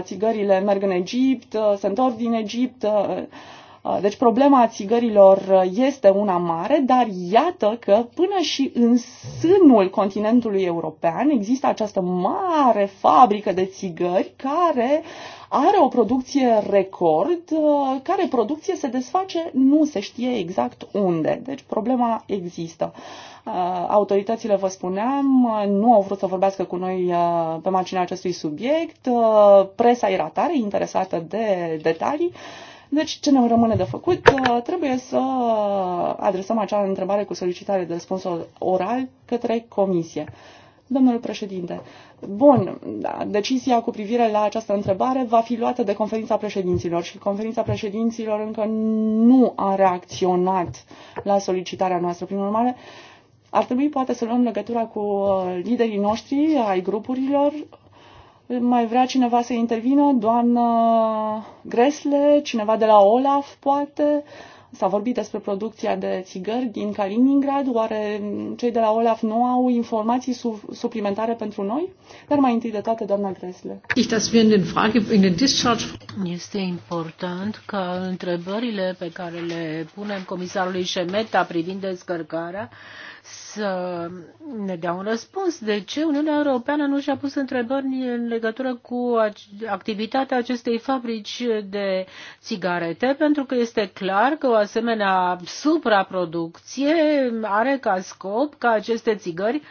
țigările merg în Egipt, uh, se întorc din Egipt. Uh, uh, deci problema țigărilor este una mare, dar iată că până și în sânul continentului european există această mare fabrică de țigări care uh, are o producție record, uh, care producție se desface nu se știe exact unde. Deci problema există. Uh, autoritățile, vă spuneam, uh, nu au vrut să vorbească cu noi pe marginea acestui subiect. Presa era tare interesată de detalii. Deci, ce ne rămâne de făcut? Trebuie să adresăm acea întrebare cu solicitare de răspuns oral către comisie. Domnule președinte, Bun, da, decizia cu privire la această întrebare va fi luată de conferința președinților și conferința președinților încă nu a reacționat la solicitarea noastră. Prin urmare, ar trebui poate să luăm legătura cu uh, liderii noștri ai grupurilor. Mai vrea cineva să intervină? Doamna Gresle, cineva de la Olaf, poate? Uh, S-a vorbit despre producția de țigări din Kaliningrad. Oare cei de la OLAF nu au informații su- suplimentare pentru noi? Dar mai întâi de toate, doamna Gresle. Este important ca întrebările pe care le punem comisarului Șemeta privind descărcarea să ne dea un răspuns. De ce Uniunea Europeană nu și-a pus întrebări în legătură cu activitatea acestei fabrici de țigarete? Pentru că este clar că o asemenea supraproducție are ca scop ca aceste țigări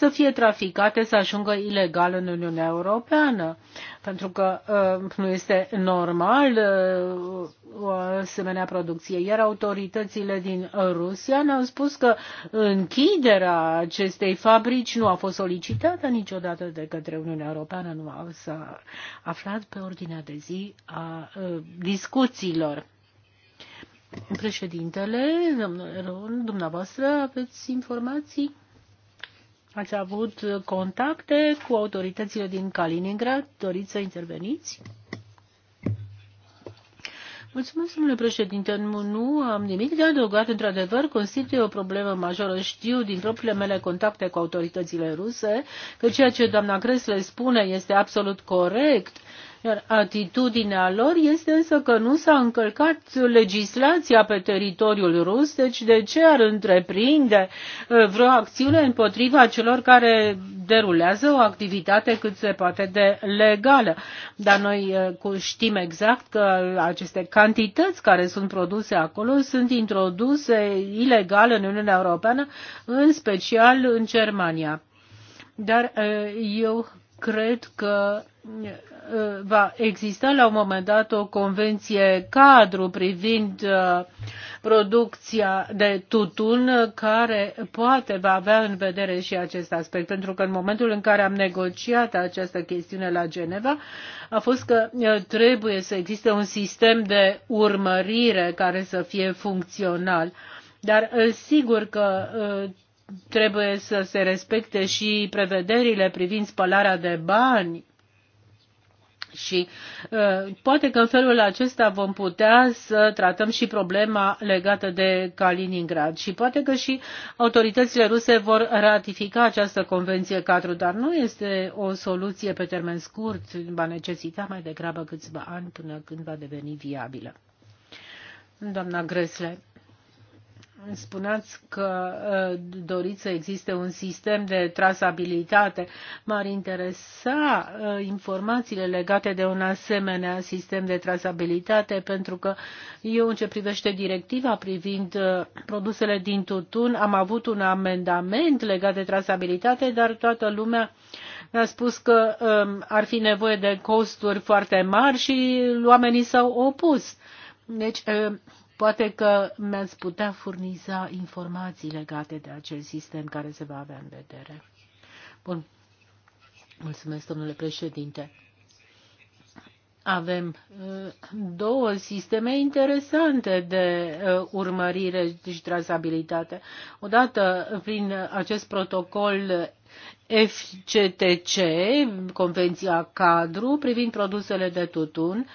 să fie traficate, să ajungă ilegal în Uniunea Europeană. Pentru că uh, nu este normal uh, o asemenea producție. Iar autoritățile din Rusia ne-au spus că închiderea acestei fabrici nu a fost solicitată niciodată de către Uniunea Europeană, nu s-a aflat pe ordinea de zi a uh, discuțiilor. Președintele, domnule Ron, dumneavoastră aveți informații? Ați avut contacte cu autoritățile din Kaliningrad? Doriți să interveniți? Mulțumesc, domnule președinte. Nu, am nimic de adăugat. Într-adevăr, constituie o problemă majoră. Știu din propriile mele contacte cu autoritățile ruse că ceea ce doamna Cresle spune este absolut corect iar atitudinea lor este însă că nu s-a încălcat legislația pe teritoriul rus, deci de ce ar întreprinde uh, vreo acțiune împotriva celor care derulează o activitate cât se poate de legală. Dar noi uh, știm exact că aceste cantități care sunt produse acolo sunt introduse ilegal în Uniunea Europeană, în special în Germania. Dar uh, eu cred că va exista la un moment dat o convenție cadru privind uh, producția de tutun uh, care poate va avea în vedere și acest aspect. Pentru că în momentul în care am negociat această chestiune la Geneva a fost că uh, trebuie să existe un sistem de urmărire care să fie funcțional. Dar sigur că trebuie să se respecte și prevederile privind spălarea de bani și uh, poate că în felul acesta vom putea să tratăm și problema legată de Kaliningrad și poate că și autoritățile ruse vor ratifica această convenție cadru, dar nu este o soluție pe termen scurt, va necesita mai degrabă câțiva ani până când va deveni viabilă. Doamna Gresle, spuneați că uh, doriți să existe un sistem de trasabilitate. M-ar interesa uh, informațiile legate de un asemenea sistem de trasabilitate, pentru că eu, în ce privește directiva privind uh, produsele din tutun, am avut un amendament legat de trasabilitate, dar toată lumea mi-a spus că um, ar fi nevoie de costuri foarte mari și oamenii s-au opus. Deci, um, Poate că mi-ați putea furniza informații legate de acel sistem care se va avea în vedere. Bun. Mulțumesc, domnule președinte. Avem uh, două sisteme interesante de uh, urmărire și trasabilitate. Odată, prin acest protocol FCTC, Convenția Cadru, privind produsele de tutun,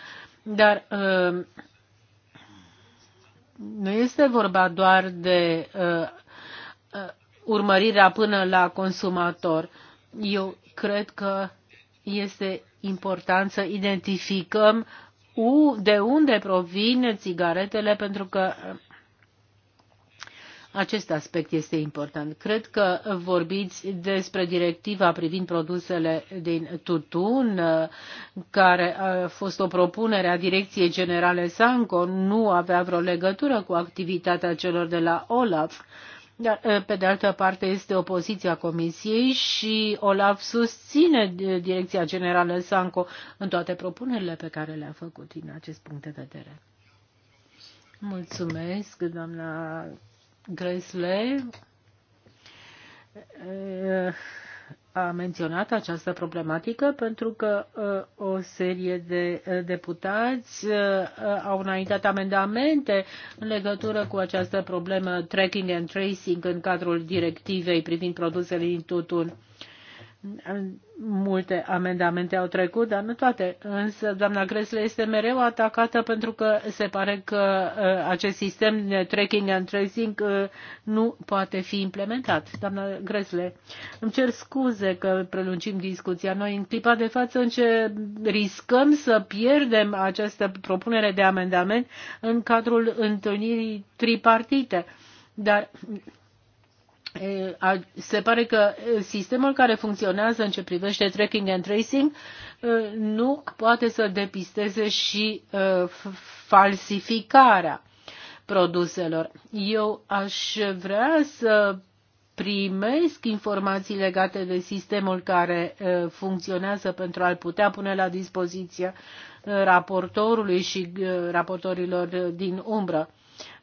dar uh, nu este vorba doar de uh, uh, urmărirea până la consumator. Eu cred că este important să identificăm de unde provin țigaretele, pentru că uh, acest aspect este important. Cred că vorbiți despre directiva privind produsele din tutun, care a fost o propunere a Direcției Generale Sanco, nu avea vreo legătură cu activitatea celor de la OLAF. Dar, pe de altă parte, este opoziția Comisiei și OLAF susține Direcția Generală Sanco în toate propunerile pe care le-a făcut din acest punct de vedere. Mulțumesc, doamna Grace Lay eh, a menționat această problematică pentru că eh, o serie de eh, deputați au înaintat amendamente în legătură cu această problemă tracking and tracing în cadrul directivei privind produsele din tutun multe amendamente au trecut, dar nu toate. Însă doamna Gresle este mereu atacată pentru că se pare că uh, acest sistem de tracking and tracing uh, nu poate fi implementat. Doamna Gresle, îmi cer scuze că prelungim discuția. Noi în clipa de față înce riscăm să pierdem această propunere de amendament în cadrul întâlnirii tripartite. Dar se pare că sistemul care funcționează în ce privește tracking and tracing nu poate să depisteze și falsificarea produselor. Eu aș vrea să primesc informații legate de sistemul care funcționează pentru a-l putea pune la dispoziție raportorului și raportorilor din umbră.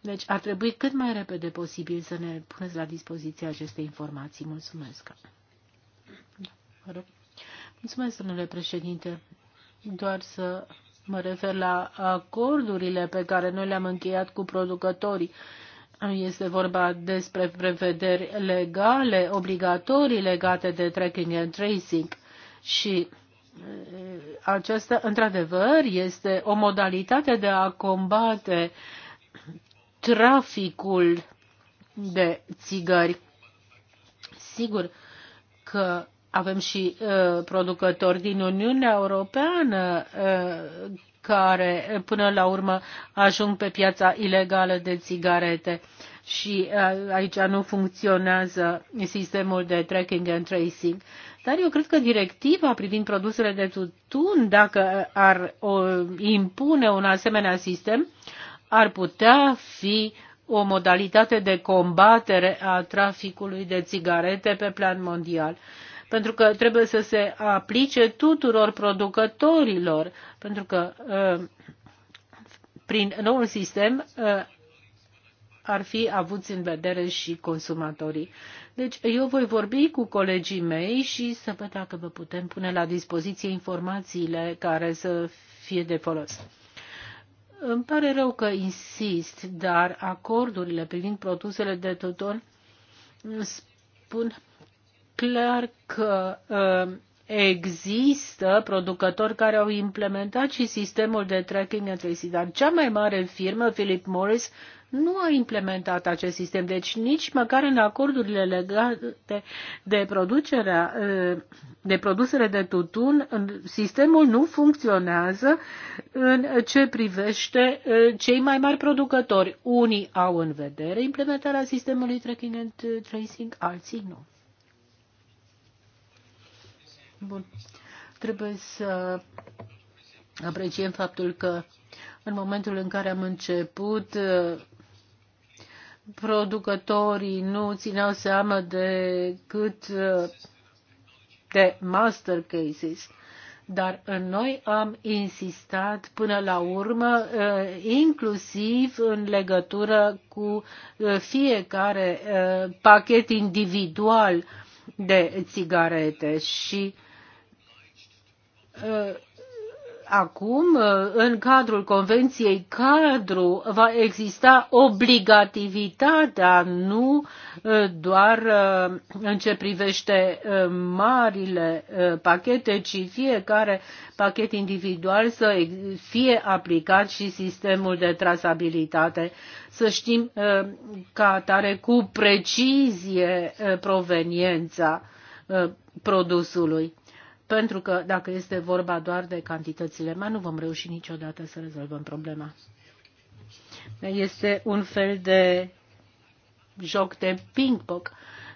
Deci ar trebui cât mai repede posibil să ne puneți la dispoziție aceste informații. Mulțumesc. Da, rog. Mulțumesc, domnule președinte. Doar să mă refer la acordurile pe care noi le-am încheiat cu producătorii. Este vorba despre prevederi legale, obligatorii legate de tracking and tracing și eh, aceasta, într-adevăr, este o modalitate de a combate traficul de țigări. Sigur că avem și uh, producători din Uniunea Europeană uh, care uh, până la urmă ajung pe piața ilegală de țigarete și uh, aici nu funcționează sistemul de tracking and tracing. Dar eu cred că directiva privind produsele de tutun, dacă ar o uh, impune un asemenea sistem, ar putea fi o modalitate de combatere a traficului de țigarete pe plan mondial. Pentru că trebuie să se aplice tuturor producătorilor, pentru că uh, prin noul sistem uh, ar fi avuți în vedere și consumatorii. Deci eu voi vorbi cu colegii mei și să văd dacă vă putem pune la dispoziție informațiile care să fie de folos. Îmi pare rău că insist, dar acordurile privind produsele de tutun spun clar că uh, există producători care au implementat și sistemul de tracking and tracing, dar cea mai mare firmă, Philip Morris, nu a implementat acest sistem. Deci nici măcar în acordurile legate de, producerea, eh, de produsele de tutun, sistemul nu funcționează în ce privește eh, cei mai mari producători. Unii au în vedere implementarea sistemului tracking and eh, tracing, alții nu. Bun. Trebuie să apreciem faptul că în momentul în care am început producătorii nu țineau seama de cât de master cases. Dar noi am insistat până la urmă, eh, inclusiv în legătură cu eh, fiecare eh, pachet individual de țigarete și acum, uh, în cadrul Convenției Cadru, va exista obligativitatea, nu uh, doar uh, în ce privește marile pachete, ci fiecare pachet individual să fie aplicat și sistemul de trasabilitate, să știm ca atare cu precizie proveniența produsului pentru că dacă este vorba doar de cantitățile mari, nu vom reuși niciodată să rezolvăm problema. Este un fel de joc de ping-pong.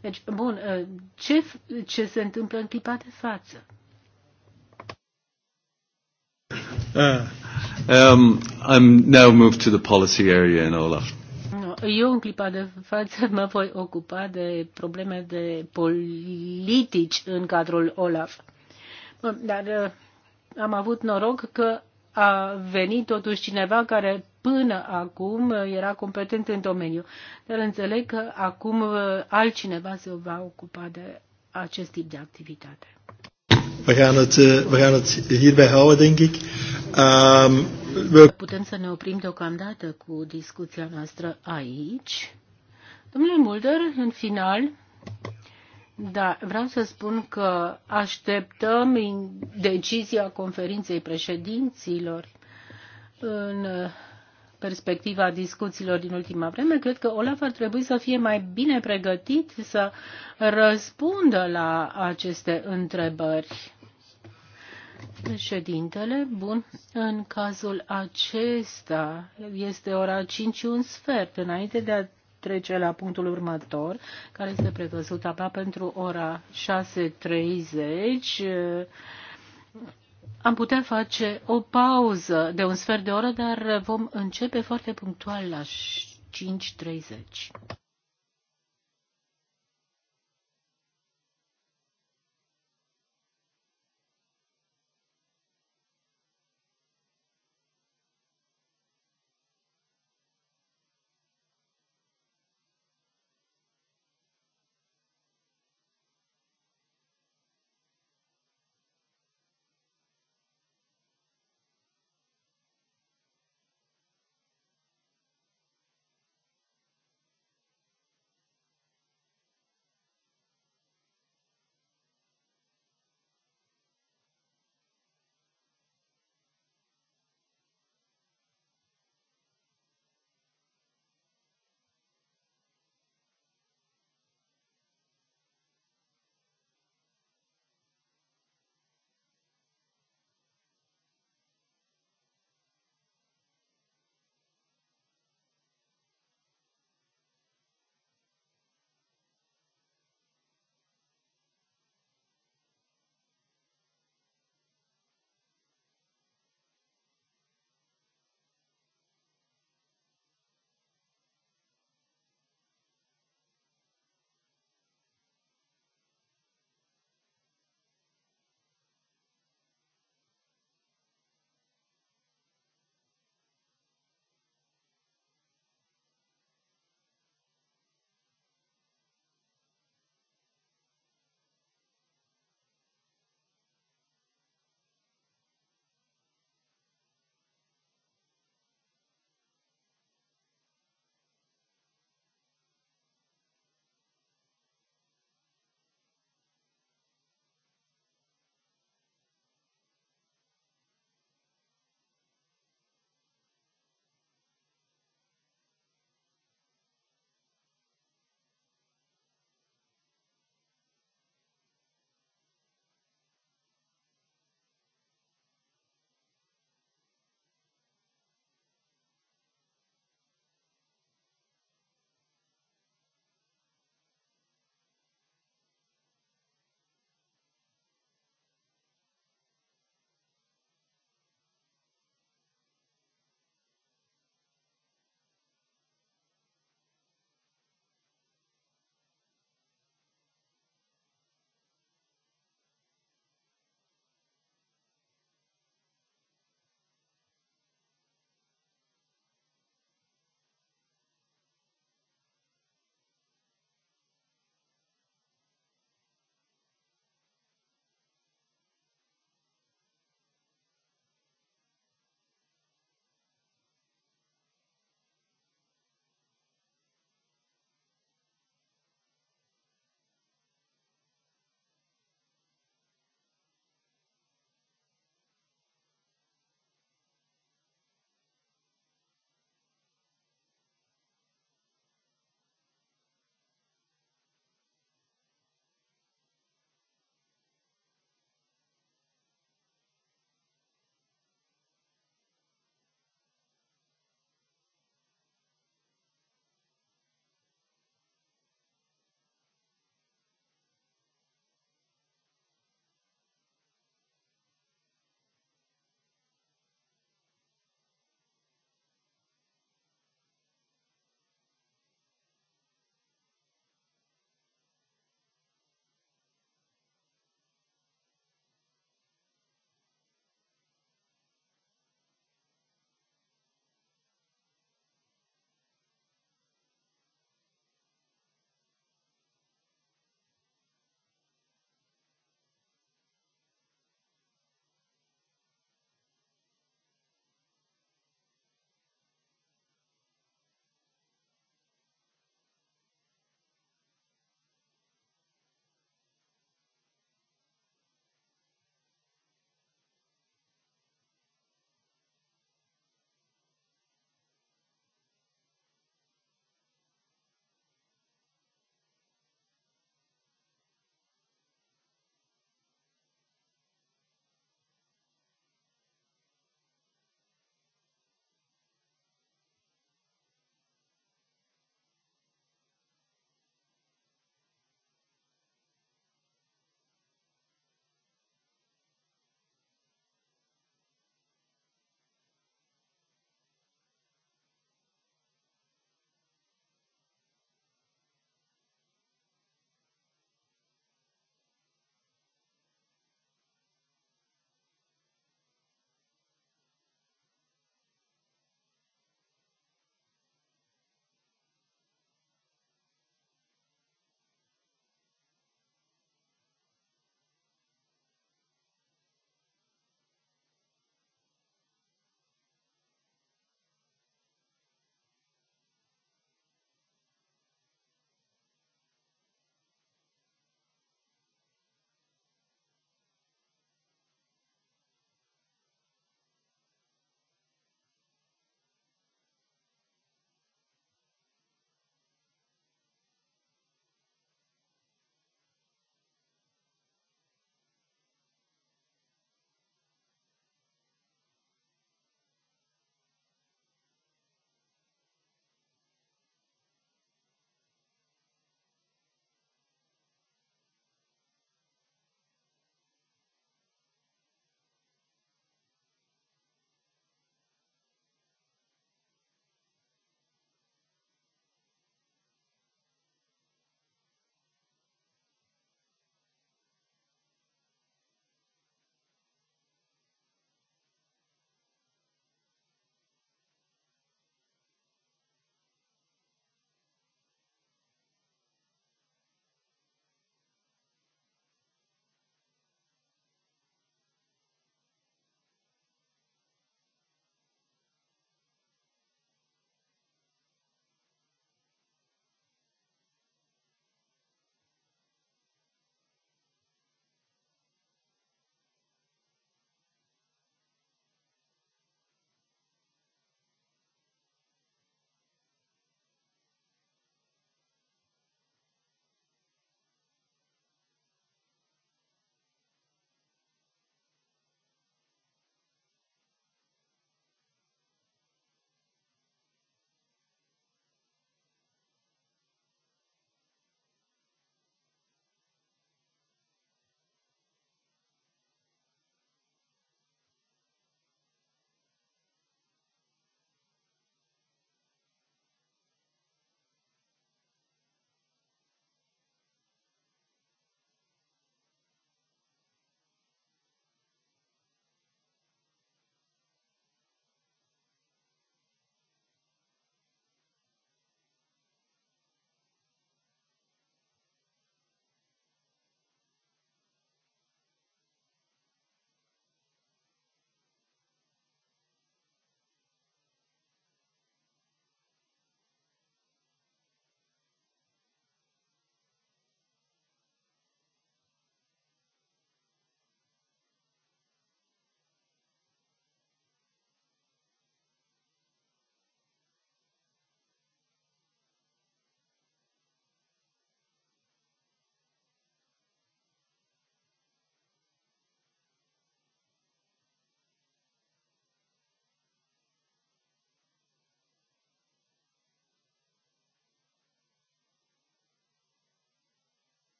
Deci, bun, ă, ce, ce se întâmplă în clipa de față? Uh, um, I'm now moved to the policy area in Olaf. Eu în clipa de față mă voi ocupa de probleme de politici în cadrul Olaf. Dar uh, am avut noroc că a venit totuși cineva care până acum uh, era competent în domeniu. Dar înțeleg că acum uh, altcineva se va ocupa de acest tip de activitate. We gaan het, eh, we gaan het hierbij houden, denk ik. Um, we... Putem să ne oprim deocamdată cu discuția noastră aici. Domnule Mulder, în final, da, vreau să spun că așteptăm decizia conferinței președinților în perspectiva discuțiilor din ultima vreme, cred că Olaf ar trebui să fie mai bine pregătit să răspundă la aceste întrebări. Președintele, bun, în cazul acesta este ora 5 și un sfert. Înainte de a trece la punctul următor, care este prevăzut apa pentru ora 6.30. Am putea face o pauză de un sfert de oră, dar vom începe foarte punctual la 5.30.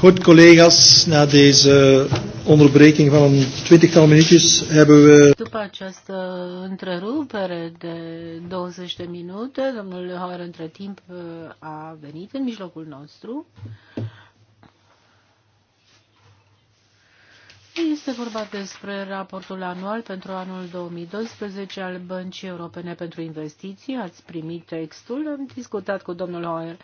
Goed, collega's, na deze onderbreking van een twintigtal minuutjes hebben we... După această întrerupere de 20 de minute, domnul Lehar între timp uh, a venit în mijlocul nostru. Este vorba despre raportul anual pentru anul 2012 al Băncii Europene pentru Investiții. Ați primit textul, am discutat cu domnul Hoyer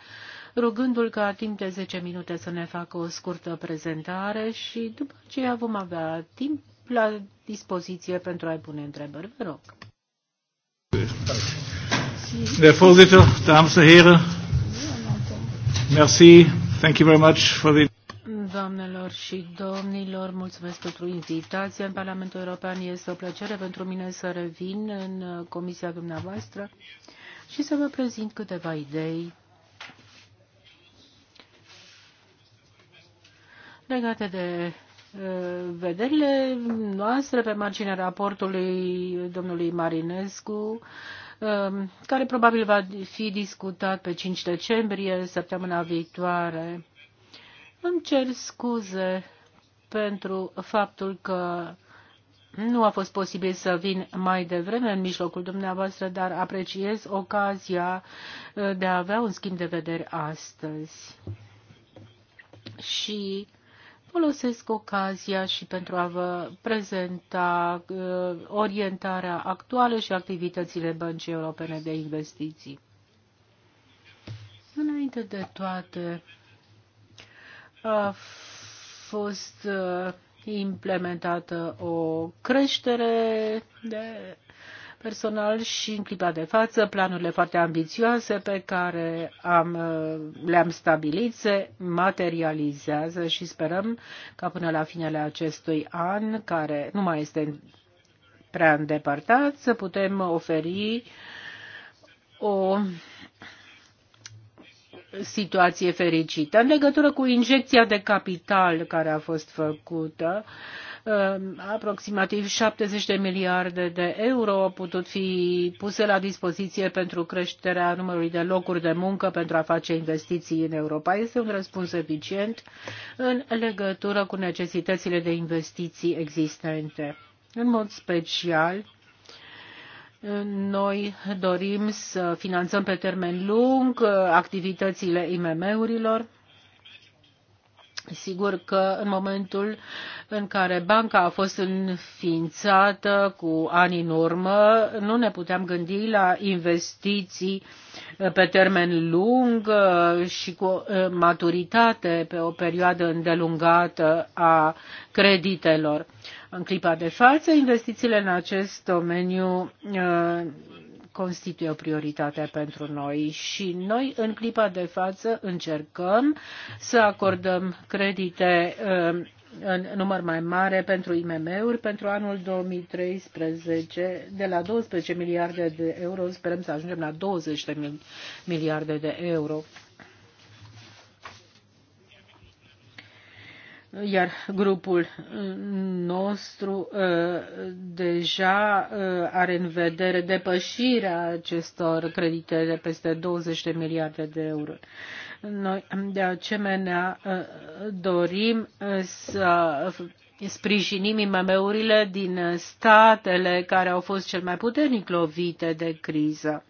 rugându-l ca timp de 10 minute să ne facă o scurtă prezentare și după aceea vom avea timp la dispoziție pentru a-i pune întrebări. Vă rog. Der Vorsitter, Damen und Herren, merci, thank you very much for the... Doamnelor și domnilor, mulțumesc pentru invitație în Parlamentul European. Este o plăcere pentru mine să revin în comisia dumneavoastră și să vă prezint câteva idei legate de vederile noastre pe marginea raportului domnului Marinescu, care probabil va fi discutat pe 5 decembrie, săptămâna viitoare. Îmi cer scuze pentru faptul că nu a fost posibil să vin mai devreme în mijlocul dumneavoastră, dar apreciez ocazia de a avea un schimb de vedere astăzi. Și Folosesc ocazia și pentru a vă prezenta uh, orientarea actuală și activitățile Băncii Europene de Investiții. Înainte de toate, a fost uh, implementată o creștere de personal și în clipa de față planurile foarte ambițioase pe care am, le-am stabilit se materializează și sperăm ca până la finele acestui an, care nu mai este prea îndepărtat, să putem oferi o situație fericită. În legătură cu injecția de capital care a fost făcută, uh, Ehm, aproximativ 70 de miliarde de euro au putut fi puse la dispoziție pentru creșterea numărului de locuri de muncă pentru a face investiții în Europa. Este un răspuns eficient în legătură cu necesitățile de investiții existente. În mod special, noi dorim să finanțăm pe termen lung activitățile IMM-urilor, Sigur că în momentul în care banca a fost înființată cu ani în urmă, nu ne puteam gândi la investiții uh, pe termen lung uh, și cu uh, maturitate pe o perioadă îndelungată a creditelor. În clipa de față, investițiile în acest domeniu constituie o prioritate pentru noi și noi în clipa de față încercăm să acordăm credite um, în număr mai mare pentru IMM-uri pentru anul 2013 de la 12 miliarde de euro sperăm să ajungem la 20 de miliarde de euro. iar grupul uh, nostru uh, deja uh, are în vedere depășirea acestor credite de peste 20 de miliarde de euro. Noi, de asemenea, dorim să sprijinim IMM-urile din statele care au fost cel mai puternic lovite de criză.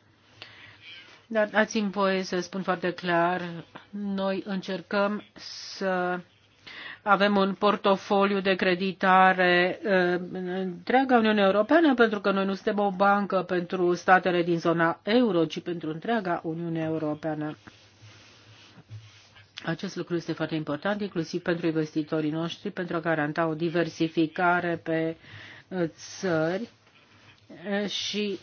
Dar dați-mi voie să spun foarte clar, noi încercăm să avem un portofoliu de creditare uh, în întreaga Uniune Europeană, pentru că noi nu suntem o bancă pentru statele din zona euro, ci pentru întreaga Uniune Europeană. Acest lucru este foarte important, inclusiv pentru investitorii noștri, pentru a garanta o diversificare pe uh, țări uh, și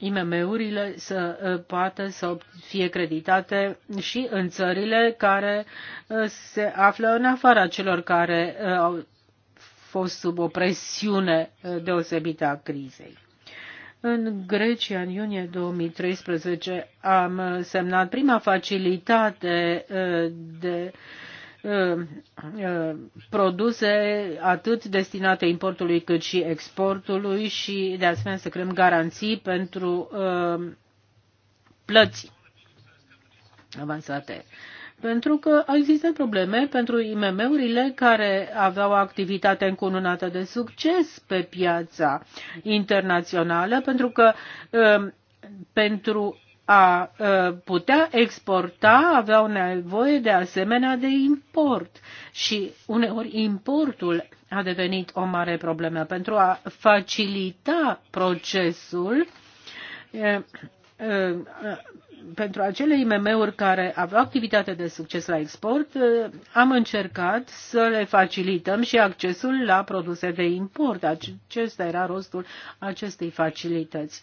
IMM-urile să uh, poată să fie creditate și în țările care uh, se află în afara celor care uh, au fost sub o presiune deosebită a crizei. În Grecia, în iunie 2013, am semnat prima facilitate de Uh, uh, produse atât destinate importului cât și exportului și de asemenea să creăm garanții pentru uh, plăți avansate. Pentru că au existat probleme pentru IMM-urile care aveau o activitate încununată de succes pe piața internațională, pentru că pentru a putea exporta aveau nevoie de asemenea de import și uneori importul a devenit o mare problemă. Pentru a facilita procesul, pentru acele IMM-uri care aveau activitate de succes la export, am încercat să le facilităm și accesul la produse de import. Acesta era rostul acestei facilități.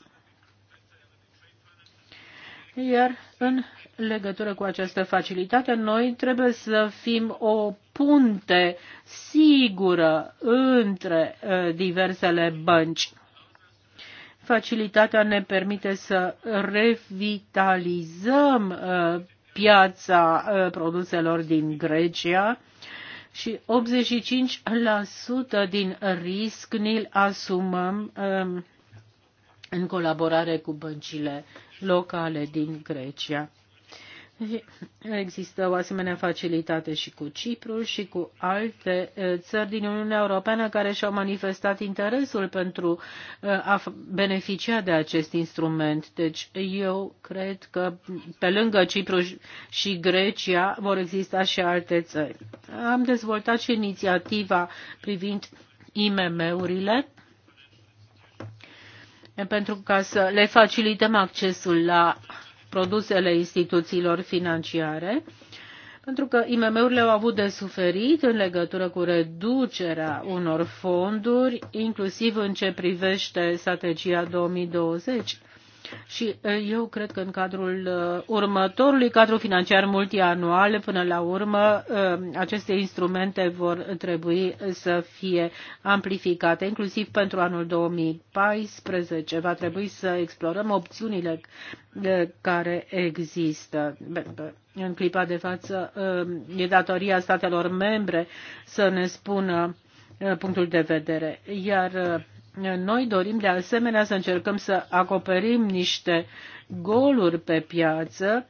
Iar în legătură cu această facilitate, noi trebuie să fim o punte sigură între uh, diversele bănci. Facilitatea ne permite să revitalizăm uh, piața uh, produselor din Grecia și 85% din risc ne l asumăm um, în colaborare cu băncile locale din Grecia. Există o asemenea facilitate și cu Cipru și cu alte țări din Uniunea Europeană care și-au manifestat interesul pentru a beneficia de acest instrument. Deci eu cred că pe lângă Cipru și Grecia vor exista și alte țări. Am dezvoltat și inițiativa privind IMM-urile pentru ca să le facilităm accesul la produsele instituțiilor financiare, pentru că IMM-urile au avut de suferit în legătură cu reducerea unor fonduri, inclusiv în ce privește strategia 2020 și eu cred că în cadrul următorului cadru financiar multianual, până la urmă, aceste instrumente vor trebui să fie amplificate, inclusiv pentru anul 2014. Va trebui să explorăm opțiunile care există. În clipa de față e datoria statelor membre să ne spună punctul de vedere. Iar noi dorim de asemenea să încercăm să acoperim niște goluri pe piață.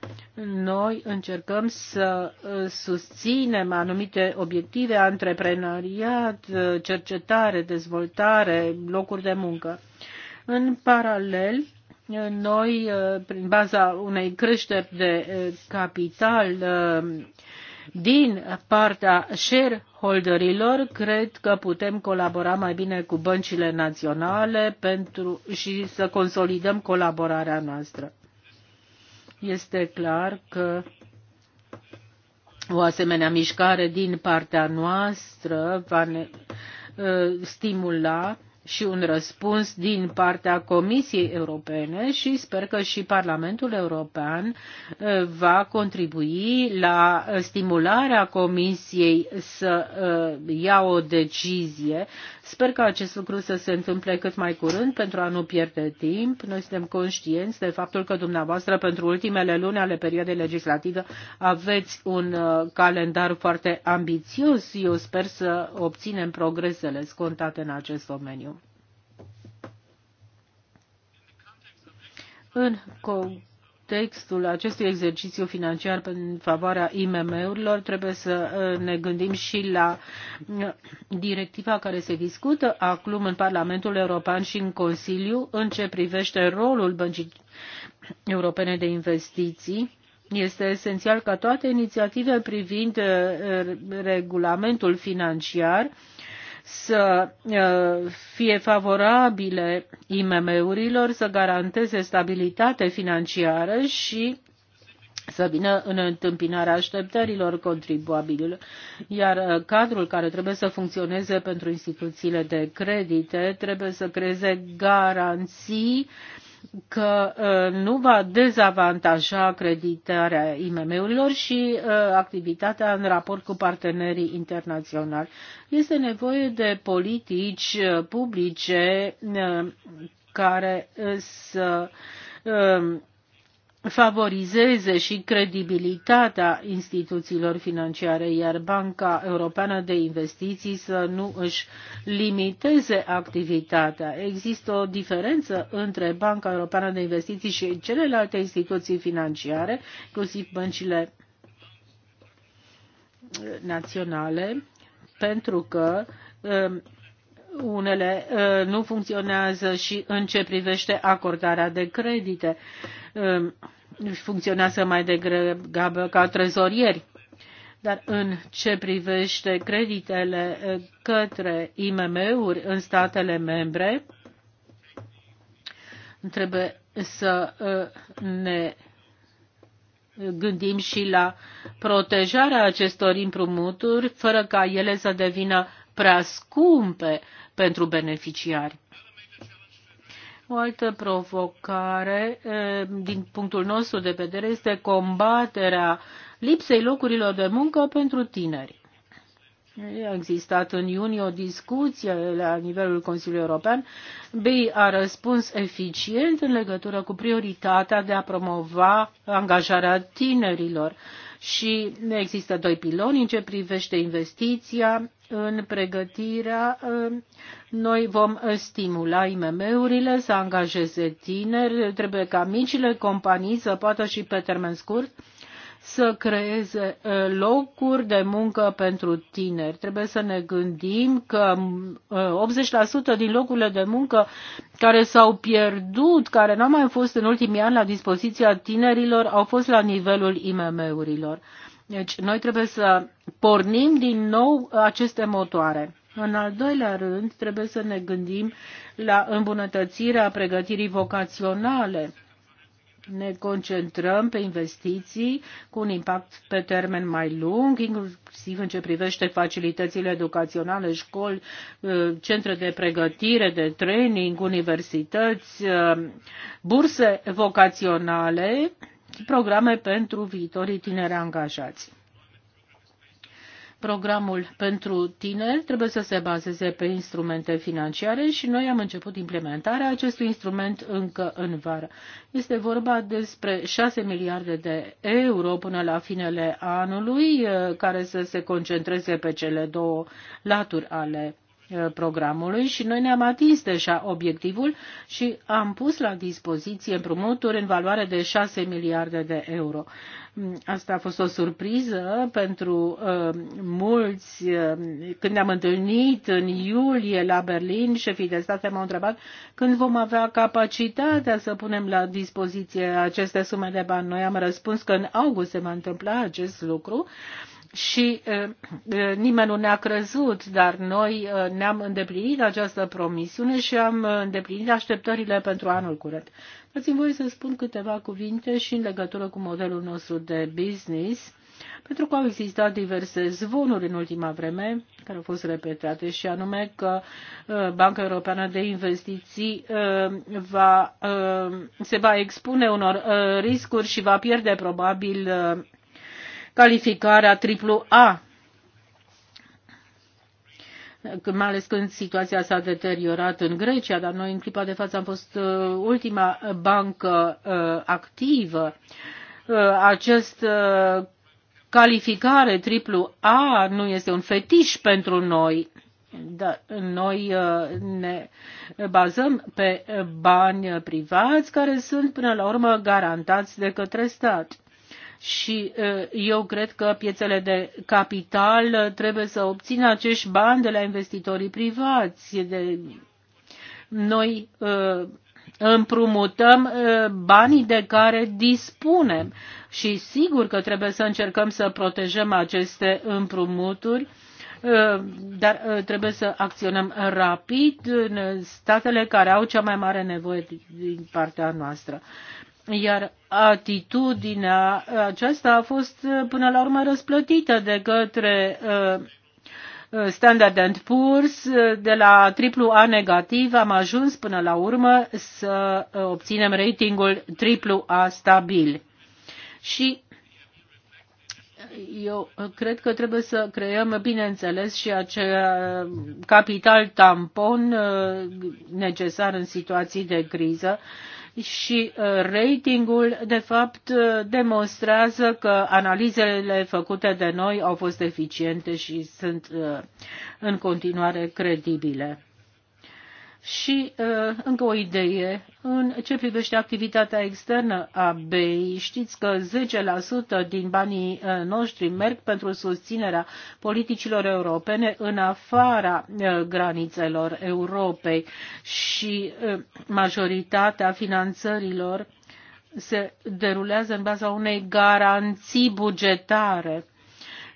Noi încercăm să uh, susținem anumite obiective, antreprenariat, uh, cercetare, dezvoltare, locuri de muncă. În paralel, uh, noi, prin baza unei creșteri de capital, din partea shareholderilor, cred că putem colabora mai bine cu băncile naționale pentru și să consolidăm colaborarea noastră. Este clar că o asemenea mișcare din partea noastră va ne, uh, stimula uh, și un răspuns din partea Comisiei Europene și sper că și Parlamentul European uh, va contribui la stimularea Comisiei să uh, ia o decizie. Sper că acest lucru să se întâmple cât mai curând pentru a nu pierde timp. Noi suntem conștienți de faptul că dumneavoastră pentru ultimele luni ale perioadei legislative aveți un uh, calendar foarte ambițios. Eu sper să obținem progresele scontate în acest domeniu. În contextul acestui exercițiu financiar în favoarea IMM-urilor, trebuie să uh, ne gândim și la uh, directiva care se discută acum în Parlamentul European și în Consiliu în ce privește rolul Băncii Europene de Investiții este esențial ca toate inițiativele privind uh, regulamentul financiar să uh, fie favorabile IMM-urilor, să garanteze stabilitate financiară și să vină în întâmpinarea așteptărilor contribuabililor, iar uh, cadrul care trebuie să funcționeze pentru instituțiile de credite trebuie să creeze garanții uh, că uh, nu va dezavantaja creditarea IMM-urilor și uh, activitatea în raport cu partenerii internaționali. Este nevoie de politici uh, publice care să favorizeze și credibilitatea instituțiilor financiare, iar Banca Europeană de Investiții să nu își limiteze activitatea. Există o diferență între Banca Europeană de Investiții și celelalte instituții financiare, inclusiv băncile naționale, pentru că um, unele uh, nu funcționează și în ce privește acordarea de credite. Um, își funcționează mai degrabă ca trezorieri. Dar în ce privește creditele către IMM-uri în statele membre, trebuie să ne gândim și la protejarea acestor împrumuturi, fără ca ele să devină prea scumpe pentru beneficiari. O altă provocare, din punctul nostru de vedere, este combaterea lipsei locurilor de muncă pentru tineri. A existat în iunie o discuție la nivelul Consiliului European. BEI a răspuns eficient în legătură cu prioritatea de a promova angajarea tinerilor și există doi piloni în ce privește investiția în pregătirea. Uh, noi vom stimula IMM-urile să angajeze tineri, trebuie ca micile companii să poată și pe termen scurt să creeze uh, locuri de muncă pentru tineri. Trebuie să ne gândim că 80% uh, din locurile de muncă care s-au pierdut, care n-au mai fost în ultimii ani la dispoziția tinerilor, au fost la nivelul IMM-urilor. Deci noi trebuie să pornim din nou aceste motoare. În al doilea rând, trebuie să ne gândim la îmbunătățirea pregătirii vocaționale ne concentrăm pe investiții cu un impact pe termen mai lung, inclusiv în ce privește facilitățile educaționale, școli, eh, centre de pregătire, de training, universități, eh, burse vocaționale, programe pentru viitorii tineri angajați programul pentru tineri trebuie să se bazeze pe instrumente financiare și noi am început implementarea acestui instrument încă în vară. Este vorba despre 6 miliarde de euro până la finele anului, eh, care să se concentreze pe cele două laturi ale Uh, programului și noi ne-am atins deja obiectivul și am pus la dispoziție împrumuturi în valoare de 6 miliarde de euro. Mm, asta a fost o surpriză pentru uh, mulți. Uh, când ne-am întâlnit în iulie la Berlin, șefii de state m-au întrebat când vom avea capacitatea să punem la dispoziție aceste sume de bani. Noi am răspuns că în august se va întâmpla acest lucru. Uh, și nimeni nu ne-a crezut, dar noi ne-am îndeplinit această promisiune și am îndeplinit așteptările pentru anul curent. Dați-mi voi să spun câteva cuvinte și în legătură cu modelul nostru de business, pentru că au existat diverse zvonuri în ultima vreme, care au fost repetate, și anume că Banca Europeană de Investiții va, se va expune unor riscuri și va pierde probabil calificarea triplu Când, mai ales când situația s-a deteriorat în Grecia, dar noi în clipa de față am fost uh, ultima bancă uh, activă. Uh, acest calificare triplu A nu este un fetiș pentru noi. Da, noi ne bazăm pe bani privați care sunt până la urmă garantați de către stat și eu cred că piețele de capital trebuie să obțină acești bani de la investitorii privați. De... Noi împrumutăm banii de care dispunem și sigur că trebuie să încercăm să protejăm aceste împrumuturi dar trebuie să acționăm rapid în statele care au cea mai mare nevoie din partea noastră. Iar atitudinea aceasta a fost până la urmă răsplătită de către uh, uh, Standard Poor's, de la A negativ am ajuns până la urmă să uh, obținem ratingul A stabil. Și eu cred că trebuie să creăm, bineînțeles, și acel capital tampon necesar în situații de criză și uh, ratingul de fapt uh, demonstrează că analizele făcute de noi au fost eficiente și sunt uh, în continuare credibile. Și uh, încă o idee. În ce privește activitatea externă a BEI, știți că 10% din banii uh, noștri merg pentru susținerea politicilor europene în afara uh, granițelor Europei și majoritatea finanțărilor se derulează în baza unei garanții bugetare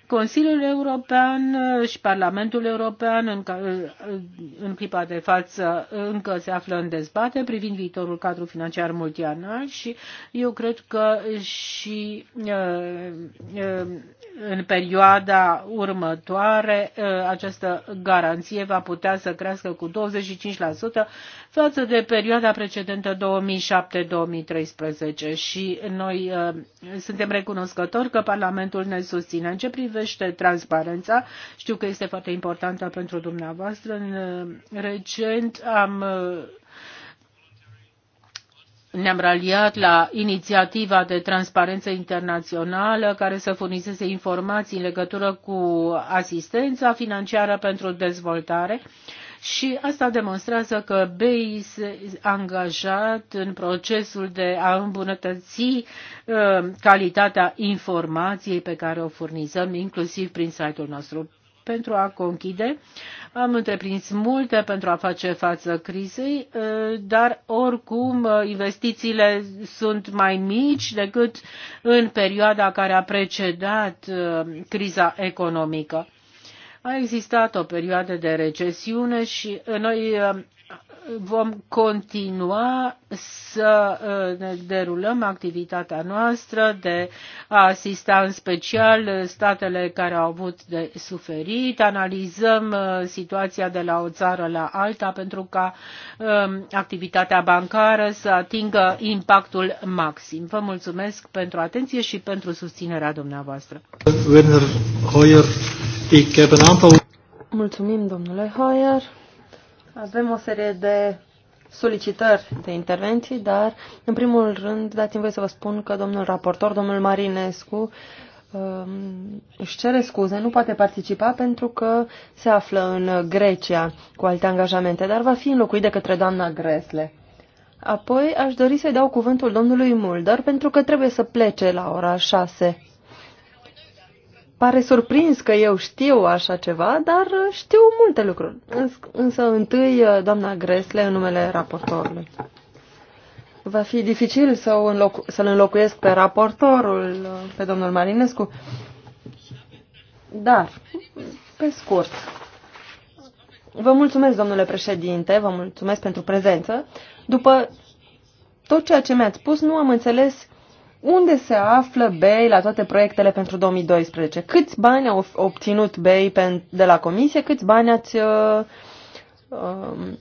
Consiliul European și Parlamentul European în, în clipa de față încă se află în dezbate privind viitorul cadru financiar multianual și eu cred că și în perioada următoare această garanție va putea să crească cu 25% față de perioada precedentă 2007-2013 și noi suntem recunoscători că Parlamentul ne susține în ce privește privește transparența, știu că este foarte importantă pentru dumneavoastră. În, uh, recent am uh, ne-am raliat la inițiativa de transparență internațională care să furnizeze informații în legătură cu asistența financiară pentru dezvoltare. Uh, și asta demonstrează că BEI s angajat în procesul de a îmbunătăți uh, calitatea informației pe care o furnizăm, inclusiv prin site-ul nostru pentru a conchide. Am întreprins multe pentru a face față crizei, uh, dar oricum uh, investițiile sunt mai mici decât în perioada care a precedat criza economică. A existat o perioadă de recesiune și noi uh, vom continua să uh, ne derulăm activitatea noastră de a asista în special statele care au avut de suferit, analizăm uh, situația de la o țară la alta pentru ca um, activitatea bancară să atingă impactul maxim. Vă mulțumesc pentru atenție și pentru susținerea dumneavoastră. Werner Hoyer. Ik heb een aantal... Mulțumim, domnule Hoyer. Avem o serie de solicitări de intervenții, dar, în primul rând, dați-mi voi să vă spun că domnul raportor, domnul Marinescu, um, își cere scuze, nu poate participa pentru că se află în Grecia cu alte angajamente, dar va fi înlocuit de către doamna Gresle. Apoi aș dori să-i dau cuvântul domnului Mulder pentru că trebuie să plece la ora șase pare surprins că eu știu așa ceva, dar uh, știu multe lucruri. Însă întâi, uh, doamna Gresle, în numele raportorului. Va fi dificil să înlocu- să-l înlocuiesc pe raportorul, uh, pe domnul Marinescu, dar, pe scurt, vă mulțumesc, domnule președinte, vă mulțumesc pentru prezență. După tot ceea ce mi-ați spus, nu am înțeles unde se află BEI la toate proiectele pentru 2012? Câți bani au obținut BEI de la comisie? Câți bani ați, uh, um,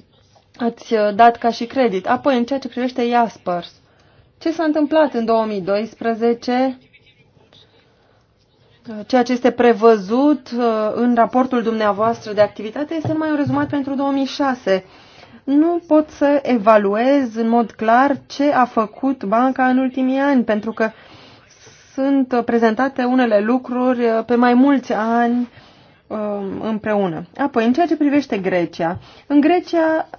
ați uh, dat ca și credit? Apoi, în ceea ce privește Jaspers, ce s-a întâmplat în 2012? Uh, ceea ce este prevăzut uh, în raportul dumneavoastră de activitate este numai un rezumat pentru 2006 nu pot să evaluez în mod clar ce a făcut banca în ultimii ani, pentru că sunt prezentate unele lucruri uh, pe mai mulți ani um, împreună. Apoi, în ceea ce privește Grecia, în Grecia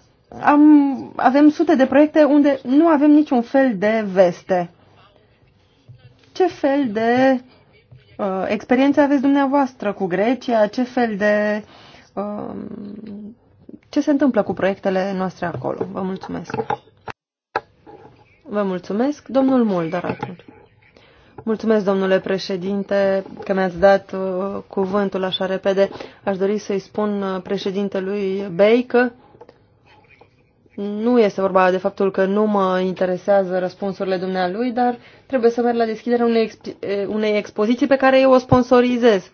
am, avem sute de proiecte unde nu avem niciun fel de veste. Ce fel de uh, experiență aveți dumneavoastră cu Grecia? Ce fel de uh, ce se întâmplă cu proiectele noastre acolo. Vă mulțumesc. Vă mulțumesc, domnul Mulder atunci. Mulțumesc, domnule președinte, că mi-ați dat uh, cuvântul așa repede. Aș dori să-i spun uh, președintelui Bey că nu este vorba de faptul că nu mă interesează răspunsurile dumnealui, dar trebuie să merg la deschiderea unei, exp- eh, unei expoziții pe care eu o sponsorizez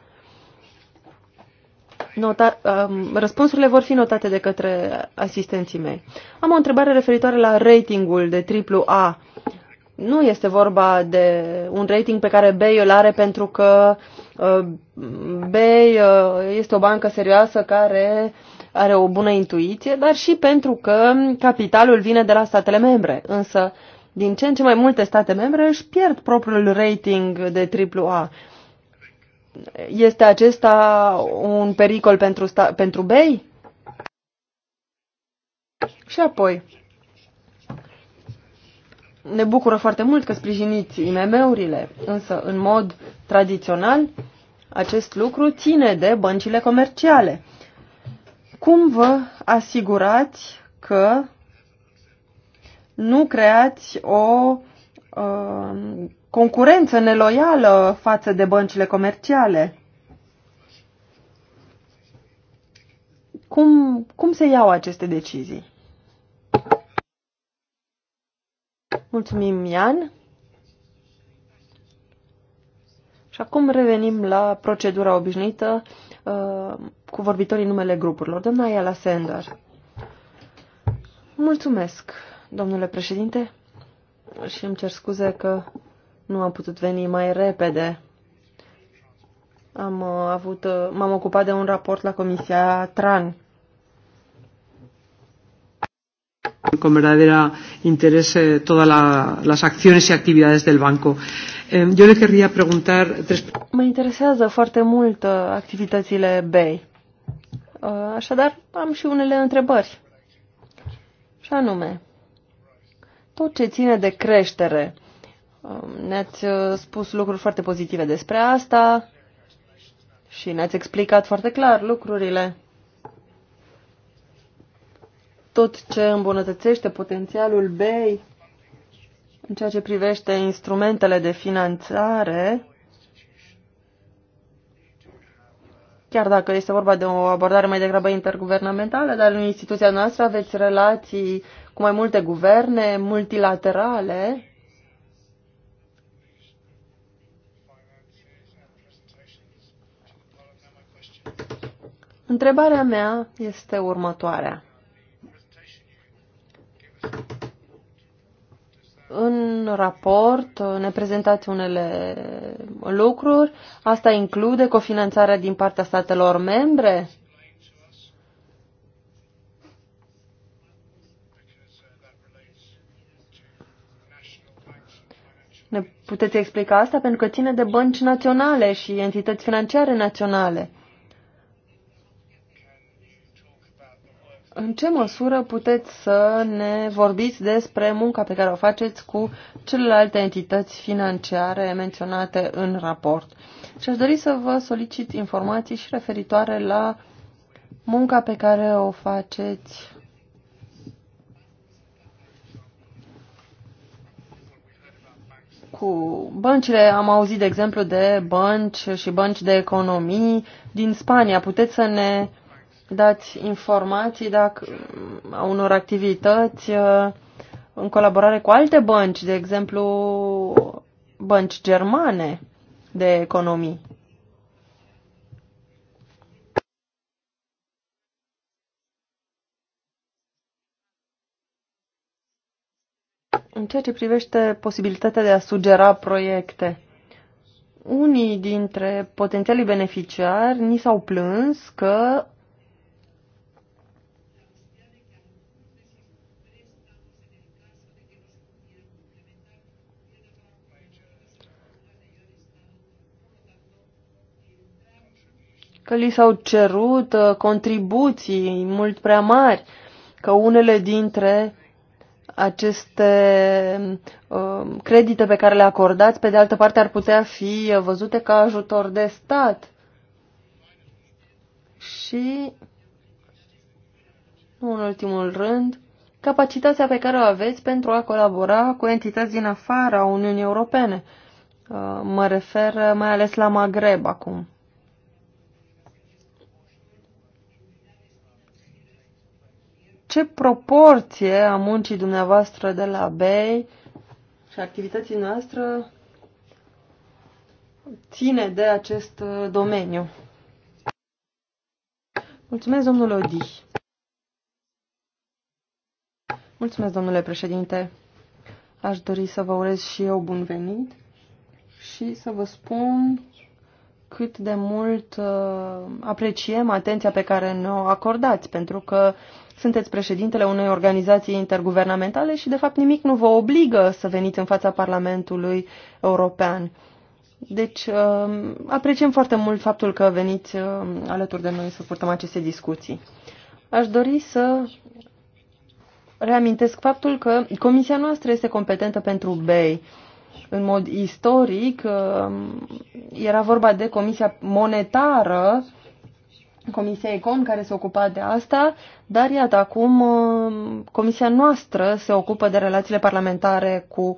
nota, um, răspunsurile vor fi notate de către asistenții mei. Am o întrebare referitoare la ratingul de A. Nu este vorba de un rating pe care BEI îl are pentru că uh, BEI uh, este o bancă serioasă care are o bună intuiție, dar și pentru că capitalul vine de la statele membre. Însă, din ce în ce mai multe state membre își pierd propriul rating de AAA este acesta un pericol pentru, sta, pentru bei? Și apoi, ne bucură foarte mult că sprijiniți IMM-urile, însă în mod tradițional acest lucru ține de băncile comerciale. Cum vă asigurați că nu creați o uh, concurență neloială față de băncile comerciale. Cum, cum se iau aceste decizii? Mulțumim, Ian. Și acum revenim la procedura obișnuită uh, cu vorbitorii numele grupurilor. Doamna Iala Sender. Mulțumesc, domnule președinte, și îmi cer scuze că nu am putut veni mai repede. Am uh, avut, uh, m-am ocupat de un raport la Comisia TRAN. Con verdadera interés eh, todas la, las acciones y actividades del banco. Eh, yo le querría preguntar tres. Mă interesează foarte mult uh, activitățile BEI. Uh, așadar, am și unele întrebări. Și anume, tot ce ține de creștere, Um, ne-ați uh, spus lucruri foarte pozitive despre asta și ne-ați explicat foarte clar lucrurile. Tot ce îmbunătățește potențialul BEI în ceea ce privește instrumentele de finanțare, chiar dacă este vorba de o abordare mai degrabă interguvernamentală, dar în instituția noastră aveți relații cu mai multe guverne multilaterale Întrebarea mea este următoarea. În raport ne prezentați unele lucruri. Asta include cofinanțarea din partea statelor membre? Ne puteți explica asta pentru că ține de bănci naționale și entități financiare naționale. În ce măsură puteți să ne vorbiți despre munca pe care o faceți cu celelalte entități financiare menționate în raport? Și aș dori să vă solicit informații și referitoare la munca pe care o faceți cu băncile. Am auzit, de exemplu, de bănci și bănci de economii din Spania. Puteți să ne dați informații dacă, a unor activități uh, în colaborare cu alte bănci, de exemplu bănci germane de economii. În ceea ce privește posibilitatea de a sugera proiecte, unii dintre potențialii beneficiari ni s-au plâns că că li s-au cerut uh, contribuții mult prea mari, că unele dintre aceste um, credite pe care le acordați, pe de altă parte, ar putea fi uh, văzute ca ajutor de stat. Și, în ultimul rând, capacitatea pe care o aveți pentru a colabora cu entități din afara Uniunii Europene. Uh, mă refer mai ales la Maghreb acum. ce proporție a muncii dumneavoastră de la BEI și activității noastre ține de acest uh, domeniu. Mulțumesc, domnule Odi. Mulțumesc, domnule președinte. Aș dori să vă urez și eu bun venit și să vă spun cât de mult uh, apreciem atenția pe care ne-o acordați, pentru că sunteți președintele unei organizații interguvernamentale și, de fapt, nimic nu vă obligă să veniți în fața Parlamentului European. Deci, uh, apreciem foarte mult faptul că veniți uh, alături de noi să purtăm aceste discuții. Aș dori să reamintesc faptul că comisia noastră este competentă pentru BEI în mod istoric, uh, era vorba de Comisia Monetară, Comisia Econ care se ocupa de asta, dar iată, acum uh, Comisia noastră se ocupă de relațiile parlamentare cu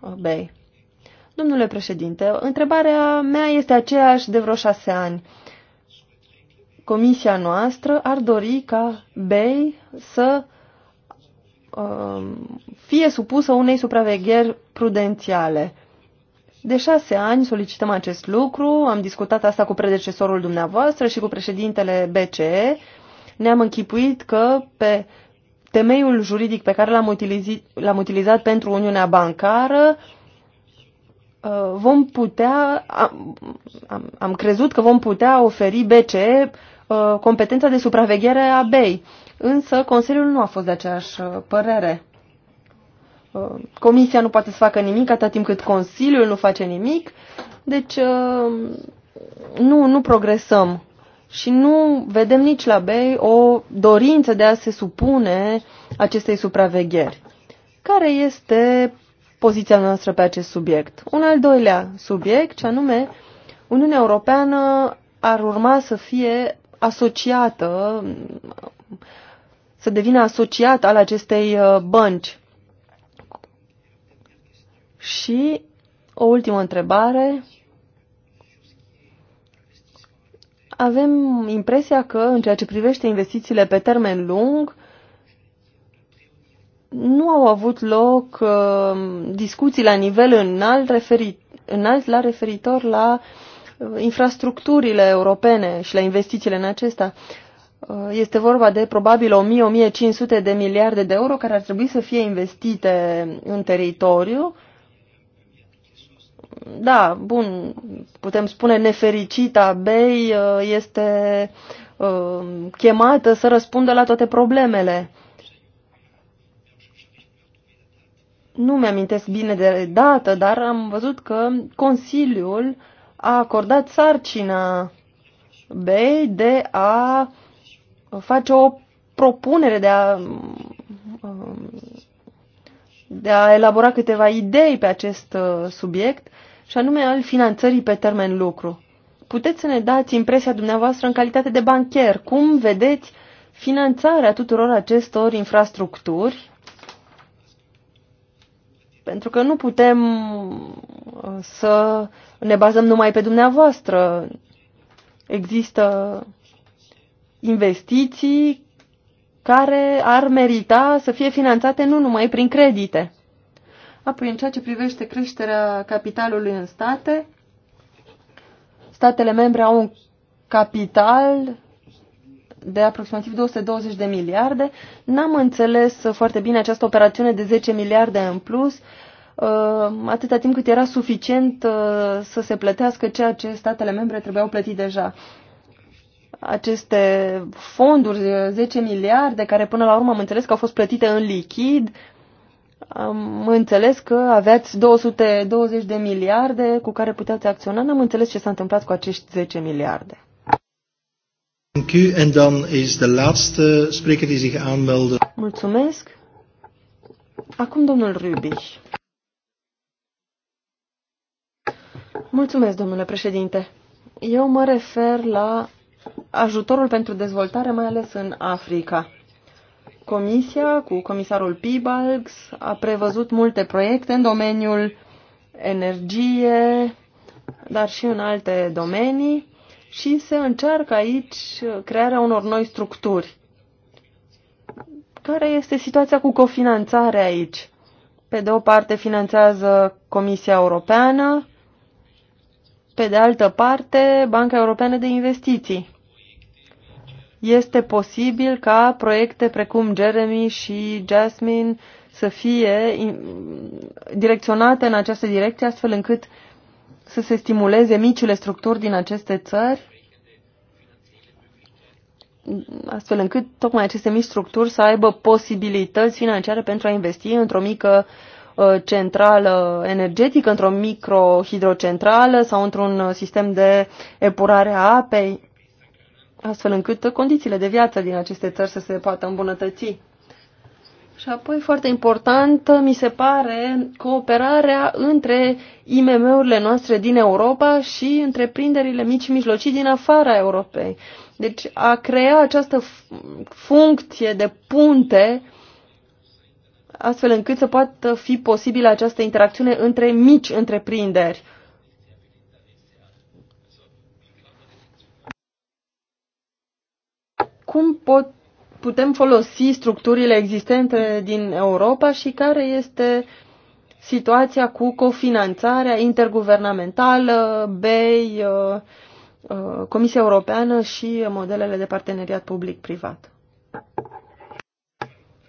uh, BEI. Domnule președinte, întrebarea mea este aceeași de vreo șase ani. Comisia noastră ar dori ca BEI să Um, fie supusă unei supravegheri prudențiale. De șase ani solicităm acest lucru, am discutat asta cu predecesorul dumneavoastră și cu președintele BCE. Ne-am închipuit că pe temeiul juridic pe care l-am utilizat, utilizat pentru Uniunea Bancară uh, vom putea, am, am, am crezut că vom putea oferi BCE uh, competența de supraveghere a BEI. Însă Consiliul nu a fost de aceeași uh, părere. Uh, Comisia nu poate să facă nimic atât timp cât Consiliul nu face nimic, deci uh, nu, nu progresăm și nu vedem nici la BEI o dorință de a se supune acestei supravegheri. Care este poziția noastră pe acest subiect? Un al doilea subiect, ce anume Uniunea Europeană ar urma să fie asociată să devină asociat al acestei uh, bănci. Și o ultimă întrebare. Avem impresia că, în ceea ce privește investițiile pe termen lung, nu au avut loc uh, discuții la nivel înalt, referit, înalt la referitor la uh, infrastructurile europene și la investițiile în acesta. Uh, Uh, este vorba de probabil 1000-1500 de miliarde de euro care ar trebui să fie investite în teritoriu. Da, bun, putem spune nefericita BEI uh, este uh, chemată să răspundă la toate problemele. Nu mi-amintesc bine de dată, dar am văzut că Consiliul a acordat sarcina BEI de a uh, face o propunere de a, um, de a elabora câteva idei pe acest uh, subiect, și anume al finanțării pe termen lucru. Puteți să ne dați impresia dumneavoastră în calitate de bancher. Cum vedeți finanțarea tuturor acestor infrastructuri? Pentru că nu putem uh, să ne bazăm numai pe dumneavoastră. Există investiții care ar merita să fie finanțate nu numai prin credite. Apoi, în ceea ce privește creșterea capitalului în state, statele membre au un capital de aproximativ 220 de miliarde. N-am înțeles foarte bine această operațiune de 10 miliarde în plus, uh, atâta timp cât era suficient uh, să se plătească ceea ce statele membre trebuiau plătit deja aceste fonduri, 10 uh, miliarde, care până la urmă am înțeles că au fost plătite în lichid, am înțeles că aveați 220 de miliarde cu care puteați acționa. N-am înțeles ce s-a întâmplat cu acești 10 miliarde. Mulțumesc. Acum domnul Rubi. Mulțumesc, domnule președinte. Eu mă refer la ajutorul pentru dezvoltare, mai ales în Africa. Comisia, cu comisarul Pibalgs, a prevăzut multe proiecte în domeniul energie, dar și în alte domenii și se încearcă aici crearea unor noi structuri. Care este situația cu cofinanțarea aici? Pe de o parte finanțează Comisia Europeană, pe de altă parte Banca Europeană de Investiții este posibil ca proiecte precum Jeremy și Jasmine să fie direcționate în această direcție, astfel încât să se stimuleze micile structuri din aceste țări, astfel încât tocmai aceste mici structuri să aibă posibilități financiare pentru a investi într-o mică uh, centrală energetică, într-o microhidrocentrală sau într-un uh, sistem de epurare a apei astfel încât condițiile de viață din aceste țări să se poată îmbunătăți. Și apoi, foarte important, mi se pare cooperarea între IMM-urile noastre din Europa și întreprinderile mici și mijlocii din afara Europei. Deci a crea această funcție de punte astfel încât să poată fi posibilă această interacțiune între mici întreprinderi. cum pot, putem folosi structurile existente din Europa și care este situația cu cofinanțarea interguvernamentală, BEI, uh, uh, Comisia Europeană și modelele de parteneriat public-privat.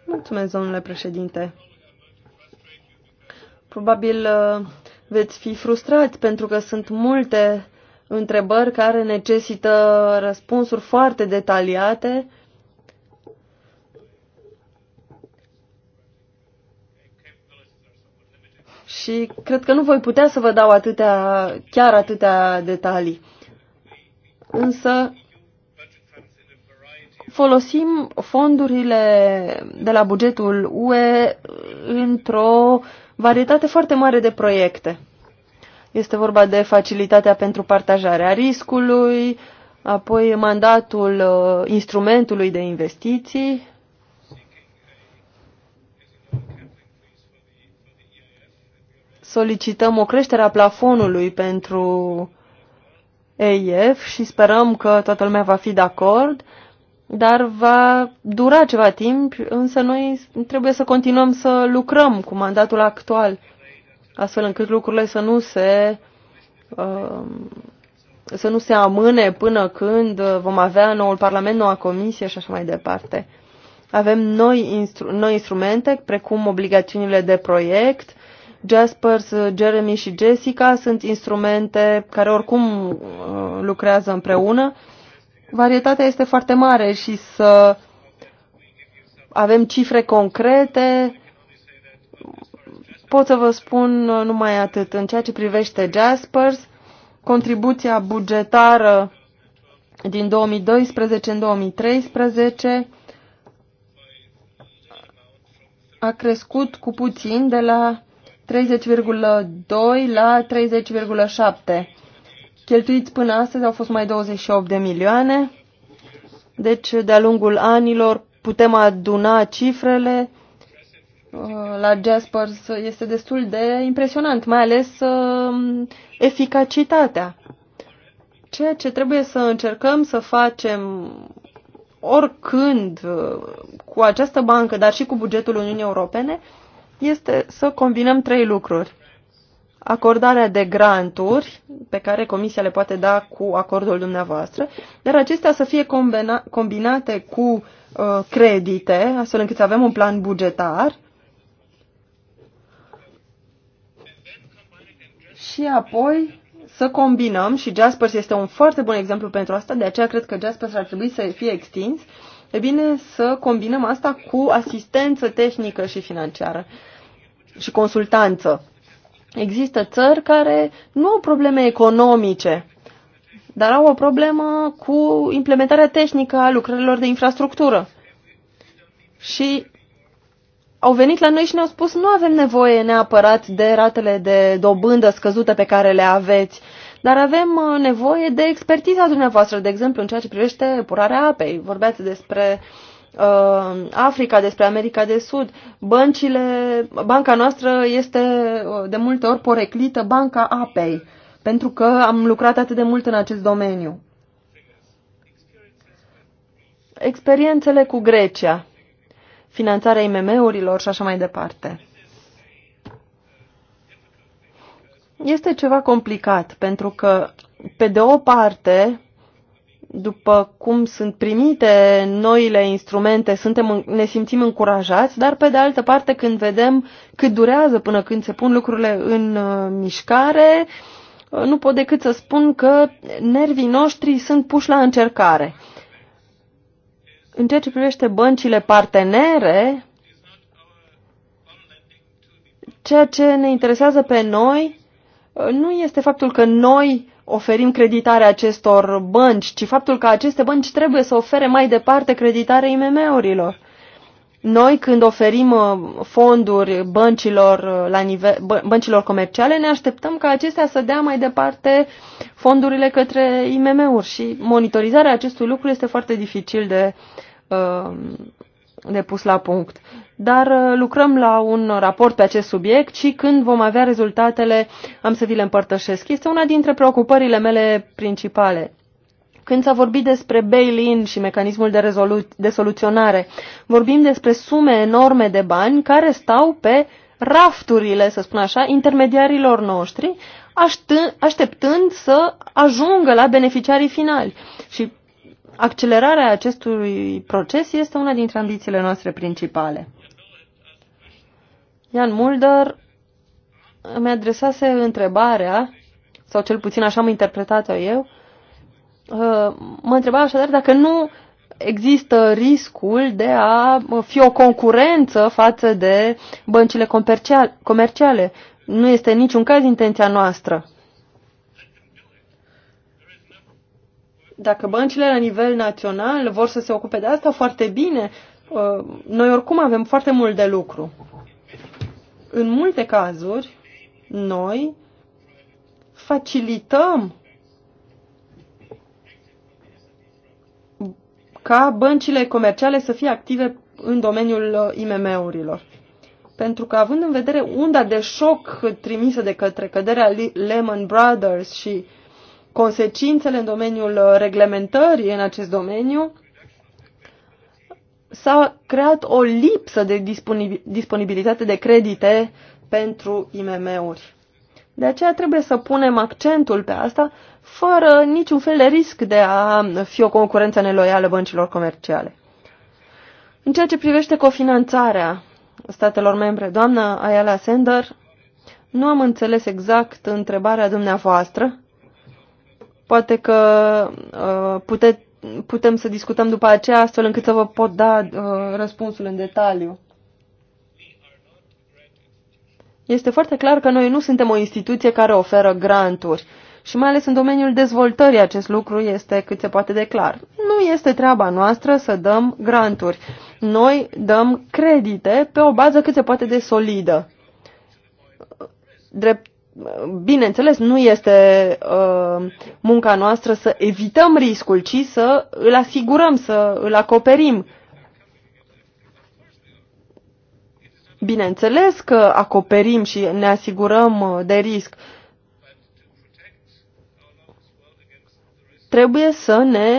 Mulțumesc, domnule președinte. Probabil uh, veți fi frustrați pentru că sunt multe întrebări care necesită răspunsuri foarte detaliate. Și cred că nu voi putea să vă dau atâtea, chiar atâtea detalii. Însă folosim fondurile de la bugetul UE într-o varietate foarte mare de proiecte. Este vorba de facilitatea pentru partajarea riscului, apoi mandatul uh, instrumentului de investiții, solicităm o creștere a plafonului pentru EIF și sperăm că toată lumea va fi de acord, dar va dura ceva timp, însă noi trebuie să continuăm să lucrăm cu mandatul actual astfel încât lucrurile să nu se um, să nu se amâne până când vom avea noul Parlament, noua Comisie și așa mai departe. Avem noi, instru- noi instrumente, precum obligațiunile de proiect. Jaspers, Jeremy și Jessica sunt instrumente care oricum uh, lucrează împreună. Varietatea este foarte mare și să avem cifre concrete Pot să vă spun uh, numai atât. În ceea ce privește Jaspers, contribuția bugetară din 2012 în 2013 a crescut cu puțin de la 30,2 la 30,7. Cheltuiți până astăzi au fost mai 28 de milioane. Deci, de-a lungul anilor, putem aduna cifrele Uh, la Jaspers este destul de impresionant, mai ales uh, eficacitatea. Ceea ce trebuie să încercăm să facem oricând uh, cu această bancă, dar și cu bugetul Uniunii Europene, este să combinăm trei lucruri. Acordarea de granturi pe care Comisia le poate da cu acordul dumneavoastră, dar acestea să fie combina combinate cu uh, credite, astfel încât să avem un plan bugetar uh, și apoi să combinăm, și Jaspers este un foarte bun exemplu pentru asta, de aceea cred că Jaspers ar trebui să fie extins, e bine să combinăm asta cu asistență tehnică și financiară și consultanță. Există țări care nu au probleme economice, dar au o problemă cu implementarea tehnică a lucrărilor de infrastructură. Și au venit la noi și ne-au spus nu avem nevoie neapărat de ratele de dobândă scăzute pe care le aveți, dar avem uh, nevoie de expertiza dumneavoastră, de exemplu, în ceea ce privește purarea apei. Vorbeați despre uh, Africa, despre America de Sud. Băncile, banca noastră este uh, de multe ori poreclită banca apei, pentru că am lucrat atât de mult în acest domeniu. Experiențele cu Grecia finanțarea IMM-urilor și așa mai departe. Este ceva complicat, pentru că, pe de o parte, după cum sunt primite noile instrumente, suntem, ne simțim încurajați, dar pe de altă parte când vedem cât durează până când se pun lucrurile în uh, mișcare, uh, nu pot decât să spun că nervii noștri sunt puși la încercare. În ceea ce privește băncile partenere, ceea ce ne interesează pe noi uh, nu este faptul că noi oferim creditare acestor bănci, ci faptul că aceste bănci trebuie să ofere mai departe creditare IMM-urilor. Noi, când oferim uh, fonduri băncilor, uh, la nivel, băncilor comerciale, ne așteptăm ca acestea să dea mai departe fondurile către IMM-uri și monitorizarea acestui lucru este foarte dificil de Uh, de pus la punct. Dar uh, lucrăm la un raport pe acest subiect și când vom avea rezultatele am să vi le împărtășesc. Este una dintre preocupările mele principale. Când s-a vorbit despre bail-in și mecanismul de, rezolu- de soluționare, vorbim despre sume enorme de bani care stau pe rafturile, să spun așa, intermediarilor noștri, așteptând să ajungă la beneficiarii finali. Și Accelerarea acestui proces este una dintre ambițiile noastre principale. Ian Mulder îmi adresase întrebarea, sau cel puțin așa am interpretat-o eu, uh, mă întreba așadar dacă nu există riscul de a fi o concurență față de băncile comerciale. Nu este niciun caz intenția noastră. Dacă băncile la nivel național vor să se ocupe de asta, foarte bine. Uh, noi oricum avem foarte mult de lucru. În multe cazuri, noi facilităm ca băncile comerciale să fie active în domeniul uh, IMM-urilor. Pentru că având în vedere unda de șoc trimisă de către căderea Lehman Brothers și uh, consecințele în domeniul uh, reglementării în acest domeniu, s-a creat o lipsă de disponibilitate de credite pentru IMM-uri. De aceea trebuie să punem accentul pe asta, fără niciun fel de risc de a fi o concurență neloială băncilor comerciale. În ceea ce privește cofinanțarea statelor membre, doamna Ayala Sender, nu am înțeles exact întrebarea dumneavoastră, Poate că uh, pute, putem să discutăm după aceea astfel încât să vă pot da uh, răspunsul în detaliu. Este foarte clar că noi nu suntem o instituție care oferă granturi și mai ales în domeniul dezvoltării acest lucru este cât se poate de clar. Nu este treaba noastră să dăm granturi. Noi dăm credite pe o bază cât se poate de solidă. Drept bineînțeles, nu este uh, munca noastră să evităm riscul, ci să îl asigurăm, să îl acoperim. Bineînțeles că acoperim și ne asigurăm uh, de risc. Trebuie să ne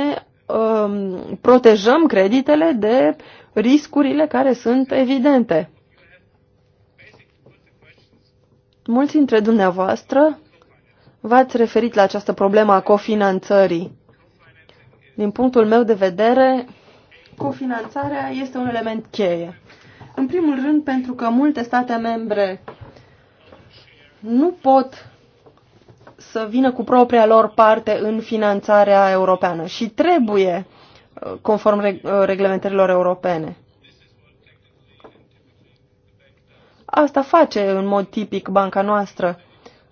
uh, protejăm creditele de riscurile care sunt evidente. Mulți dintre dumneavoastră v-ați referit la această problemă a cofinanțării. Din punctul meu de vedere, cofinanțarea este un element cheie. În primul rând, pentru că multe state membre nu pot să vină cu propria lor parte în finanțarea europeană și trebuie conform reglementărilor europene. Asta face în mod tipic banca noastră.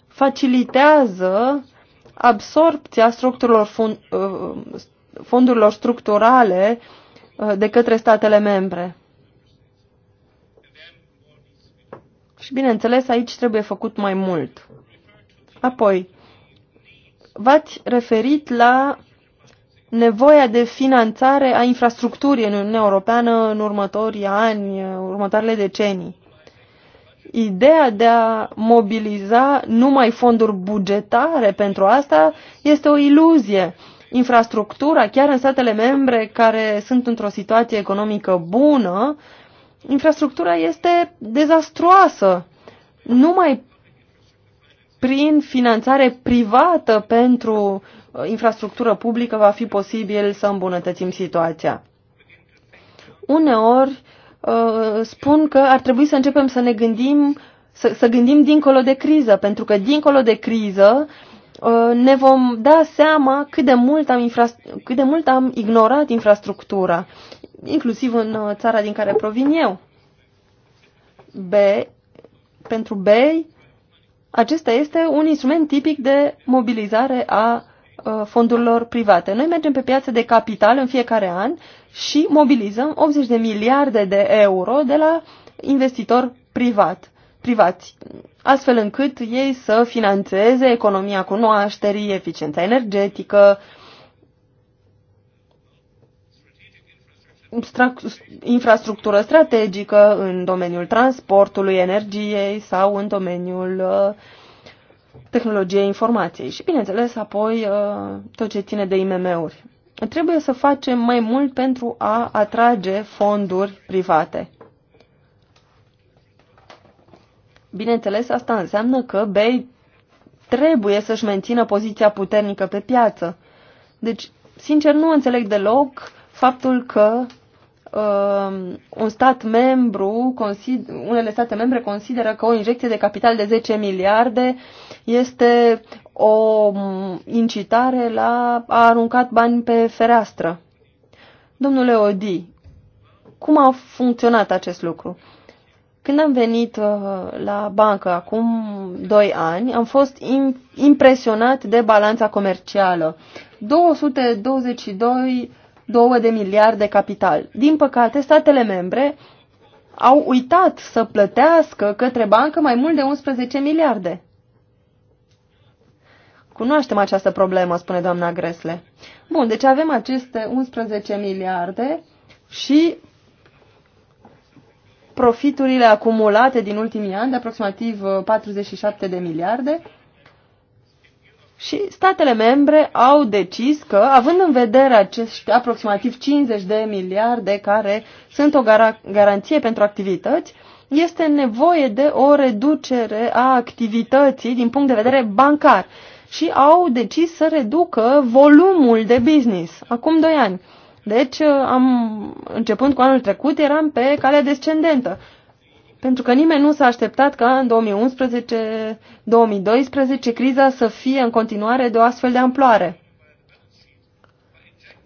Facilitează absorpția structurilor fund, uh, fondurilor structurale uh, de către statele membre. Și bineînțeles, aici trebuie făcut mai mult. Apoi, v-ați referit la nevoia de finanțare a infrastructurii în Uniunea Europeană în următorii ani, următoarele decenii ideea de a mobiliza numai fonduri bugetare pentru asta este o iluzie. Infrastructura, chiar în statele membre care sunt într-o situație economică bună, infrastructura este dezastroasă. Numai prin finanțare privată pentru uh, infrastructură publică va fi posibil să îmbunătățim situația. Uneori Uh, spun că ar trebui să începem să ne gândim, să, să gândim dincolo de criză, pentru că dincolo de criză uh, ne vom da seama cât de mult am, infra, cât de mult am ignorat infrastructura, inclusiv în uh, țara din care provin eu. B, pentru B. acesta este un instrument tipic de mobilizare a Uh, fondurilor private. Noi mergem pe piață de capital în fiecare an și mobilizăm 80 de miliarde de euro de la investitori privat, privați, astfel încât ei să financeze economia cunoașterii, eficiența energetică, infrastructură strategică în domeniul transportului, energiei sau în domeniul uh, tehnologie informației și, bineînțeles, apoi uh, tot ce ține de IMM-uri. Trebuie să facem mai mult pentru a atrage fonduri private. Bineînțeles, asta înseamnă că BEI trebuie să-și mențină poziția puternică pe piață. Deci, sincer, nu înțeleg deloc faptul că uh, un stat membru, consid- unele state membre consideră că o injecție de capital de 10 miliarde este o incitare la a aruncat bani pe fereastră. Domnule Odi, cum a funcționat acest lucru? Când am venit uh, la bancă acum 2 ani, am fost impresionat de balanța comercială. 222 2 de miliarde capital. Din păcate, statele membre au uitat să plătească către bancă mai mult de 11 miliarde. Cunoaștem această problemă, spune doamna Gresle. Bun, deci avem aceste 11 miliarde și profiturile acumulate din ultimii ani de aproximativ 47 uh, de miliarde și statele membre au decis că, având în vedere acești aproximativ 50 de miliarde care sunt o gar garanție pentru activități, este nevoie de o reducere a activității din punct de vedere bancar și au decis să reducă volumul de business acum 2 ani. Deci, am, începând cu anul trecut, eram pe calea descendentă pentru că nimeni nu s-a așteptat ca în 2011-2012 criza să fie în continuare de o astfel de amploare.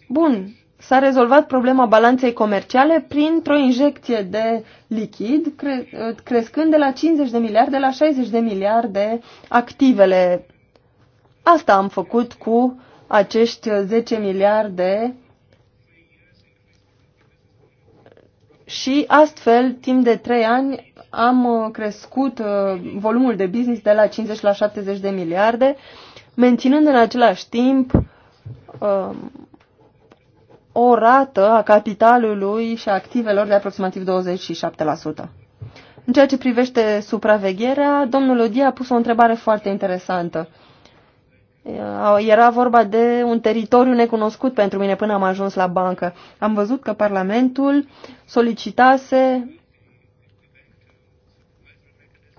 Bun, s-a rezolvat problema balanței comerciale printr-o injecție de lichid, cre crescând de la 50 de miliarde la 60 de miliarde activele. Asta am făcut cu acești 10 miliarde și astfel, timp de trei ani, am uh, crescut uh, volumul de business de la 50 la 70 de miliarde, menținând în același timp um, o rată a capitalului și a activelor de aproximativ 27%. În ceea ce privește supravegherea, domnul Odia a pus o întrebare foarte interesantă. Era vorba de un teritoriu necunoscut pentru mine până am ajuns la bancă. Am văzut că Parlamentul solicitase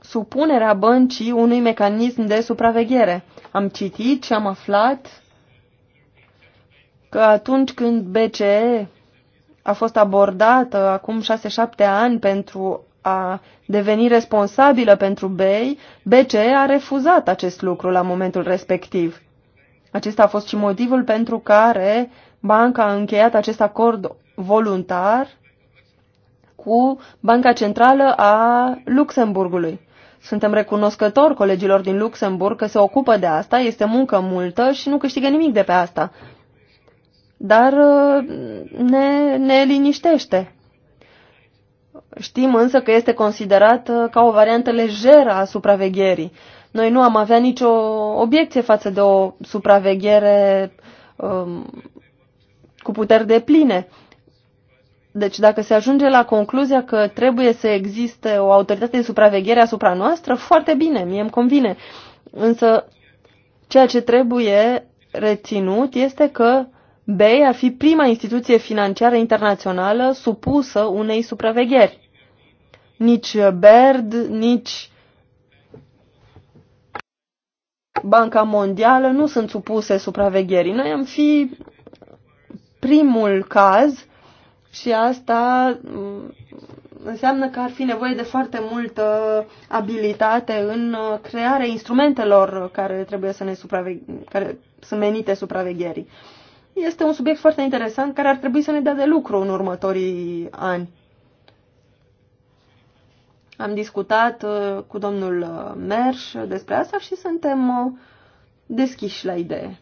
supunerea băncii unui mecanism de supraveghere. Am citit și am aflat că atunci când BCE a fost abordată acum 6-7 ani pentru a deveni responsabilă pentru BEI, BCE a refuzat acest lucru la momentul respectiv. Acesta a fost și motivul pentru care banca a încheiat acest acord voluntar cu Banca Centrală a Luxemburgului. Suntem recunoscători colegilor din Luxemburg că se ocupă de asta, este muncă multă și nu câștigă nimic de pe asta. Dar uh, ne, ne liniștește. Știm însă că este considerat uh, ca o variantă lejeră a supravegherii. Noi nu am avea nicio obiecție față de o supraveghere um, cu puteri de pline. Deci dacă se ajunge la concluzia că trebuie să existe o autoritate de supraveghere asupra noastră, foarte bine, mie îmi convine. Însă ceea ce trebuie reținut este că BEI a fi prima instituție financiară internațională supusă unei supravegheri nici Baird, nici Banca Mondială nu sunt supuse supravegherii. Noi am fi primul caz și asta mm, înseamnă că ar fi nevoie de foarte multă abilitate în uh, crearea instrumentelor care trebuie să ne supraveghe- care sunt menite supravegherii. Este un subiect foarte interesant care ar trebui să ne dea de lucru în următorii ani. Am discutat uh, cu domnul uh, Merș despre asta și suntem uh, deschiși la idee.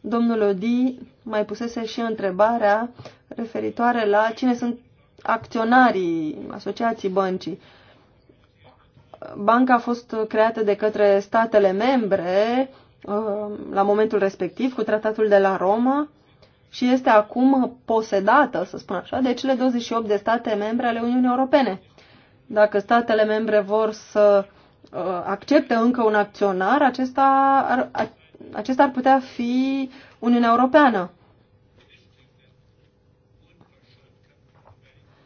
Domnul Odi mai pusese și întrebarea referitoare la cine sunt acționarii asociații băncii. Banca a fost creată de către statele membre la momentul respectiv cu tratatul de la Roma și este acum posedată, să spun așa, de cele 28 de state membre ale Uniunii Europene. Dacă statele membre vor să uh, accepte încă un acționar, acesta ar, a, acesta ar putea fi Uniunea Europeană.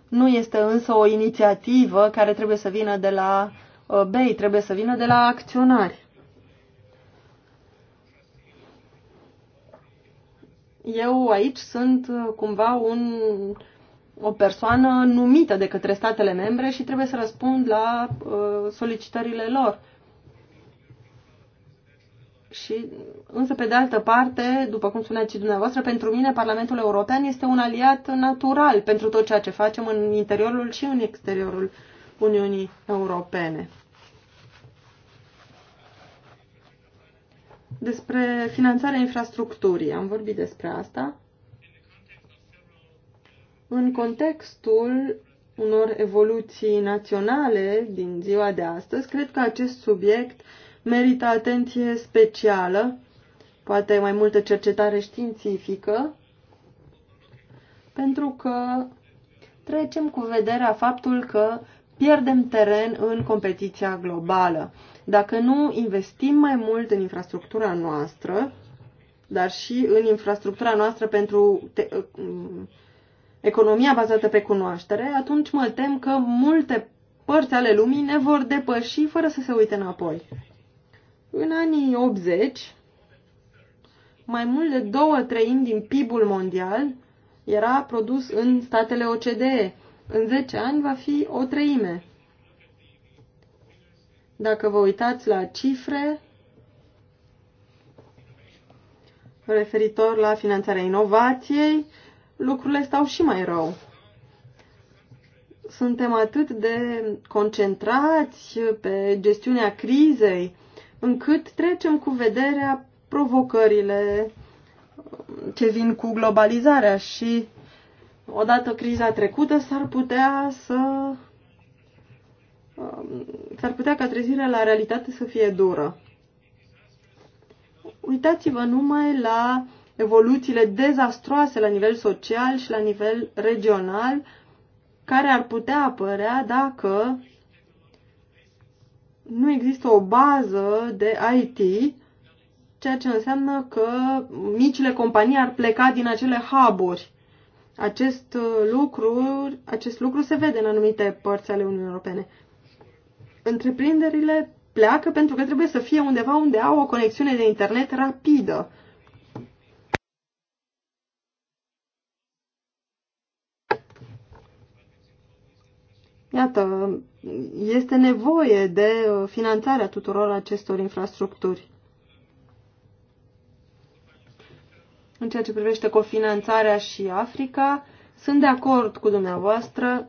Nu este însă o inițiativă care trebuie să vină de la uh, BEI, trebuie să vină de la acționari. eu aici sunt uh, cumva un, o persoană numită de către statele membre și trebuie să răspund la uh, solicitările lor. Și, însă, pe de altă parte, după cum spuneați și dumneavoastră, pentru mine Parlamentul European este un aliat natural pentru tot ceea ce facem în interiorul și în exteriorul Uniunii Europene. despre finanțarea infrastructurii. Am vorbit despre asta. În contextul unor evoluții naționale din ziua de astăzi, cred că acest subiect merită atenție specială, poate mai multă cercetare științifică, pentru că trecem cu vederea faptul că pierdem teren în competiția globală. Dacă nu investim mai mult în infrastructura noastră, dar și în infrastructura noastră pentru te, uh, economia bazată pe cunoaștere, atunci mă tem că multe părți ale lumii ne vor depăși fără să se uite înapoi. În anii 80, mai mult de două treimi din PIB-ul mondial era produs în statele OCDE. În 10 ani va fi o treime. Dacă vă uitați la cifre referitor la finanțarea inovației, lucrurile stau și mai rău. Suntem atât de concentrați pe gestiunea crizei, încât trecem cu vederea provocările ce vin cu globalizarea și odată criza trecută s-ar putea să Um, s-ar putea ca trezirea la realitate să fie dură. Uitați-vă numai la evoluțiile dezastroase la nivel social și la nivel regional care ar putea apărea dacă nu există o bază de IT, ceea ce înseamnă că micile companii ar pleca din acele hub-uri. Acest uh, lucru, acest lucru se vede în anumite părți ale Uniunii Europene întreprinderile pleacă pentru că trebuie să fie undeva unde au o conexiune de internet rapidă. Iată, este nevoie de uh, finanțarea tuturor acestor infrastructuri. În ceea ce privește cofinanțarea și Africa, sunt de acord cu dumneavoastră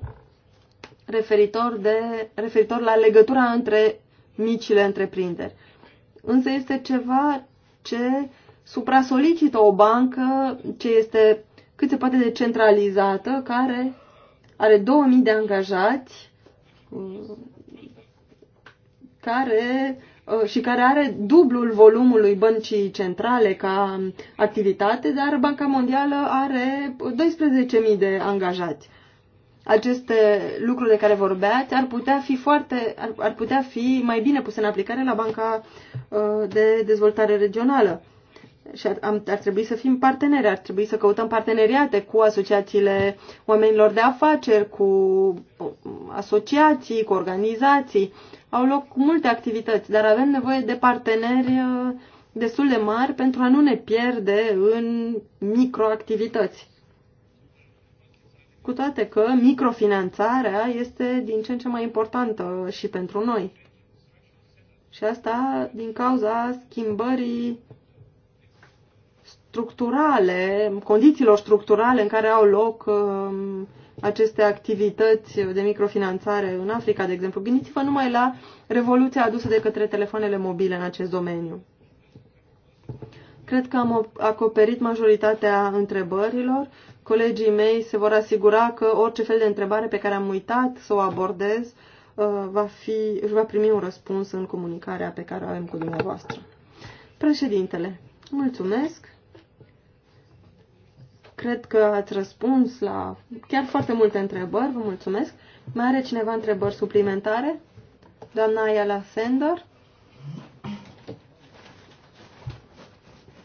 referitor, de, referitor la legătura între micile întreprinderi. Însă este ceva ce supra-solicită o bancă ce este cât se poate de centralizată, care are 2000 de angajați care, uh, și care are dublul volumului băncii centrale ca activitate, dar Banca Mondială are 12.000 de angajați aceste lucruri de care vorbeați ar putea fi, foarte, ar, ar putea fi mai bine puse în aplicare la Banca uh, de Dezvoltare Regională. Și ar, am, ar trebui să fim parteneri, ar trebui să căutăm parteneriate cu asociațiile oamenilor de afaceri, cu uh, asociații, cu organizații. Au loc multe activități, dar avem nevoie de parteneri uh, destul de mari pentru a nu ne pierde în microactivități cu toate că microfinanțarea este din ce în ce mai importantă și pentru noi. Și asta din cauza schimbării structurale, condițiilor structurale în care au loc um, aceste activități de microfinanțare în Africa, de exemplu. Gândiți-vă numai la revoluția adusă de către telefoanele mobile în acest domeniu. Cred că am acoperit majoritatea întrebărilor Colegii mei se vor asigura că orice fel de întrebare pe care am uitat să o abordez uh, va fi, își va primi un răspuns în comunicarea pe care o avem cu dumneavoastră. Președintele, mulțumesc. Cred că ați răspuns la chiar foarte multe întrebări, vă mulțumesc. Mai are cineva întrebări suplimentare? Doamna Ayala Sender?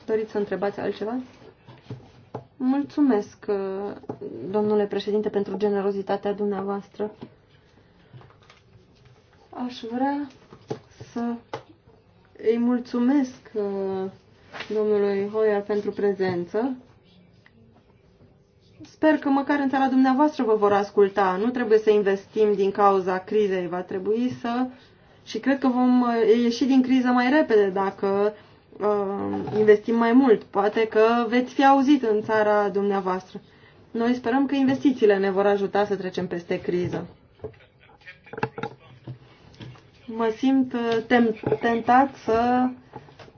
Doriți să întrebați altceva? Mulțumesc, uh, domnule președinte, pentru generozitatea dumneavoastră. Aș vrea să îi mulțumesc uh, domnului Hoyer pentru prezență. Sper că măcar în țara dumneavoastră vă vor asculta. Nu trebuie să investim din cauza crizei. Va trebui să... Și cred că vom uh, ieși din criză mai repede dacă uh, investim mai mult. Poate că veți fi auzit în țara dumneavoastră. Noi sperăm că investițiile ne vor ajuta să trecem peste criză. Mă simt uh, tem tentat să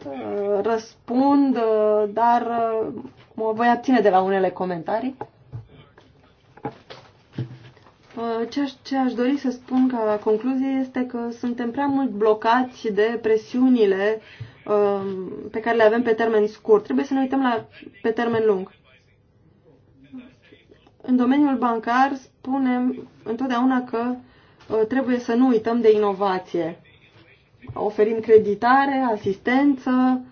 uh, răspund, uh, dar uh, mă voi abține de la unele comentarii. Uh, ce aș, ce aș dori să spun ca concluzie este că suntem prea mult blocați de presiunile uh, Um, pe care le avem pe termen scurt. Trebuie să ne uităm la, pe termen lung. În domeniul bancar spunem întotdeauna că uh, trebuie să nu uităm de inovație. Oferim creditare, asistență,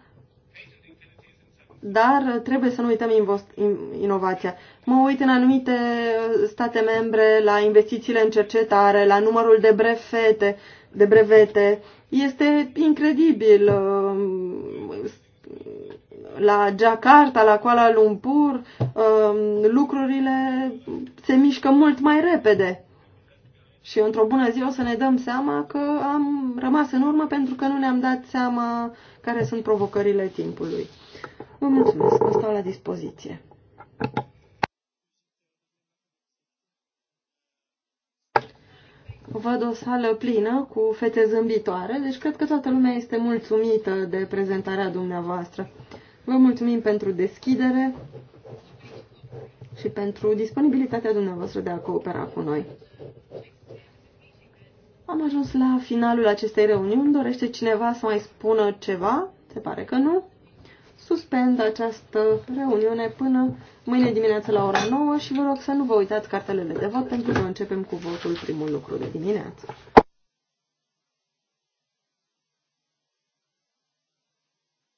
dar trebuie să nu uităm inovația. Mă uit în anumite uh, state membre la investițiile în cercetare, la numărul de brevete, de brevete. Este incredibil uh, la Jakarta, la Kuala Lumpur, um, lucrurile se mișcă mult mai repede. Și într-o bună zi o să ne dăm seama că am rămas în urmă pentru că nu ne-am dat seama care sunt provocările timpului. Vă mulțumesc, vă stau la dispoziție. Văd o sală plină cu fete zâmbitoare, deci cred că toată lumea este mulțumită de prezentarea dumneavoastră. Vă mulțumim pentru deschidere și pentru disponibilitatea dumneavoastră de a coopera cu noi. Am ajuns la finalul acestei reuniuni. Dorește cineva să mai spună ceva? Se pare că nu. Suspend această reuniune până mâine dimineață la ora 9 și vă rog să nu vă uitați cartelele de vot pentru că începem cu votul primul lucru de dimineață.